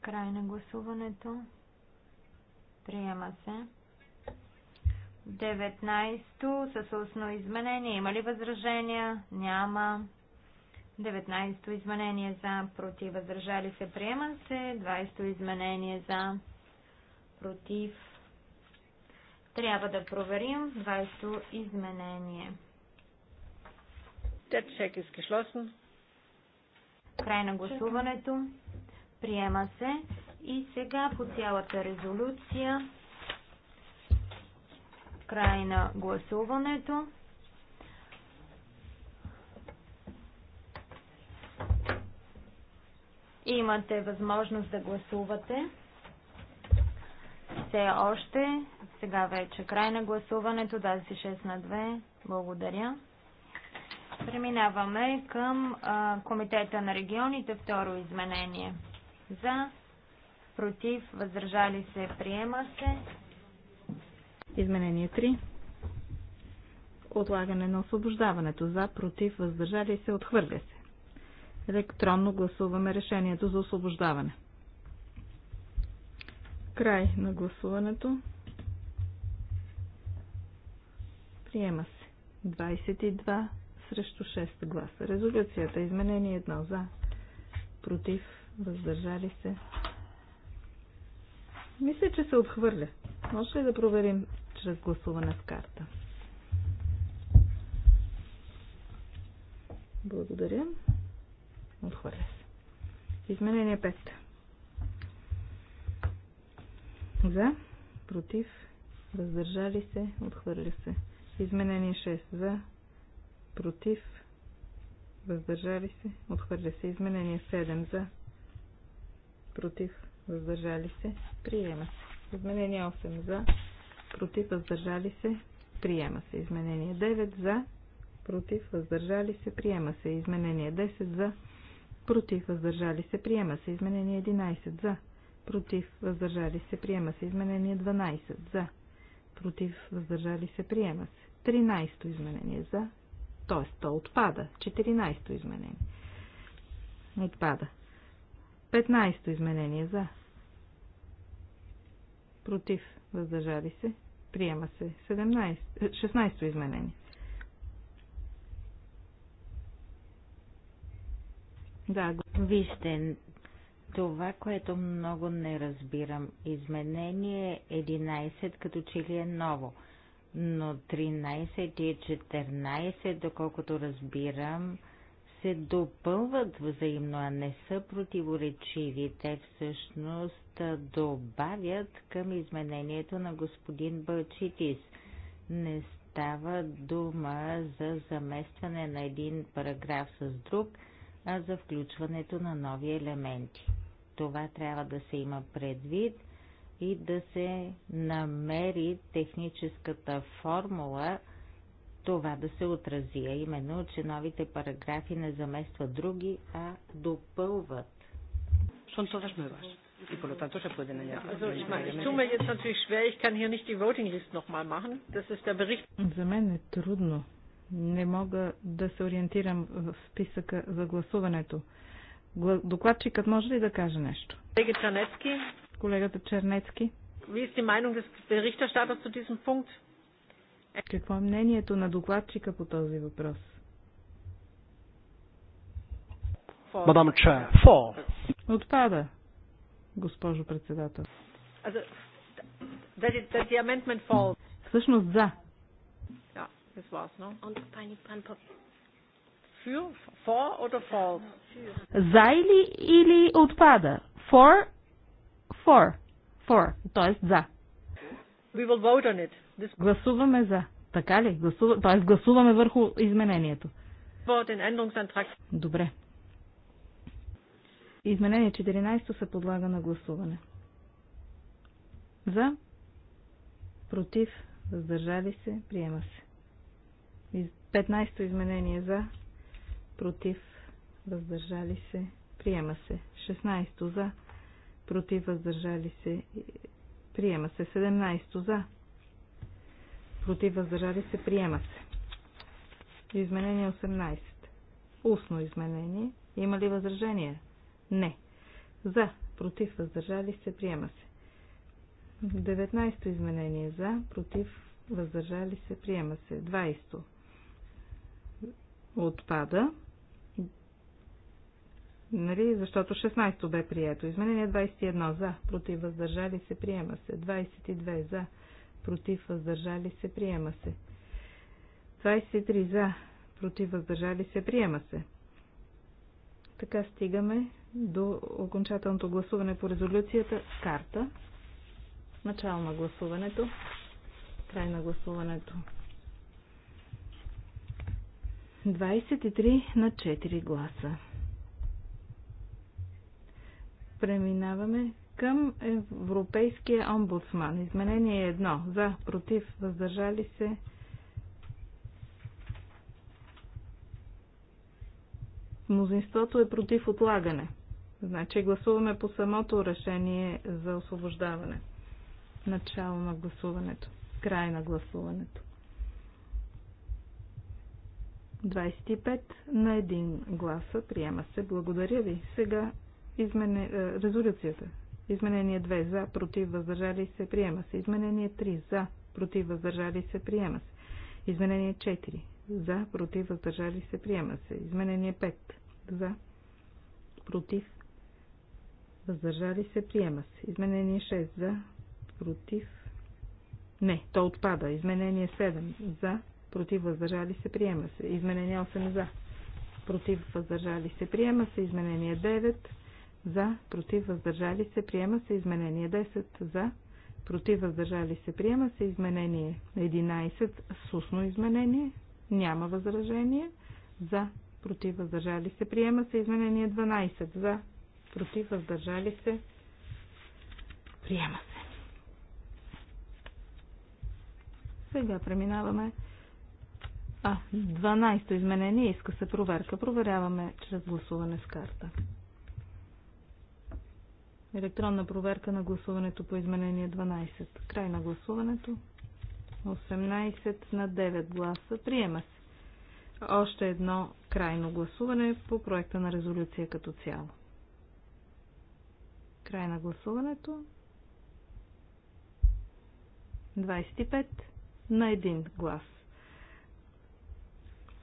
Край на гласуването. Приема се. 19 с устно изменение. Има ли възражения? Няма. 19-то изменение за, против, въздържали се, приема се. 20-то изменение за, против. Трябва да проверим 20-то изменение. Der Check ist geschlossen. Край на гласуването. Приема се. И сега по цялата резолюция. Край на гласуването. Имате възможност да гласувате. Все още. Сега вече край на гласуването. 26 на 2. Благодаря. Преминаваме към а, Комитета на регионите. Второ изменение. За, против, въздържали се, приема се. Изменение 3. Отлагане на освобождаването. За, против, въздържали се, отхвърля се електронно гласуваме решението за освобождаване. Край на гласуването. Приема се. 22 срещу 6 гласа. Резолюцията. Изменение 1 за. Против. Въздържали се. Мисля, че се отхвърля. Може ли да проверим чрез гласуване с карта? Благодаря. Отхвърля се. Изменение 5. За. Против. Въздържали се. Отхвърля се. Изменение 6. За. Против. Въздържали се. Отхвърля се. Изменение 7. За. Против. Въздържали се. Приема се. Изменение 8. За. Против. Въздържали се. Приема се. Изменение 9. За. Против. Въздържали се. Приема се. Изменение 10. За против, въздържали се, приема се. Изменение 11 за, против, въздържали се, приема се. Изменение 12 за, против, въздържали се, приема се. 13 изменение за, Тоест то отпада. 14 изменение отпада. 15 то изменение за, против, въздържали се, приема се. 16 16 изменение Да, вижте, това, което много не разбирам, изменение 11 като че ли е ново, но 13 и 14, доколкото разбирам, се допълват взаимно, а не са противоречиви. Те всъщност добавят към изменението на господин Бълчитис. Не става дума за заместване на един параграф с друг – а за включването на нови елементи. Това трябва да се има предвид и да се намери техническата формула това да се отрази, а именно, че новите параграфи не заместват други, а допълват. Son todas nuevas y ich tue mir jetzt natürlich schwer, ich kann hier nicht die Voting List nochmal machen. Das ist der Bericht. За мен е трудно не мога да се ориентирам в списъка за гласуването. Докладчикът може ли да каже нещо? Колегата Чернецки. Колегата Чернецки. Какво е мнението на докладчика по този въпрос? Мадам Че, фо. Отпада, госпожо председател. Всъщност за. Das war's, ne? Und Für, for oder false? За или, отпада? For, for, for, т.е. за. We will vote on it. This... Гласуваме за. Така ли? Гласува... Т.е. гласуваме върху изменението. Добре. Изменение 14 се подлага на гласуване. За, против, въздържали се, приема се. 15-то изменение за, против, въздържали се, приема се. 16-то за, против, въздържали се, приема се. 17-то за, против, въздържали се, приема се. Изменение 18. Устно изменение. Има ли възражение? Не. За, против, въздържали се, приема се. 19 изменение за, против, въздържали се, приема се. 20 отпада. Нали? Защото 16 бе прието. Изменение 21 за, против въздържали се, приема се. 22 за, против въздържали се, приема се. 23 за, против въздържали се, приема се. Така стигаме до окончателното гласуване по резолюцията карта. Начало на гласуването. Край на гласуването. 23 на 4 гласа. Преминаваме към Европейския омбудсман. Изменение 1. За, против, въздържали се. Мнозинството е против отлагане. Значи гласуваме по самото решение за освобождаване. Начало на гласуването. Край на гласуването. 25 на един гласа. Приема се. Благодаря ви. Сега измене, е, резолюцията. Изменение 2 за, против, въздържали се, приема се. Изменение 3 за, против, въздържали се, приема се. Изменение 4 за, против, въздържали се, приема се. Изменение 5 за, против, въздържали се, приема се. Изменение 6 за, против, не, то отпада. Изменение 7 за, против въздържали се, приема се. Изменение 8 за, против въздържали се, приема се. Изменение 9 за, против въздържали се, приема се. Изменение 10 за, против въздържали се, приема се. Изменение 11 с устно изменение, няма възражение. За, против въздържали се, приема се. Изменение 12 за, против въздържали се, приема се. Сега преминаваме а, 12-то изменение иска се проверка. Проверяваме чрез гласуване с карта. Електронна проверка на гласуването по изменение 12. Край на гласуването. 18 на 9 гласа. Приема се. Още едно крайно гласуване по проекта на резолюция като цяло. Край на гласуването. 25 на 1 глас.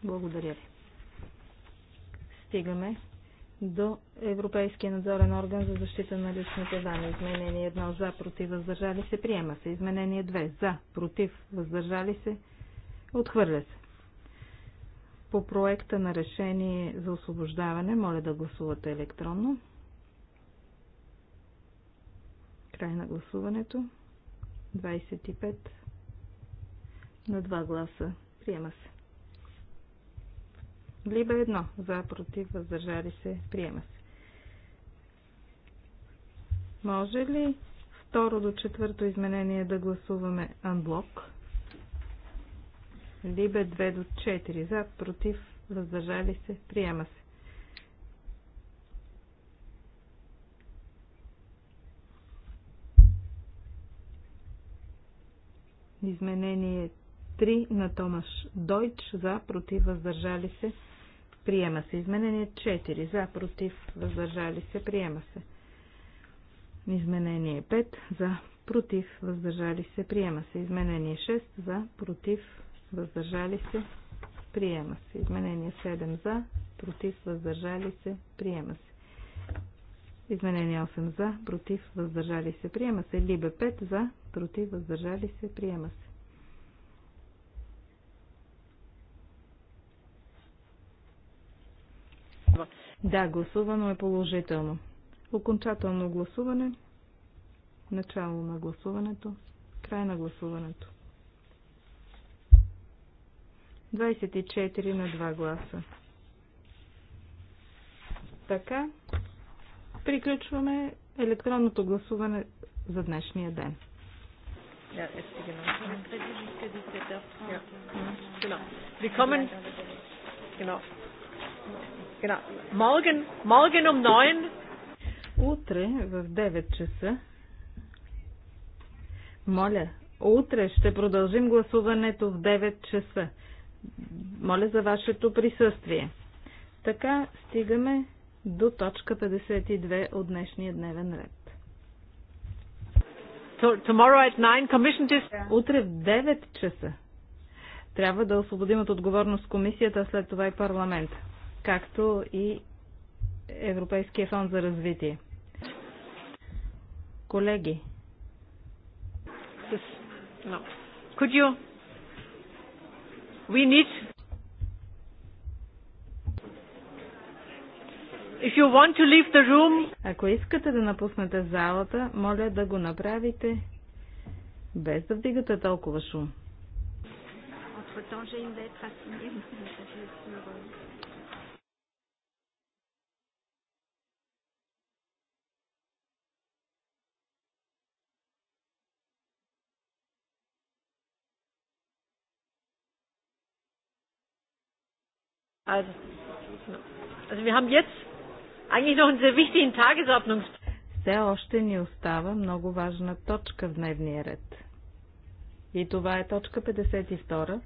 Благодаря ви. Стигаме до Европейския надзорен орган за защита на личните данни. Изменение 1 за, против, въздържали се, приема се. Изменение 2 за, против, въздържали се, отхвърля се. По проекта на решение за освобождаване, моля да гласувате електронно. Край на гласуването. 25 на 2 гласа. Приема се либо едно За, против, въздържали се, приема се. Може ли второ до четвърто изменение да гласуваме анблок? Либе 2 до 4. За, против, въздържали се, приема се. Изменение 3 на Томаш Дойч за против въздържали се. Приема се. Изменение 4. За, против, въздържали се. Приема се. Изменение 5. За, против, въздържали се. Приема се. Изменение 6. За, против, въздържали се. Приема се. Изменение 7. За, против, въздържали се. Приема се. Изменение 8 за, против, въздържали се, приема се. Либе 5 за, против, въздържали се, приема се. Да, гласувано е положително. Окончателно гласуване. Начало на гласуването. Край на гласуването. 24 на 2 гласа. Така, приключваме електронното гласуване за днешния ден. kommen. Genau. Genau. Morgen, morgen um 9. Утре в 9 часа. Моля, утре ще продължим гласуването в 9 часа. Моля за вашето присъствие. Така стигаме до точка 52 от днешния дневен ред. Утре в 9 часа трябва да освободим от отговорност комисията, след това и парламента както и Европейския фонд за развитие. Колеги, Could you? We need. If you want to leave the room. Ако искате да напуснете залата, моля да го направите без да вдигате толкова шум. Entre-temps, j'ai une lettre à signer. Also, also wir haben jetzt eigentlich noch einen sehr wichtigen Tagesordnungspunkt. Все още ни остава много важна точка в дневния ред. И това е точка 52,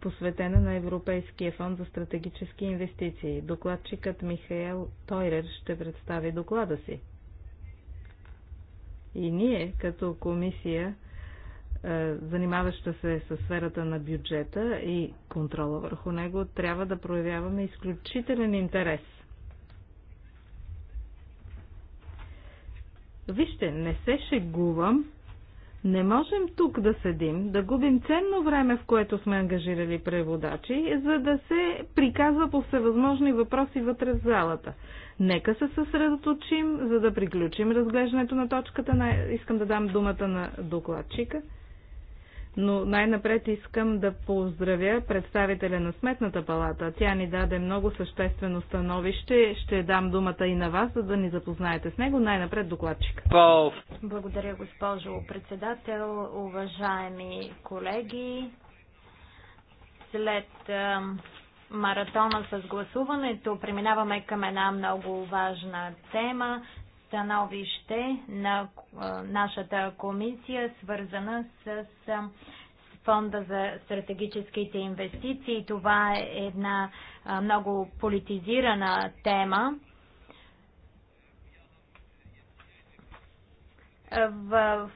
посветена на Европейския фонд за стратегически инвестиции. Докладчикът Михаел Тойрер ще представи доклада си. И ние, като комисия, е, занимаваща се с сферата на бюджета и контрола върху него, трябва да проявяваме изключителен интерес. Вижте, не се шегувам. Не можем тук да седим, да губим ценно време, в което сме ангажирали преводачи, за да се приказва по всевъзможни въпроси вътре в залата. Нека се съсредоточим, за да приключим разглеждането на точката. Искам да дам думата на докладчика но най-напред искам да поздравя представителя на Сметната палата. Тя ни даде много съществено становище. Ще дам думата и на вас, за да ни запознаете с него. Най-напред докладчик. Благодаря, госпожо председател, уважаеми колеги. След маратона с гласуването преминаваме към една много важна тема становище на нашата комисия, свързана с Фонда за стратегическите инвестиции. Това е една много политизирана тема. В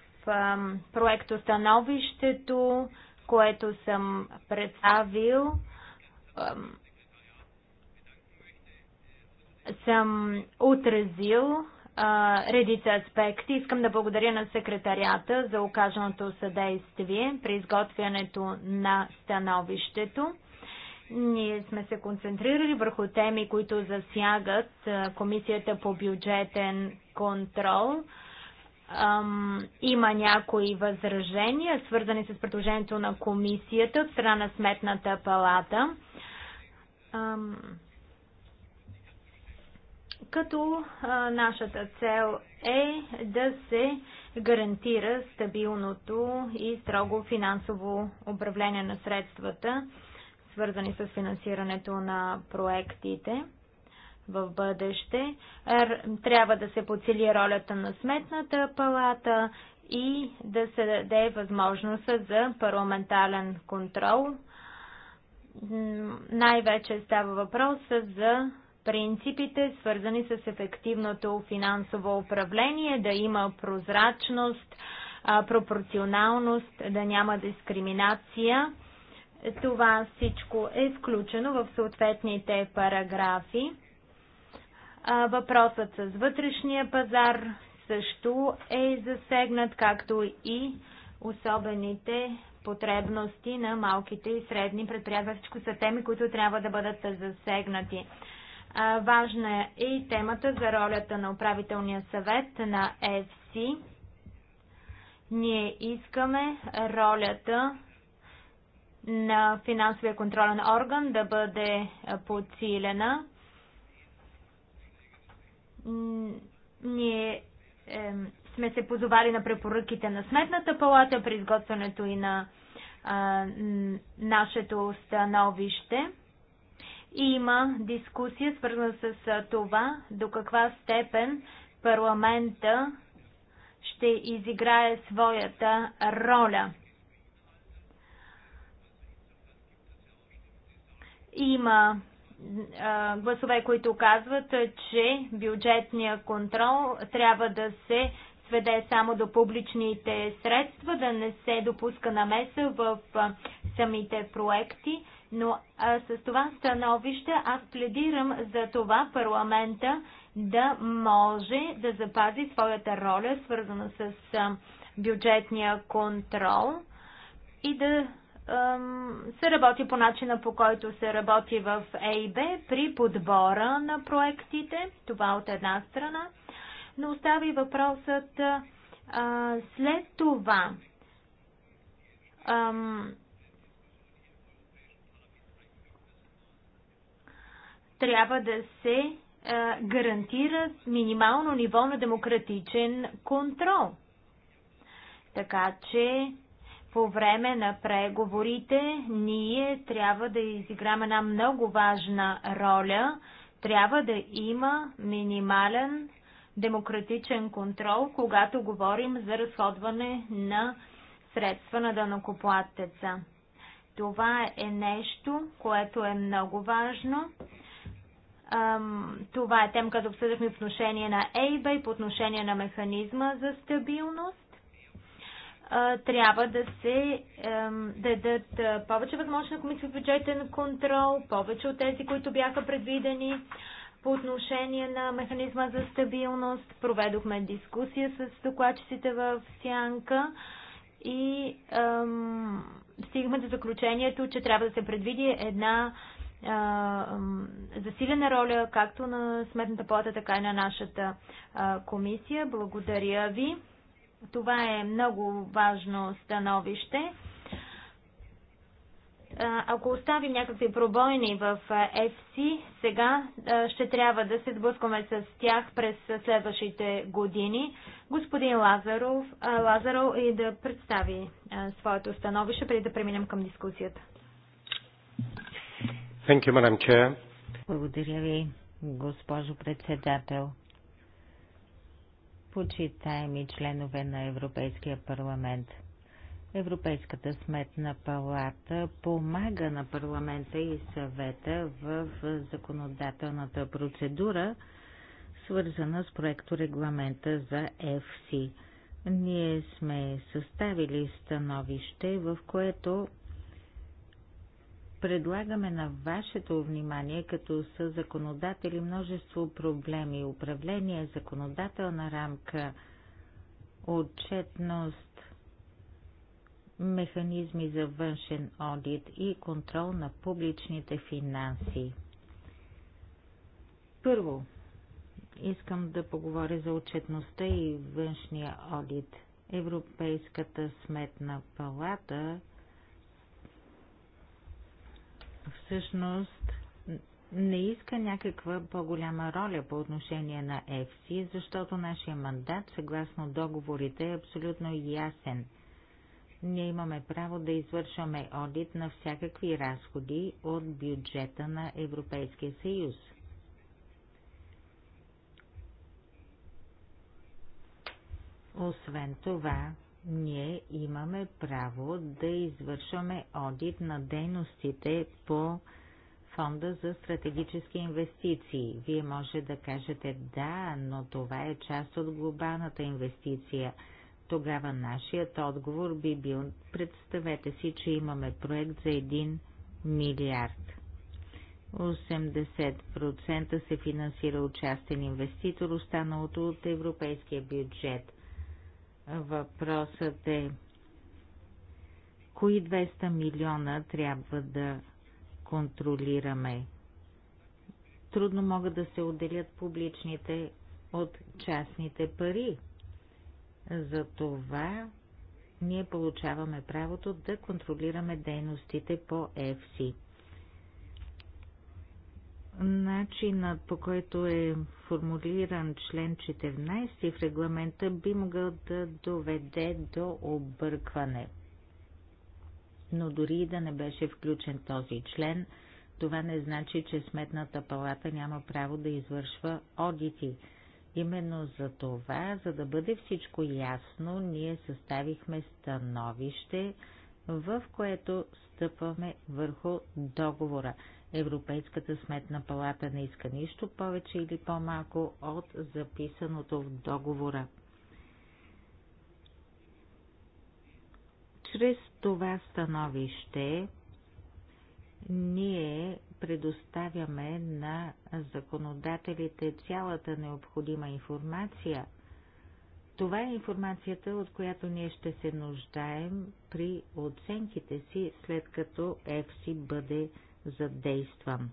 проекто становището, което съм представил, съм отразил редица аспекти. Искам да благодаря на секретарията за окаженото съдействие при изготвянето на становището. Ние сме се концентрирали върху теми, които засягат Комисията по бюджетен контрол. Има някои възражения, свързани с предложението на комисията от страна на Сметната палата като а, нашата цел е да се гарантира стабилното и строго финансово управление на средствата, свързани с финансирането на проектите в бъдеще. Трябва да се подсили ролята на Сметната палата и да се даде възможност за парламентален контрол. Най-вече става въпрос за принципите, свързани с ефективното финансово управление, да има прозрачност, пропорционалност, да няма дискриминация. Това всичко е включено в съответните параграфи. Въпросът с вътрешния пазар също е засегнат, както и особените потребности на малките и средни предприятия. Всичко са теми, които трябва да бъдат засегнати. Важна е и темата за ролята на управителния съвет на ЕФСИ. Ние искаме ролята на финансовия контролен орган да бъде подсилена. Ние сме се позовали на препоръките на Сметната палата при изготвянето и на нашето становище. Има дискусия свързана с това до каква степен парламента ще изиграе своята роля. Има гласове, които казват, че бюджетния контрол трябва да се сведе само до публичните средства, да не се допуска намеса в самите проекти. Но а, с това становище аз пледирам за това парламента да може да запази своята роля, свързана с а, бюджетния контрол и да се работи по начина по който се работи в ЕИБ при подбора на проектите, това от една страна, но остави въпросът а, след това трябва да се е, гарантира минимално ниво на демократичен контрол. Така че по време на преговорите ние трябва да изиграме една много важна роля. Трябва да има минимален демократичен контрол, когато говорим за разходване на средства на дънокоплатеца. Това е нещо, което е много важно. Това е тема, като обсъдахме по отношение на ЕИБА и по отношение на механизма за стабилност. Трябва да се дадат повече възможност на комисия бюджетен контрол, повече от тези, които бяха предвидени. По отношение на механизма за стабилност проведохме дискусия с докладчиците в Сянка и ам, стигаме до заключението, че трябва да се предвиди една засилена роля както на Сметната плата, така и на нашата комисия. Благодаря ви. Това е много важно становище. Ако оставим някакви пробойни в FC, сега ще трябва да се сблъскваме с тях през следващите години. Господин Лазаров, Лазаров и да представи своето становище, преди да преминем към дискусията. Thank you, Madam Chair. Благодаря ви, госпожо председател. Почитаеми членове на Европейския парламент. Европейската сметна палата помага на парламента и съвета в законодателната процедура, свързана с проекто регламента за ЕФСИ. Ние сме съставили становище, в което Предлагаме на вашето внимание като са законодатели множество проблеми, управление, законодателна рамка, отчетност, механизми за външен одит и контрол на публичните финанси. Първо, искам да поговоря за отчетността и външния одит. Европейската сметна палата – всъщност не иска някаква по-голяма роля по отношение на ЕФСИ, защото нашия мандат, съгласно договорите, е абсолютно ясен. Ние имаме право да извършваме одит на всякакви разходи от бюджета на Европейския съюз. Освен това, ние имаме право да извършваме одит на дейностите по Фонда за стратегически инвестиции. Вие може да кажете да, но това е част от глобалната инвестиция. Тогава нашият отговор би бил представете си, че имаме проект за 1 милиард. 80% се финансира от частен инвеститор, останалото от европейския бюджет – Въпросът е кои 200 милиона трябва да контролираме. Трудно могат да се отделят публичните от частните пари. За това ние получаваме правото да контролираме дейностите по ЕФСИ. Начинът по който е формулиран член 14 в регламента би могъл да доведе до объркване. Но дори и да не беше включен този член, това не значи, че Сметната палата няма право да извършва одити. Именно за това, за да бъде всичко ясно, ние съставихме становище, в което стъпваме върху договора. Европейската сметна палата не иска нищо повече или по-малко от записаното в договора. Чрез това становище ние предоставяме на законодателите цялата необходима информация. Това е информацията, от която ние ще се нуждаем при оценките си, след като ЕФСИ бъде задействам.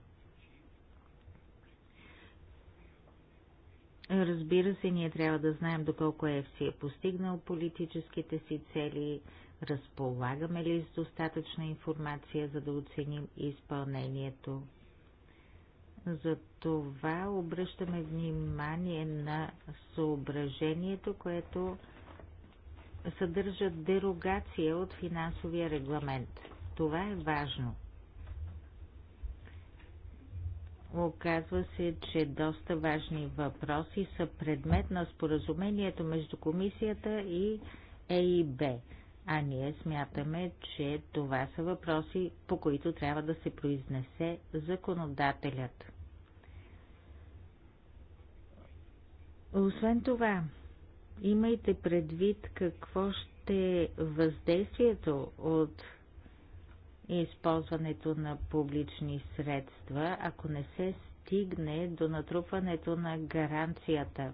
Разбира се, ние трябва да знаем доколко ЕФСИ е постигнал политическите си цели, разполагаме ли с достатъчна информация, за да оценим изпълнението. Затова обръщаме внимание на съображението, което съдържа дерогация от финансовия регламент. Това е важно – Оказва се, че доста важни въпроси са предмет на споразумението между комисията и ЕИБ, а ние смятаме, че това са въпроси, по които трябва да се произнесе законодателят. Освен това, имайте предвид какво ще е въздействието от и е използването на публични средства, ако не се стигне до натрупването на гаранцията,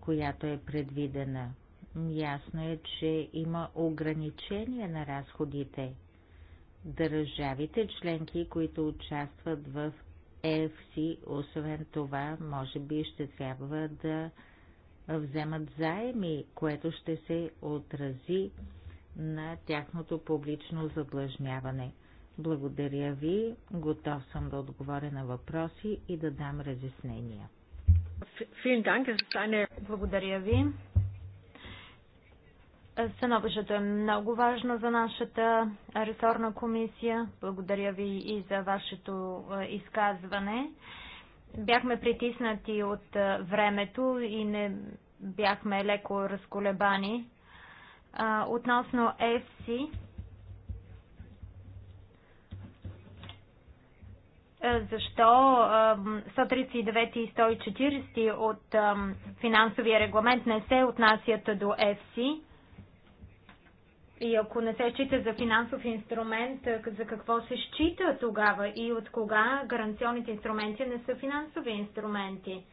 която е предвидена. Ясно е, че има ограничение на разходите. Държавите членки, които участват в ЕФСИ, освен това, може би ще трябва да вземат заеми, което ще се отрази на тяхното публично задлъжняване. Благодаря ви, готов съм да отговоря на въпроси и да дам разяснения. Благодаря ви. Становището е много важно за нашата ресорна комисия. Благодаря ви и за вашето изказване. Бяхме притиснати от времето и не бяхме леко разколебани а, относно ЕФСИ. Защо 139 и 140 от финансовия регламент не се отнасят до ЕФСИ? И ако не се счита за финансов инструмент, за какво се счита тогава и от кога гаранционните инструменти не са финансови инструменти?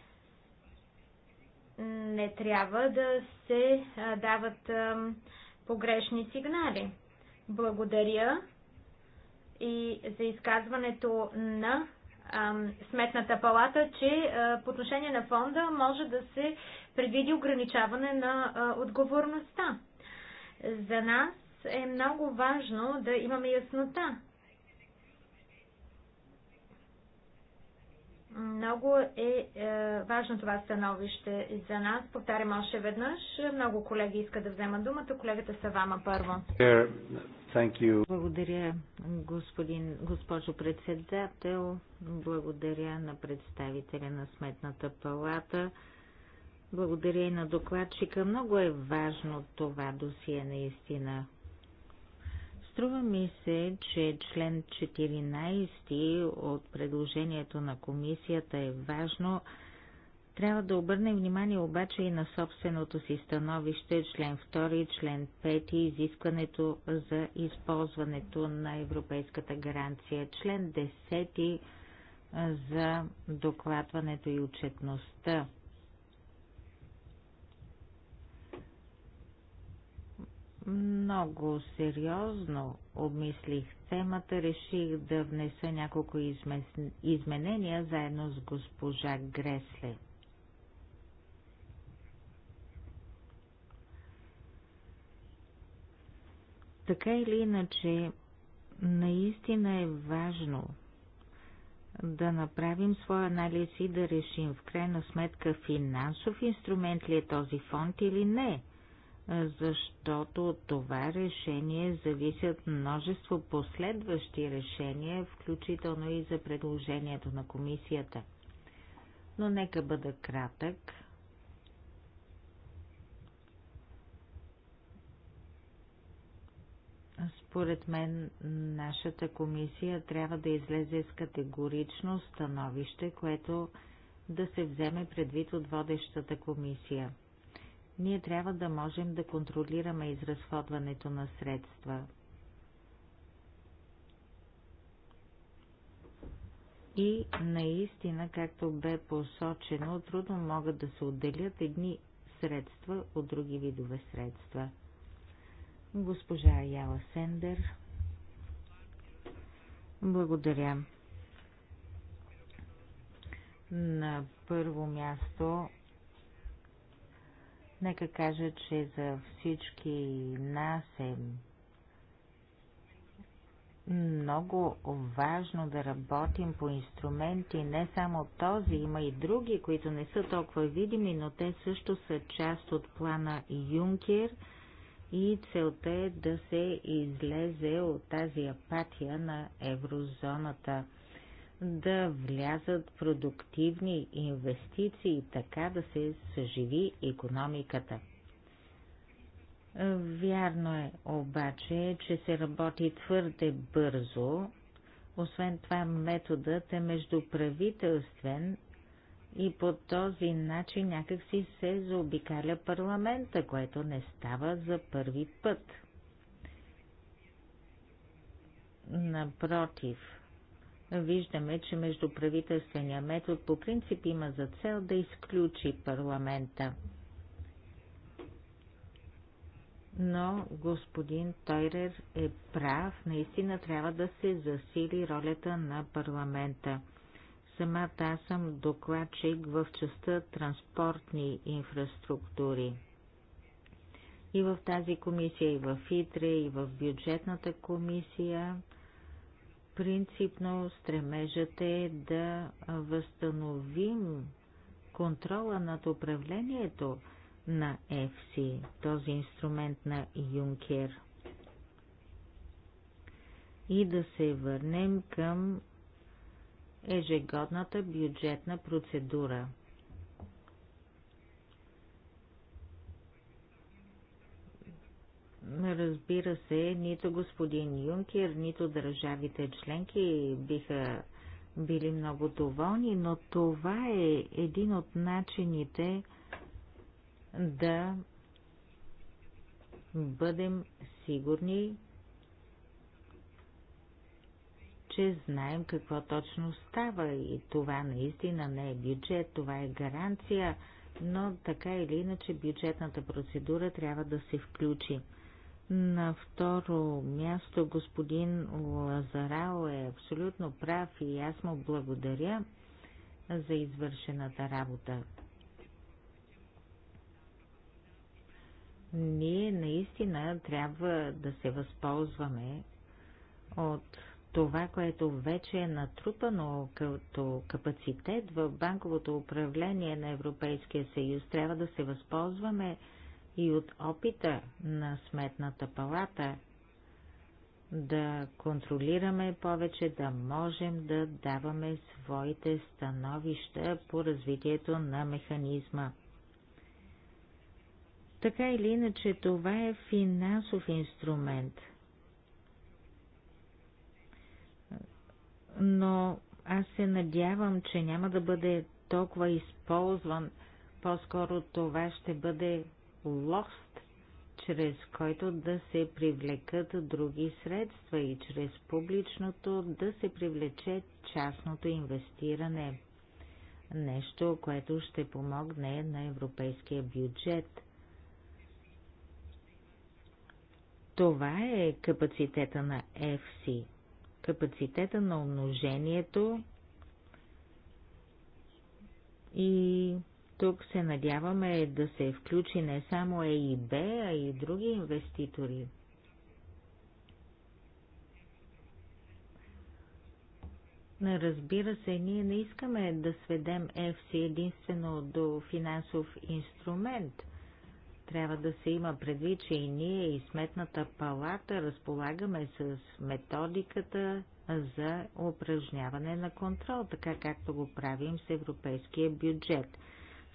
не трябва да се дават погрешни сигнали. Благодаря и за изказването на Сметната палата, че по отношение на фонда може да се предвиди ограничаване на отговорността. За нас е много важно да имаме яснота Много е, е важно това становище за нас. Повтарям още веднъж. Много колеги искат да вземат думата. Колегата Савама първо. Благодаря, господин, госпожо председател. Благодаря на представителя на Сметната палата. Благодаря и на докладчика. Много е важно това досие наистина. Струва ми се, че член 14 от предложението на комисията е важно. Трябва да обърнем внимание обаче и на собственото си становище, член 2, член 5, изискването за използването на европейската гаранция, член 10 за докладването и отчетността. много сериозно обмислих темата, реших да внеса няколко изменения заедно с госпожа Гресле. Така или иначе, наистина е важно да направим своя анализ и да решим в крайна сметка финансов инструмент ли е този фонд или не – защото от това решение зависят множество последващи решения, включително и за предложението на комисията. Но нека бъда кратък. Според мен, нашата комисия трябва да излезе с категорично становище, което да се вземе предвид от водещата комисия – ние трябва да можем да контролираме изразходването на средства. И наистина, както бе посочено, трудно могат да се отделят едни средства от други видове средства. Госпожа Яла Сендер. Благодаря. На първо място Нека кажа, че за всички нас е много важно да работим по инструменти, не само този, има и други, които не са толкова видими, но те също са част от плана Юнкер и целта е да се излезе от тази апатия на еврозоната да влязат продуктивни инвестиции, така да се съживи економиката. Вярно е обаче, че се работи твърде бързо. Освен това, методът е междуправителствен и по този начин някакси се заобикаля парламента, което не става за първи път. Напротив, виждаме, че междуправителствения метод по принцип има за цел да изключи парламента. Но господин Тойрер е прав, наистина трябва да се засили ролята на парламента. Самата аз съм докладчик в частта транспортни инфраструктури. И в тази комисия, и в ИТРЕ, и в бюджетната комисия Принципно стремежът е да възстановим контрола над управлението на ЕФСИ, този инструмент на Юнкер. И да се върнем към ежегодната бюджетна процедура – Разбира се, нито господин Юнкер, нито държавите членки биха били много доволни, но това е един от начините да бъдем сигурни, че знаем какво точно става и това наистина не е бюджет, това е гаранция, но така или иначе бюджетната процедура трябва да се включи. На второ място господин Лазарао е абсолютно прав и аз му благодаря за извършената работа. Ние наистина трябва да се възползваме от това, което вече е натрупано като капацитет в банковото управление на Европейския съюз. Трябва да се възползваме и от опита на Сметната палата да контролираме повече, да можем да даваме своите становища по развитието на механизма. Така или иначе, това е финансов инструмент. Но аз се надявам, че няма да бъде толкова използван. По-скоро това ще бъде лост, чрез който да се привлекат други средства и чрез публичното да се привлече частното инвестиране. Нещо, което ще помогне на европейския бюджет. Това е капацитета на FC. Капацитета на умножението и тук се надяваме да се включи не само ЕИБ, а и други инвеститори. Разбира се, ние не искаме да сведем ЕФС единствено до финансов инструмент. Трябва да се има предвид, че и ние и Сметната палата разполагаме с методиката за упражняване на контрол, така както го правим с европейския бюджет –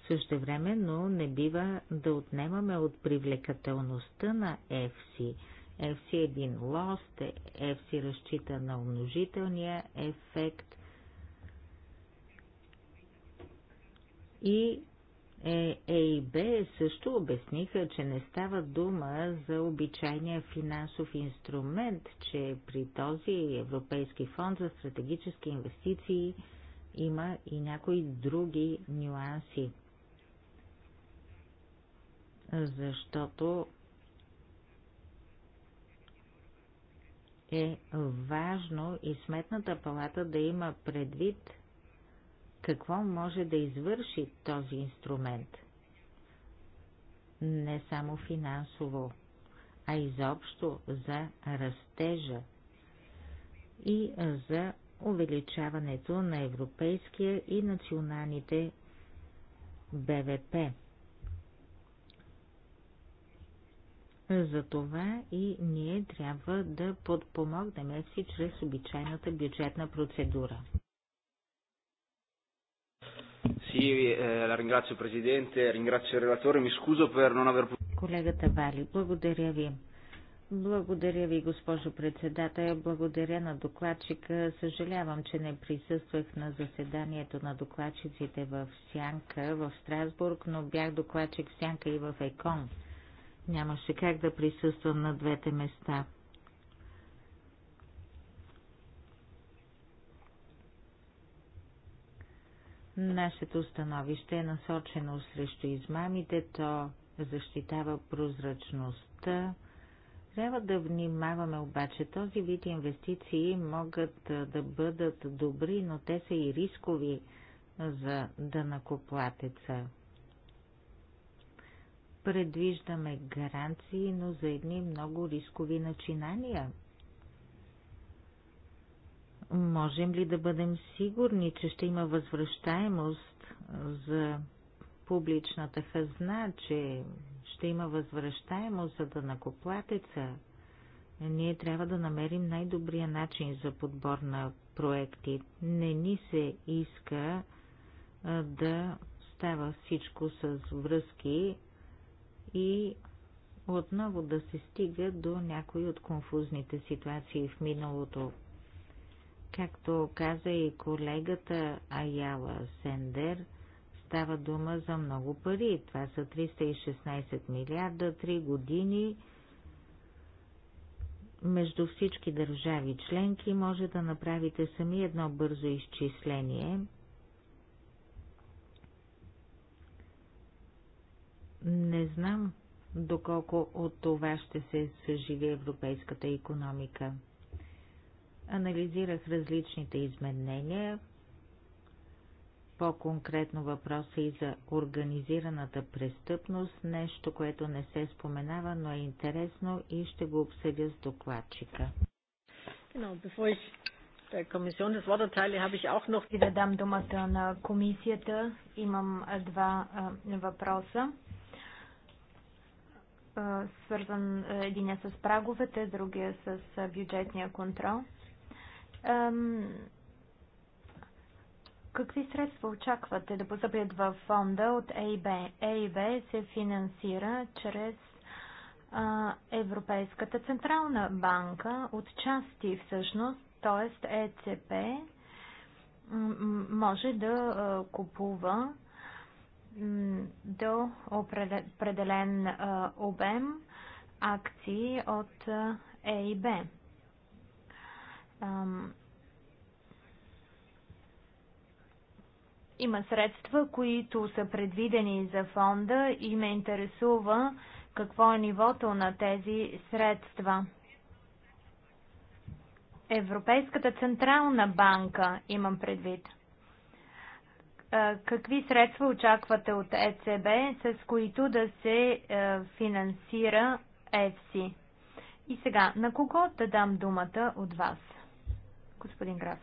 също време, но не бива да отнемаме от привлекателността на FC. FC е един лост, FC разчита на умножителния ефект и е, е и Б също обясниха, че не става дума за обичайния финансов инструмент, че при този Европейски фонд за стратегически инвестиции има и някои други нюанси защото е важно и Сметната палата да има предвид какво може да извърши този инструмент. Не само финансово, а изобщо за растежа и за увеличаването на европейския и националните БВП. Затова и ние трябва да подпомогнем си чрез обичайната бюджетна процедура. Sì, eh, la ringrazio Presidente, ringrazio il relatore, mi scuso per non aver potuto... Колегата Вали, благодаря ви. Благодаря ви, госпожо председател. Благодаря на докладчика. Съжалявам, че не присъствах на заседанието на докладчиците в Сянка в Страсбург, но бях докладчик в Сянка и в Екон нямаше как да присъствам на двете места. Нашето становище е насочено срещу измамите, то защитава прозрачността. Трябва да внимаваме обаче, този вид инвестиции могат да бъдат добри, но те са и рискови за дънакоплатеца. Да предвиждаме гаранции, но за едни много рискови начинания. Можем ли да бъдем сигурни, че ще има възвръщаемост за публичната хазна, че ще има възвръщаемост за данакоплатеца? Ние трябва да намерим най-добрия начин за подбор на проекти. Не ни се иска да става всичко с връзки и отново да се стига до някои от конфузните ситуации в миналото. Както каза и колегата Аяла Сендер, става дума за много пари. Това са 316 милиарда, 3 години. Между всички държави членки може да направите сами едно бързо изчисление – Не знам доколко от това ще се съживи европейската економика. Анализирах различните изменения, по-конкретно въпроса и за организираната престъпност, нещо, което не се споменава, но е интересно и ще го обсъдя с докладчика. И Да дам думата на комисията. Имам два въпроса свързан един е с праговете, другия е с бюджетния контрол. Какви средства очаквате да постъпят във фонда от ЕИБ? ЕИБ се финансира чрез Европейската централна банка от части всъщност, т.е. ЕЦП може да купува до определен обем акции от Е и Б. Има средства, които са предвидени за фонда и ме интересува какво е нивото на тези средства. Европейската централна банка имам предвид – Какви средства очаквате от ЕЦБ, с които да се финансира ЕФСИ? И сега, на кого да дам думата от вас? Господин Граф.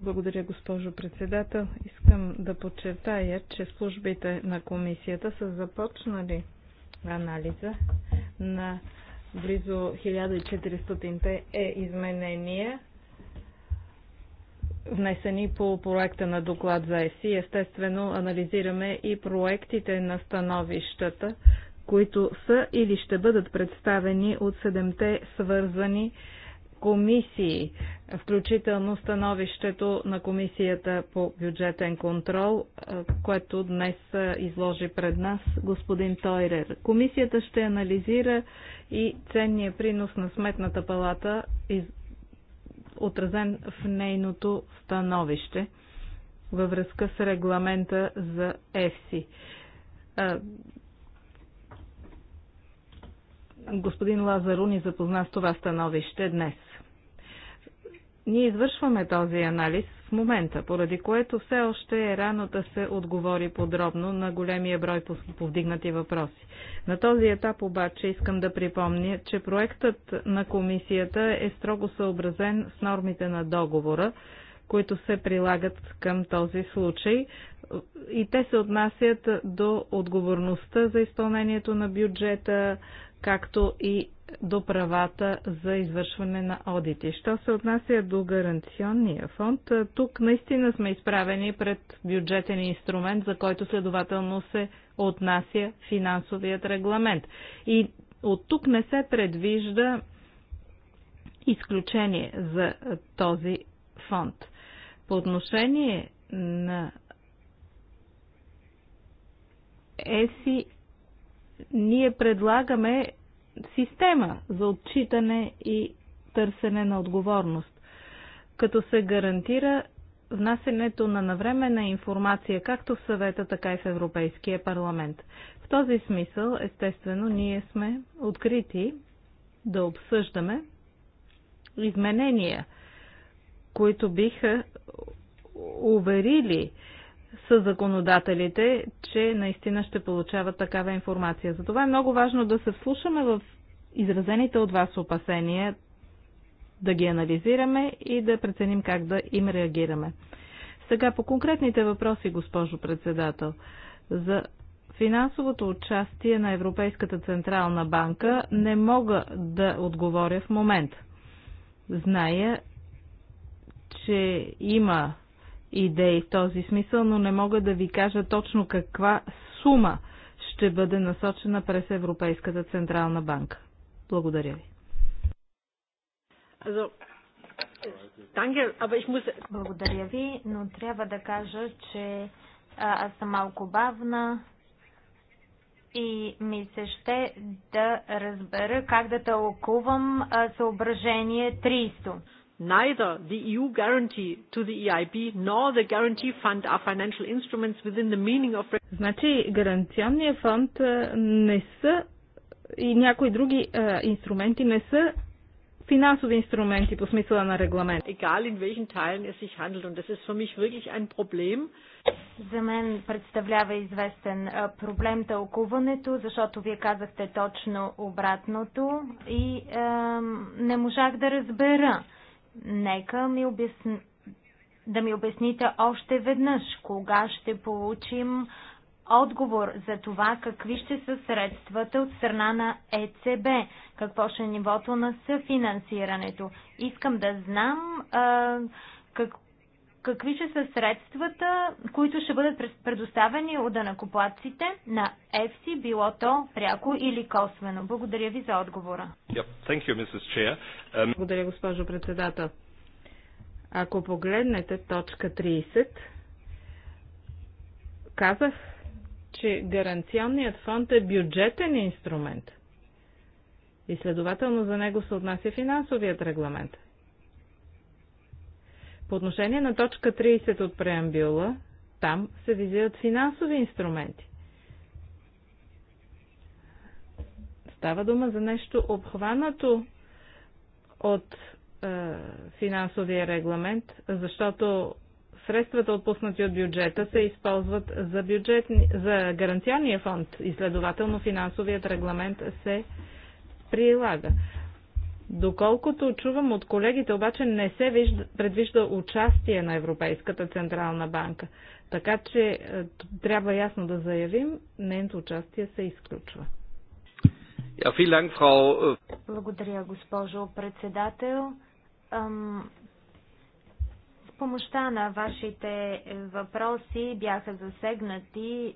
Благодаря, госпожо председател. Искам да подчертая, че службите на комисията са започнали анализа на близо 1400-те е изменения внесени по проекта на доклад за ЕСИ. Естествено, анализираме и проектите на становищата, които са или ще бъдат представени от седемте свързани комисии, включително становището на Комисията по бюджетен контрол, което днес изложи пред нас господин Тойрер. Комисията ще анализира и ценния принос на Сметната палата отразен в нейното становище във връзка с регламента за ЕФСИ. Господин Лазару ни запозна с това становище днес. Ние извършваме този анализ в момента, поради което все още е рано да се отговори подробно на големия брой повдигнати въпроси. На този етап обаче искам да припомня, че проектът на комисията е строго съобразен с нормите на договора, които се прилагат към този случай и те се отнасят до отговорността за изпълнението на бюджета, както и до правата за извършване на одити. Що се отнася до гаранционния фонд, тук наистина сме изправени пред бюджетен инструмент, за който следователно се отнася финансовият регламент. И от тук не се предвижда изключение за този фонд. По отношение на ЕСИ ние предлагаме система за отчитане и търсене на отговорност, като се гарантира внасенето на навременна информация както в съвета, така и в Европейския парламент. В този смисъл, естествено, ние сме открити да обсъждаме изменения, които биха уверили с законодателите, че наистина ще получават такава информация. Затова е много важно да се вслушаме в изразените от вас опасения, да ги анализираме и да преценим как да им реагираме. Сега по конкретните въпроси, госпожо председател, за финансовото участие на Европейската централна банка не мога да отговоря в момент. Зная, че има идеи в този смисъл, но не мога да ви кажа точно каква сума ще бъде насочена през Европейската Централна банка. Благодаря ви. Благодаря ви, но трябва да кажа, че аз съм малко бавна и ми се ще да разбера как да тълкувам съображение 300. Neither the EU guarantee to the EIB nor the guarantee fund are financial instruments within the meaning of... Значи гаранционния фонд е, не са и някои други а, е, инструменти не са финансови инструменти по смисъла на регламент. Egal in welchen Teilen es sich handelt und das ist für mich wirklich ein Problem. За мен представлява известен е, проблем тълкуването, защото вие казахте точно обратното и е, не можах да разбера Нека ми обясни, да ми обясните още веднъж кога ще получим отговор за това какви ще са средствата от страна на ЕЦБ, какво ще е нивото на съфинансирането. Искам да знам а, как, какви ще са средствата, които ще бъдат предоставени от данакоплатците на ЕФСИ, било то пряко или косвено? Благодаря ви за отговора. Um, Благодаря, госпожо председател. Ако погледнете точка 30, казах, че гаранционният фонд е бюджетен инструмент и следователно за него се отнася финансовият регламент. По отношение на точка 30 от преамбюла, там се визират финансови инструменти. Става дума за нещо обхванато от е, финансовия регламент, защото средствата отпуснати от бюджета се използват за, бюджетни, за гаранционния фонд и следователно финансовият регламент се прилага. Доколкото чувам от колегите, обаче не се вижда, предвижда участие на Европейската Централна банка. Така че е, трябва ясно да заявим, нейното участие се изключва. Äh, Благодаря, госпожо председател. С помощта на вашите въпроси бяха засегнати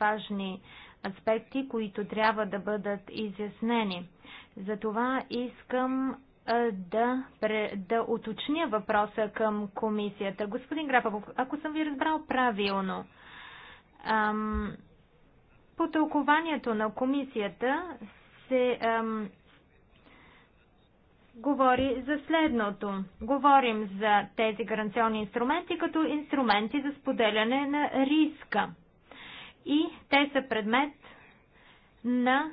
важни въпроси аспекти, които трябва да бъдат изяснени. Затова искам да, да уточня въпроса към комисията. Господин Грапа, ако съм ви разбрал правилно, ам, по тълкованието на комисията се ам, говори за следното. Говорим за тези гаранционни инструменти като инструменти за споделяне на риска и те са предмет на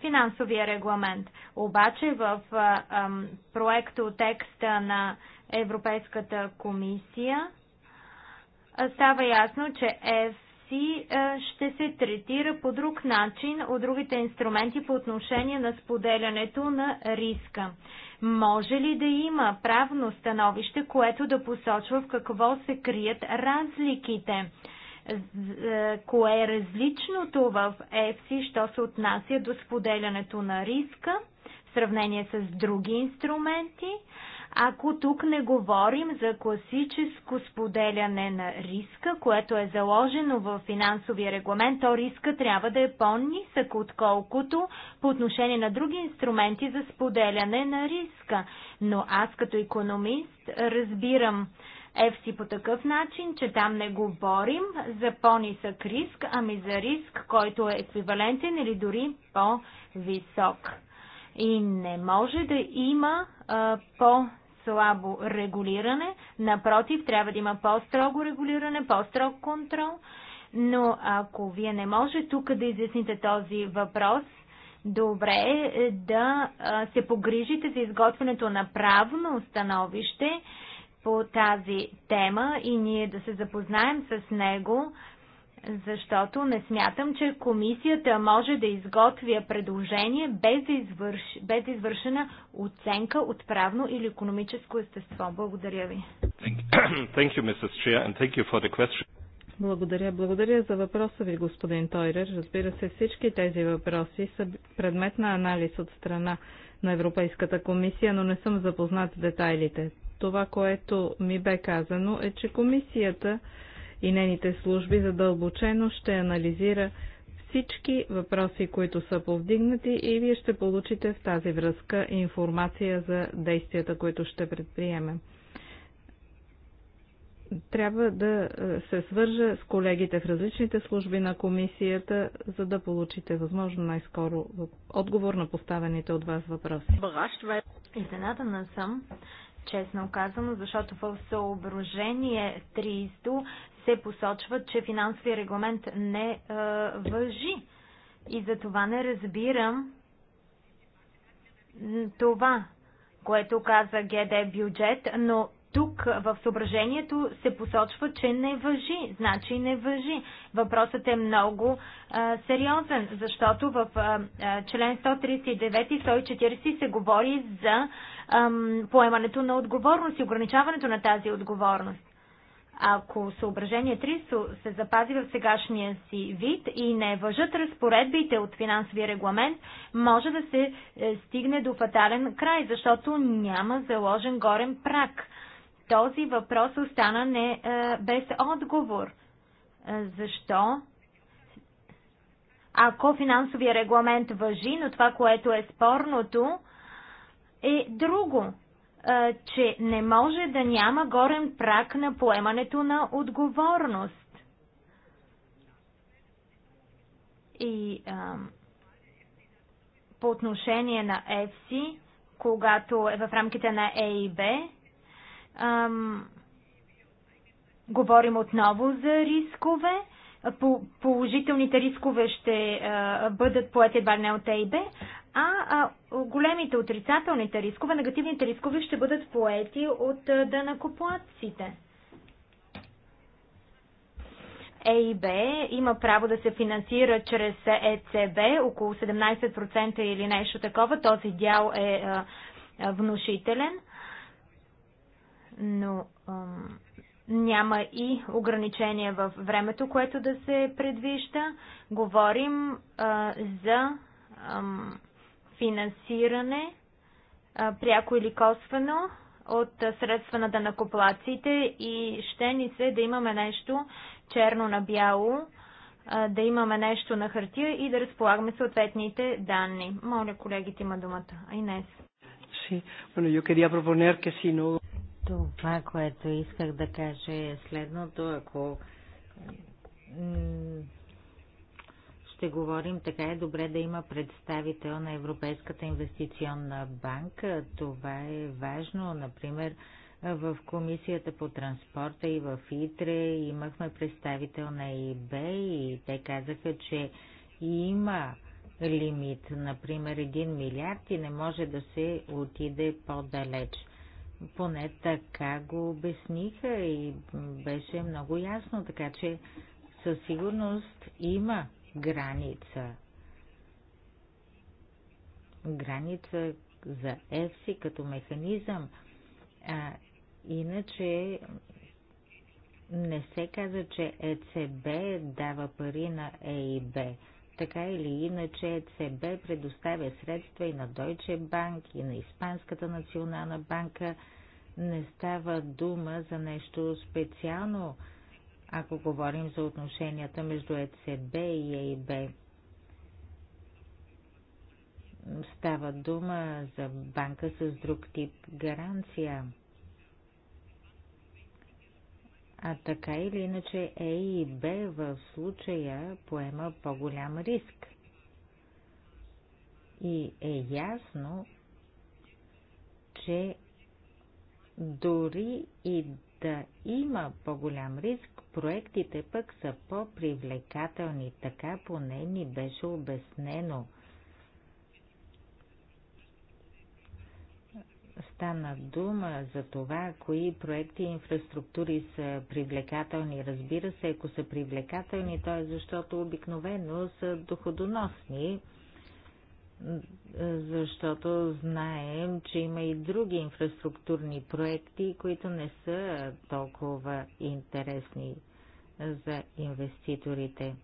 финансовия регламент. Обаче в е, проекто текста на Европейската комисия е, става ясно, че ЕФСИ ще се третира по друг начин от другите инструменти по отношение на споделянето на риска. Може ли да има правно становище, което да посочва в какво се крият разликите? кое е различното в ЕФСИ, що се отнася до споделянето на риска в сравнение с други инструменти. Ако тук не говорим за класическо споделяне на риска, което е заложено в финансовия регламент, то риска трябва да е по-нисък, отколкото по отношение на други инструменти за споделяне на риска. Но аз като економист разбирам ЕФСИ по такъв начин, че там не говорим за по-нисък риск, ами за риск, който е еквивалентен или дори по-висок. И не може да има а, по слабо регулиране, напротив, трябва да има по-строго регулиране, по-строг контрол, но ако вие не може тук да изясните този въпрос, добре е, е да се погрижите за изготвянето на правно становище, по тази тема и ние да се запознаем с него, защото не смятам, че комисията може да изготвя предложение без, извърш... без извършена оценка от правно или економическо естество. Благодаря ви. Thank you, Mrs. Chair, and thank you for the question. Благодаря. Благодаря за въпроса ви, господин Тойрер. Разбира се, всички тези въпроси са предмет на анализ от страна на Европейската комисия, но не съм запознат с детайлите. Това, което ми бе казано, е, че комисията и нейните служби задълбочено ще анализира всички въпроси, които са повдигнати и вие ще получите в тази връзка информация за действията, които ще предприемем. Трябва да е, се свържа с колегите в различните служби на комисията, за да получите възможно най-скоро отговор на поставените от вас въпроси. Изненадана съм, честно казано, защото в съображение 300 се посочва, че финансовия регламент не е, въжи. И за това не разбирам това, което каза ГД бюджет, но тук в съображението се посочва, че не въжи. Значи не въжи. Въпросът е много а, сериозен, защото в а, член 139 и 140 се говори за ам, поемането на отговорност и ограничаването на тази отговорност. Ако съображение 3 се запази в сегашния си вид и не въжат разпоредбите от финансовия регламент, може да се е, стигне до фатален край, защото няма заложен горен прак – този въпрос остана не, е, без отговор. Е, защо? Ако финансовия регламент въжи, но това, което е спорното, е друго, е, че не може да няма горен прак на поемането на отговорност. И ам, по отношение на ЕФСИ, когато е в рамките на Е и Б, Ам, говорим отново за рискове. По положителните рискове ще а, бъдат поети едва не от ЕИБ, а, а големите отрицателните рискове, негативните рискове ще бъдат поети от дънакоплатците. ЕИБ има право да се финансира чрез ЕЦБ, e около 17% или нещо такова. Този дял е а, внушителен но няма и ограничения в времето, което да се предвижда. Говорим а, за а, финансиране, а, пряко или косвено, от средства на данакоплаците и ще ни се да имаме нещо черно на бяло, да имаме нещо на хартия и да разполагаме съответните данни. Моля, колегите има думата. Айнес. Sí, bueno, yo quería proponer que si no... Това, което исках да кажа е следното. Ако ще говорим, така е добре да има представител на Европейската инвестиционна банка. Това е важно. Например, в Комисията по транспорта и в ИТРЕ имахме представител на ИБ и те казаха, че има лимит, например 1 милиард и не може да се отиде по-далеч. Поне така го обясниха и беше много ясно, така че със сигурност има граница. Граница за ЕФСИ като механизъм. А, иначе не се каза, че ЕЦБ дава пари на ЕИБ. Така или иначе ЕЦБ предоставя средства и на Deutsche Bank, и на Испанската национална банка. Не става дума за нещо специално, ако говорим за отношенията между ЕЦБ и ЕИБ. Става дума за банка с друг тип гаранция. А така или иначе Е и Б в случая поема по-голям риск. И е ясно, че дори и да има по-голям риск, проектите пък са по-привлекателни, така поне ни беше обяснено – стана дума за това, кои проекти и инфраструктури са привлекателни. Разбира се, ако са привлекателни, то е защото обикновено са доходоносни, защото знаем, че има и други инфраструктурни проекти, които не са толкова интересни за инвеститорите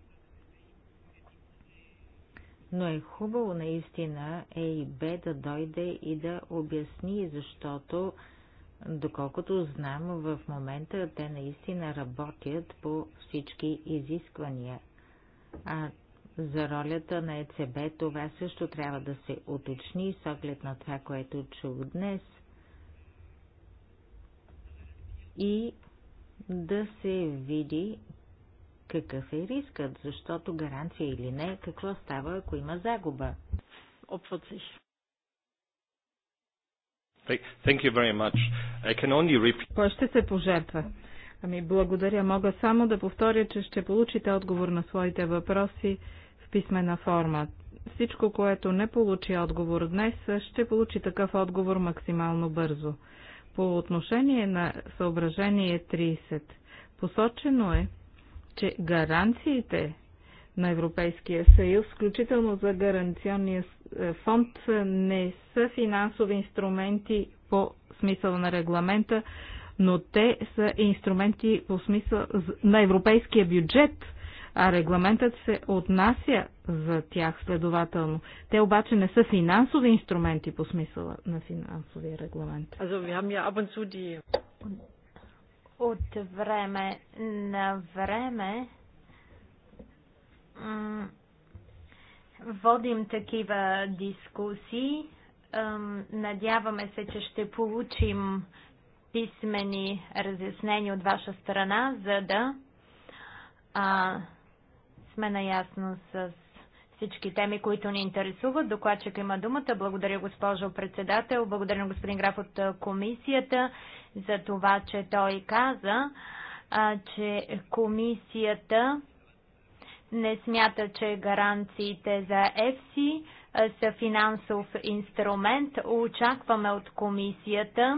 но е хубаво наистина Е и Б да дойде и да обясни, защото, доколкото знам, в момента те наистина работят по всички изисквания. А за ролята на ЕЦБ това също трябва да се уточни с оглед на това, което чух днес. И да се види какъв е рискът, защото гаранция или не, какво става, ако има загуба. Опват се. Thank you very much. I can only repeat... Кой ще се пожертва? Ами благодаря. Мога само да повторя, че ще получите отговор на своите въпроси в писмена форма. Всичко, което не получи отговор днес, ще получи такъв отговор максимално бързо. По отношение на съображение 30, посочено е, че гаранциите на Европейския съюз, включително за гаранционния е, фонд, не са финансови инструменти по смисъл на регламента, но те са инструменти по смисъл на европейския бюджет, а регламентът се отнася за тях следователно. Те обаче не са финансови инструменти по смисъла на финансовия регламент. Also, wir haben ja ab und zu die от време на време водим такива дискусии. Надяваме се, че ще получим писмени разяснения от ваша страна, за да а, сме наясно с всички теми, които ни интересуват. Докладчик има думата. Благодаря, госпожо председател. Благодаря на господин граф от комисията за това, че той каза, а, че комисията не смята, че гаранциите за ЕФСИ са финансов инструмент. Очакваме от комисията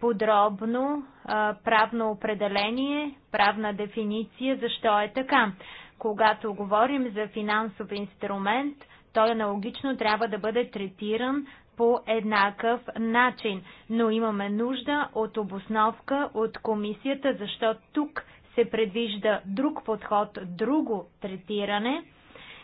подробно а, правно определение, правна дефиниция, защо е така. Когато говорим за финансов инструмент, той аналогично трябва да бъде третиран по еднакъв начин, но имаме нужда от обосновка от комисията, защото тук се предвижда друг подход, друго третиране.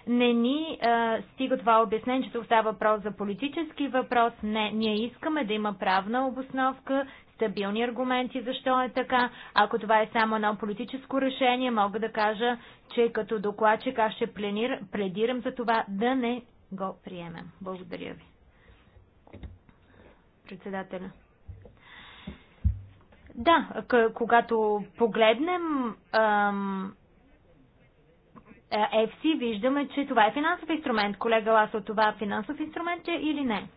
Не ни а, стига това обяснение, че това става въпрос за политически въпрос. Не, ние искаме да има правна обосновка, стабилни аргументи защо е така. Ако това е само едно политическо решение, мога да кажа, че като докладчик аз ще пленир, пледирам за това да не го приемем. Благодаря ви. Председателя. Да, когато погледнем FC, е, виждаме, че това е финансов инструмент. Колега Ласо, това е финансов инструмент е или не?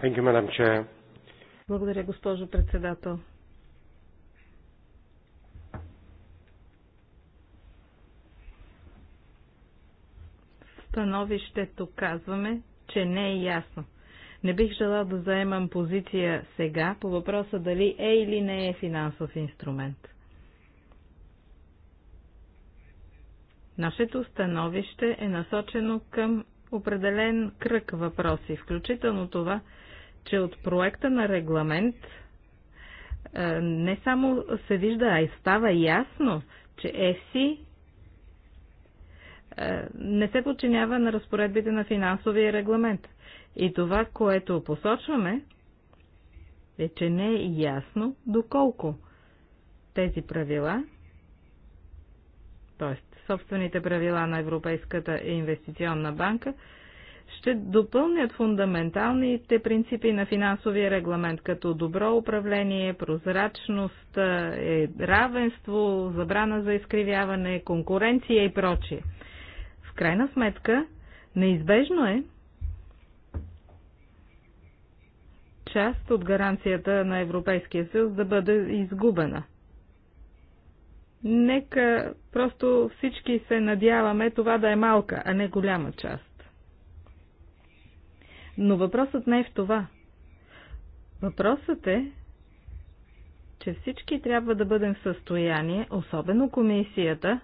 Thank you, madam chair. Благодаря, госпожо председател. Становището казваме, че не е ясно. Не бих желал да заемам позиция сега по въпроса дали е или не е финансов инструмент. Нашето становище е насочено към определен кръг въпроси, включително това, че от проекта на регламент е, не само се вижда, а и става ясно, че ЕСИ. Е, не се подчинява на разпоредбите на финансовия регламент. И това, което посочваме, е, че не е ясно доколко тези правила, т.е. собствените правила на Европейската инвестиционна банка, ще допълнят фундаменталните принципи на финансовия регламент, като добро управление, прозрачност, е, равенство, забрана за изкривяване, конкуренция и прочие крайна сметка неизбежно е част от гаранцията на Европейския съюз да бъде изгубена. Нека просто всички се надяваме това да е малка, а не голяма част. Но въпросът не е в това. Въпросът е, че всички трябва да бъдем в състояние, особено комисията,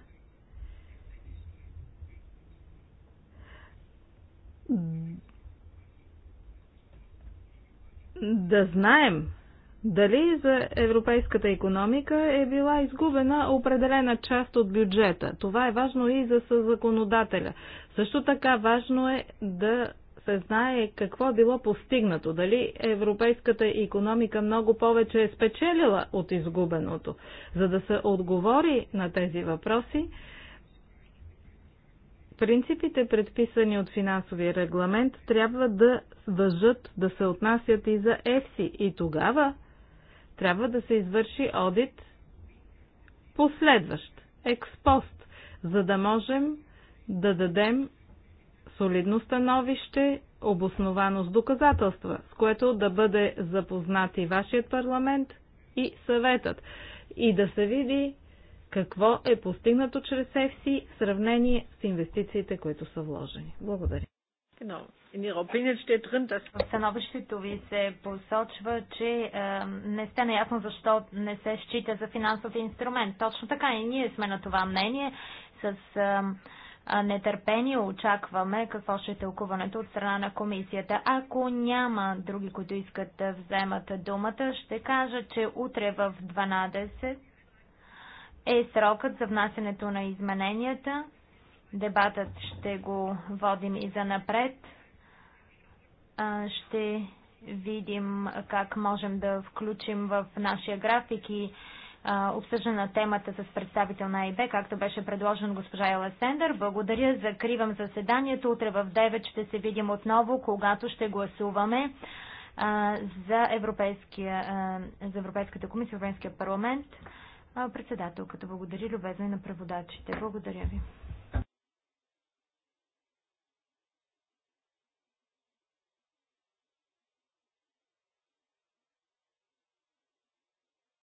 да знаем дали за европейската економика е била изгубена определена част от бюджета. Това е важно и за законодателя. Също така важно е да се знае какво е било постигнато, дали европейската економика много повече е спечелила от изгубеното. За да се отговори на тези въпроси, Принципите, предписани от финансовия регламент, трябва да въжат, да се отнасят и за ЕФСИ. И тогава трябва да се извърши одит последващ, експост, за да можем да дадем солидно становище, обосновано с доказателства, с което да бъде запознат и вашият парламент и съветът. И да се види какво е постигнато чрез ЕФСИ в сравнение с инвестициите, които са вложени. Благодаря. В становището ви се посочва, че е, не сте наясно защо не се счита за финансов инструмент. Точно така и ние сме на това мнение. С е, нетърпение очакваме какво ще е тълкуването от страна на комисията. Ако няма други, които искат да вземат думата, ще кажа, че утре в 12 е срокът за внасянето на измененията. Дебатът ще го водим и за напред. Ще видим как можем да включим в нашия график и обсъждане на темата с представител на ЕБ, както беше предложен госпожа Ела Сендър. Благодаря, закривам заседанието. Утре в 9 ще се видим отново, когато ще гласуваме за, Европейския, за Европейската комисия, Европейския парламент. Председателката, благодаря любезно и на преводачите. Благодаря ви.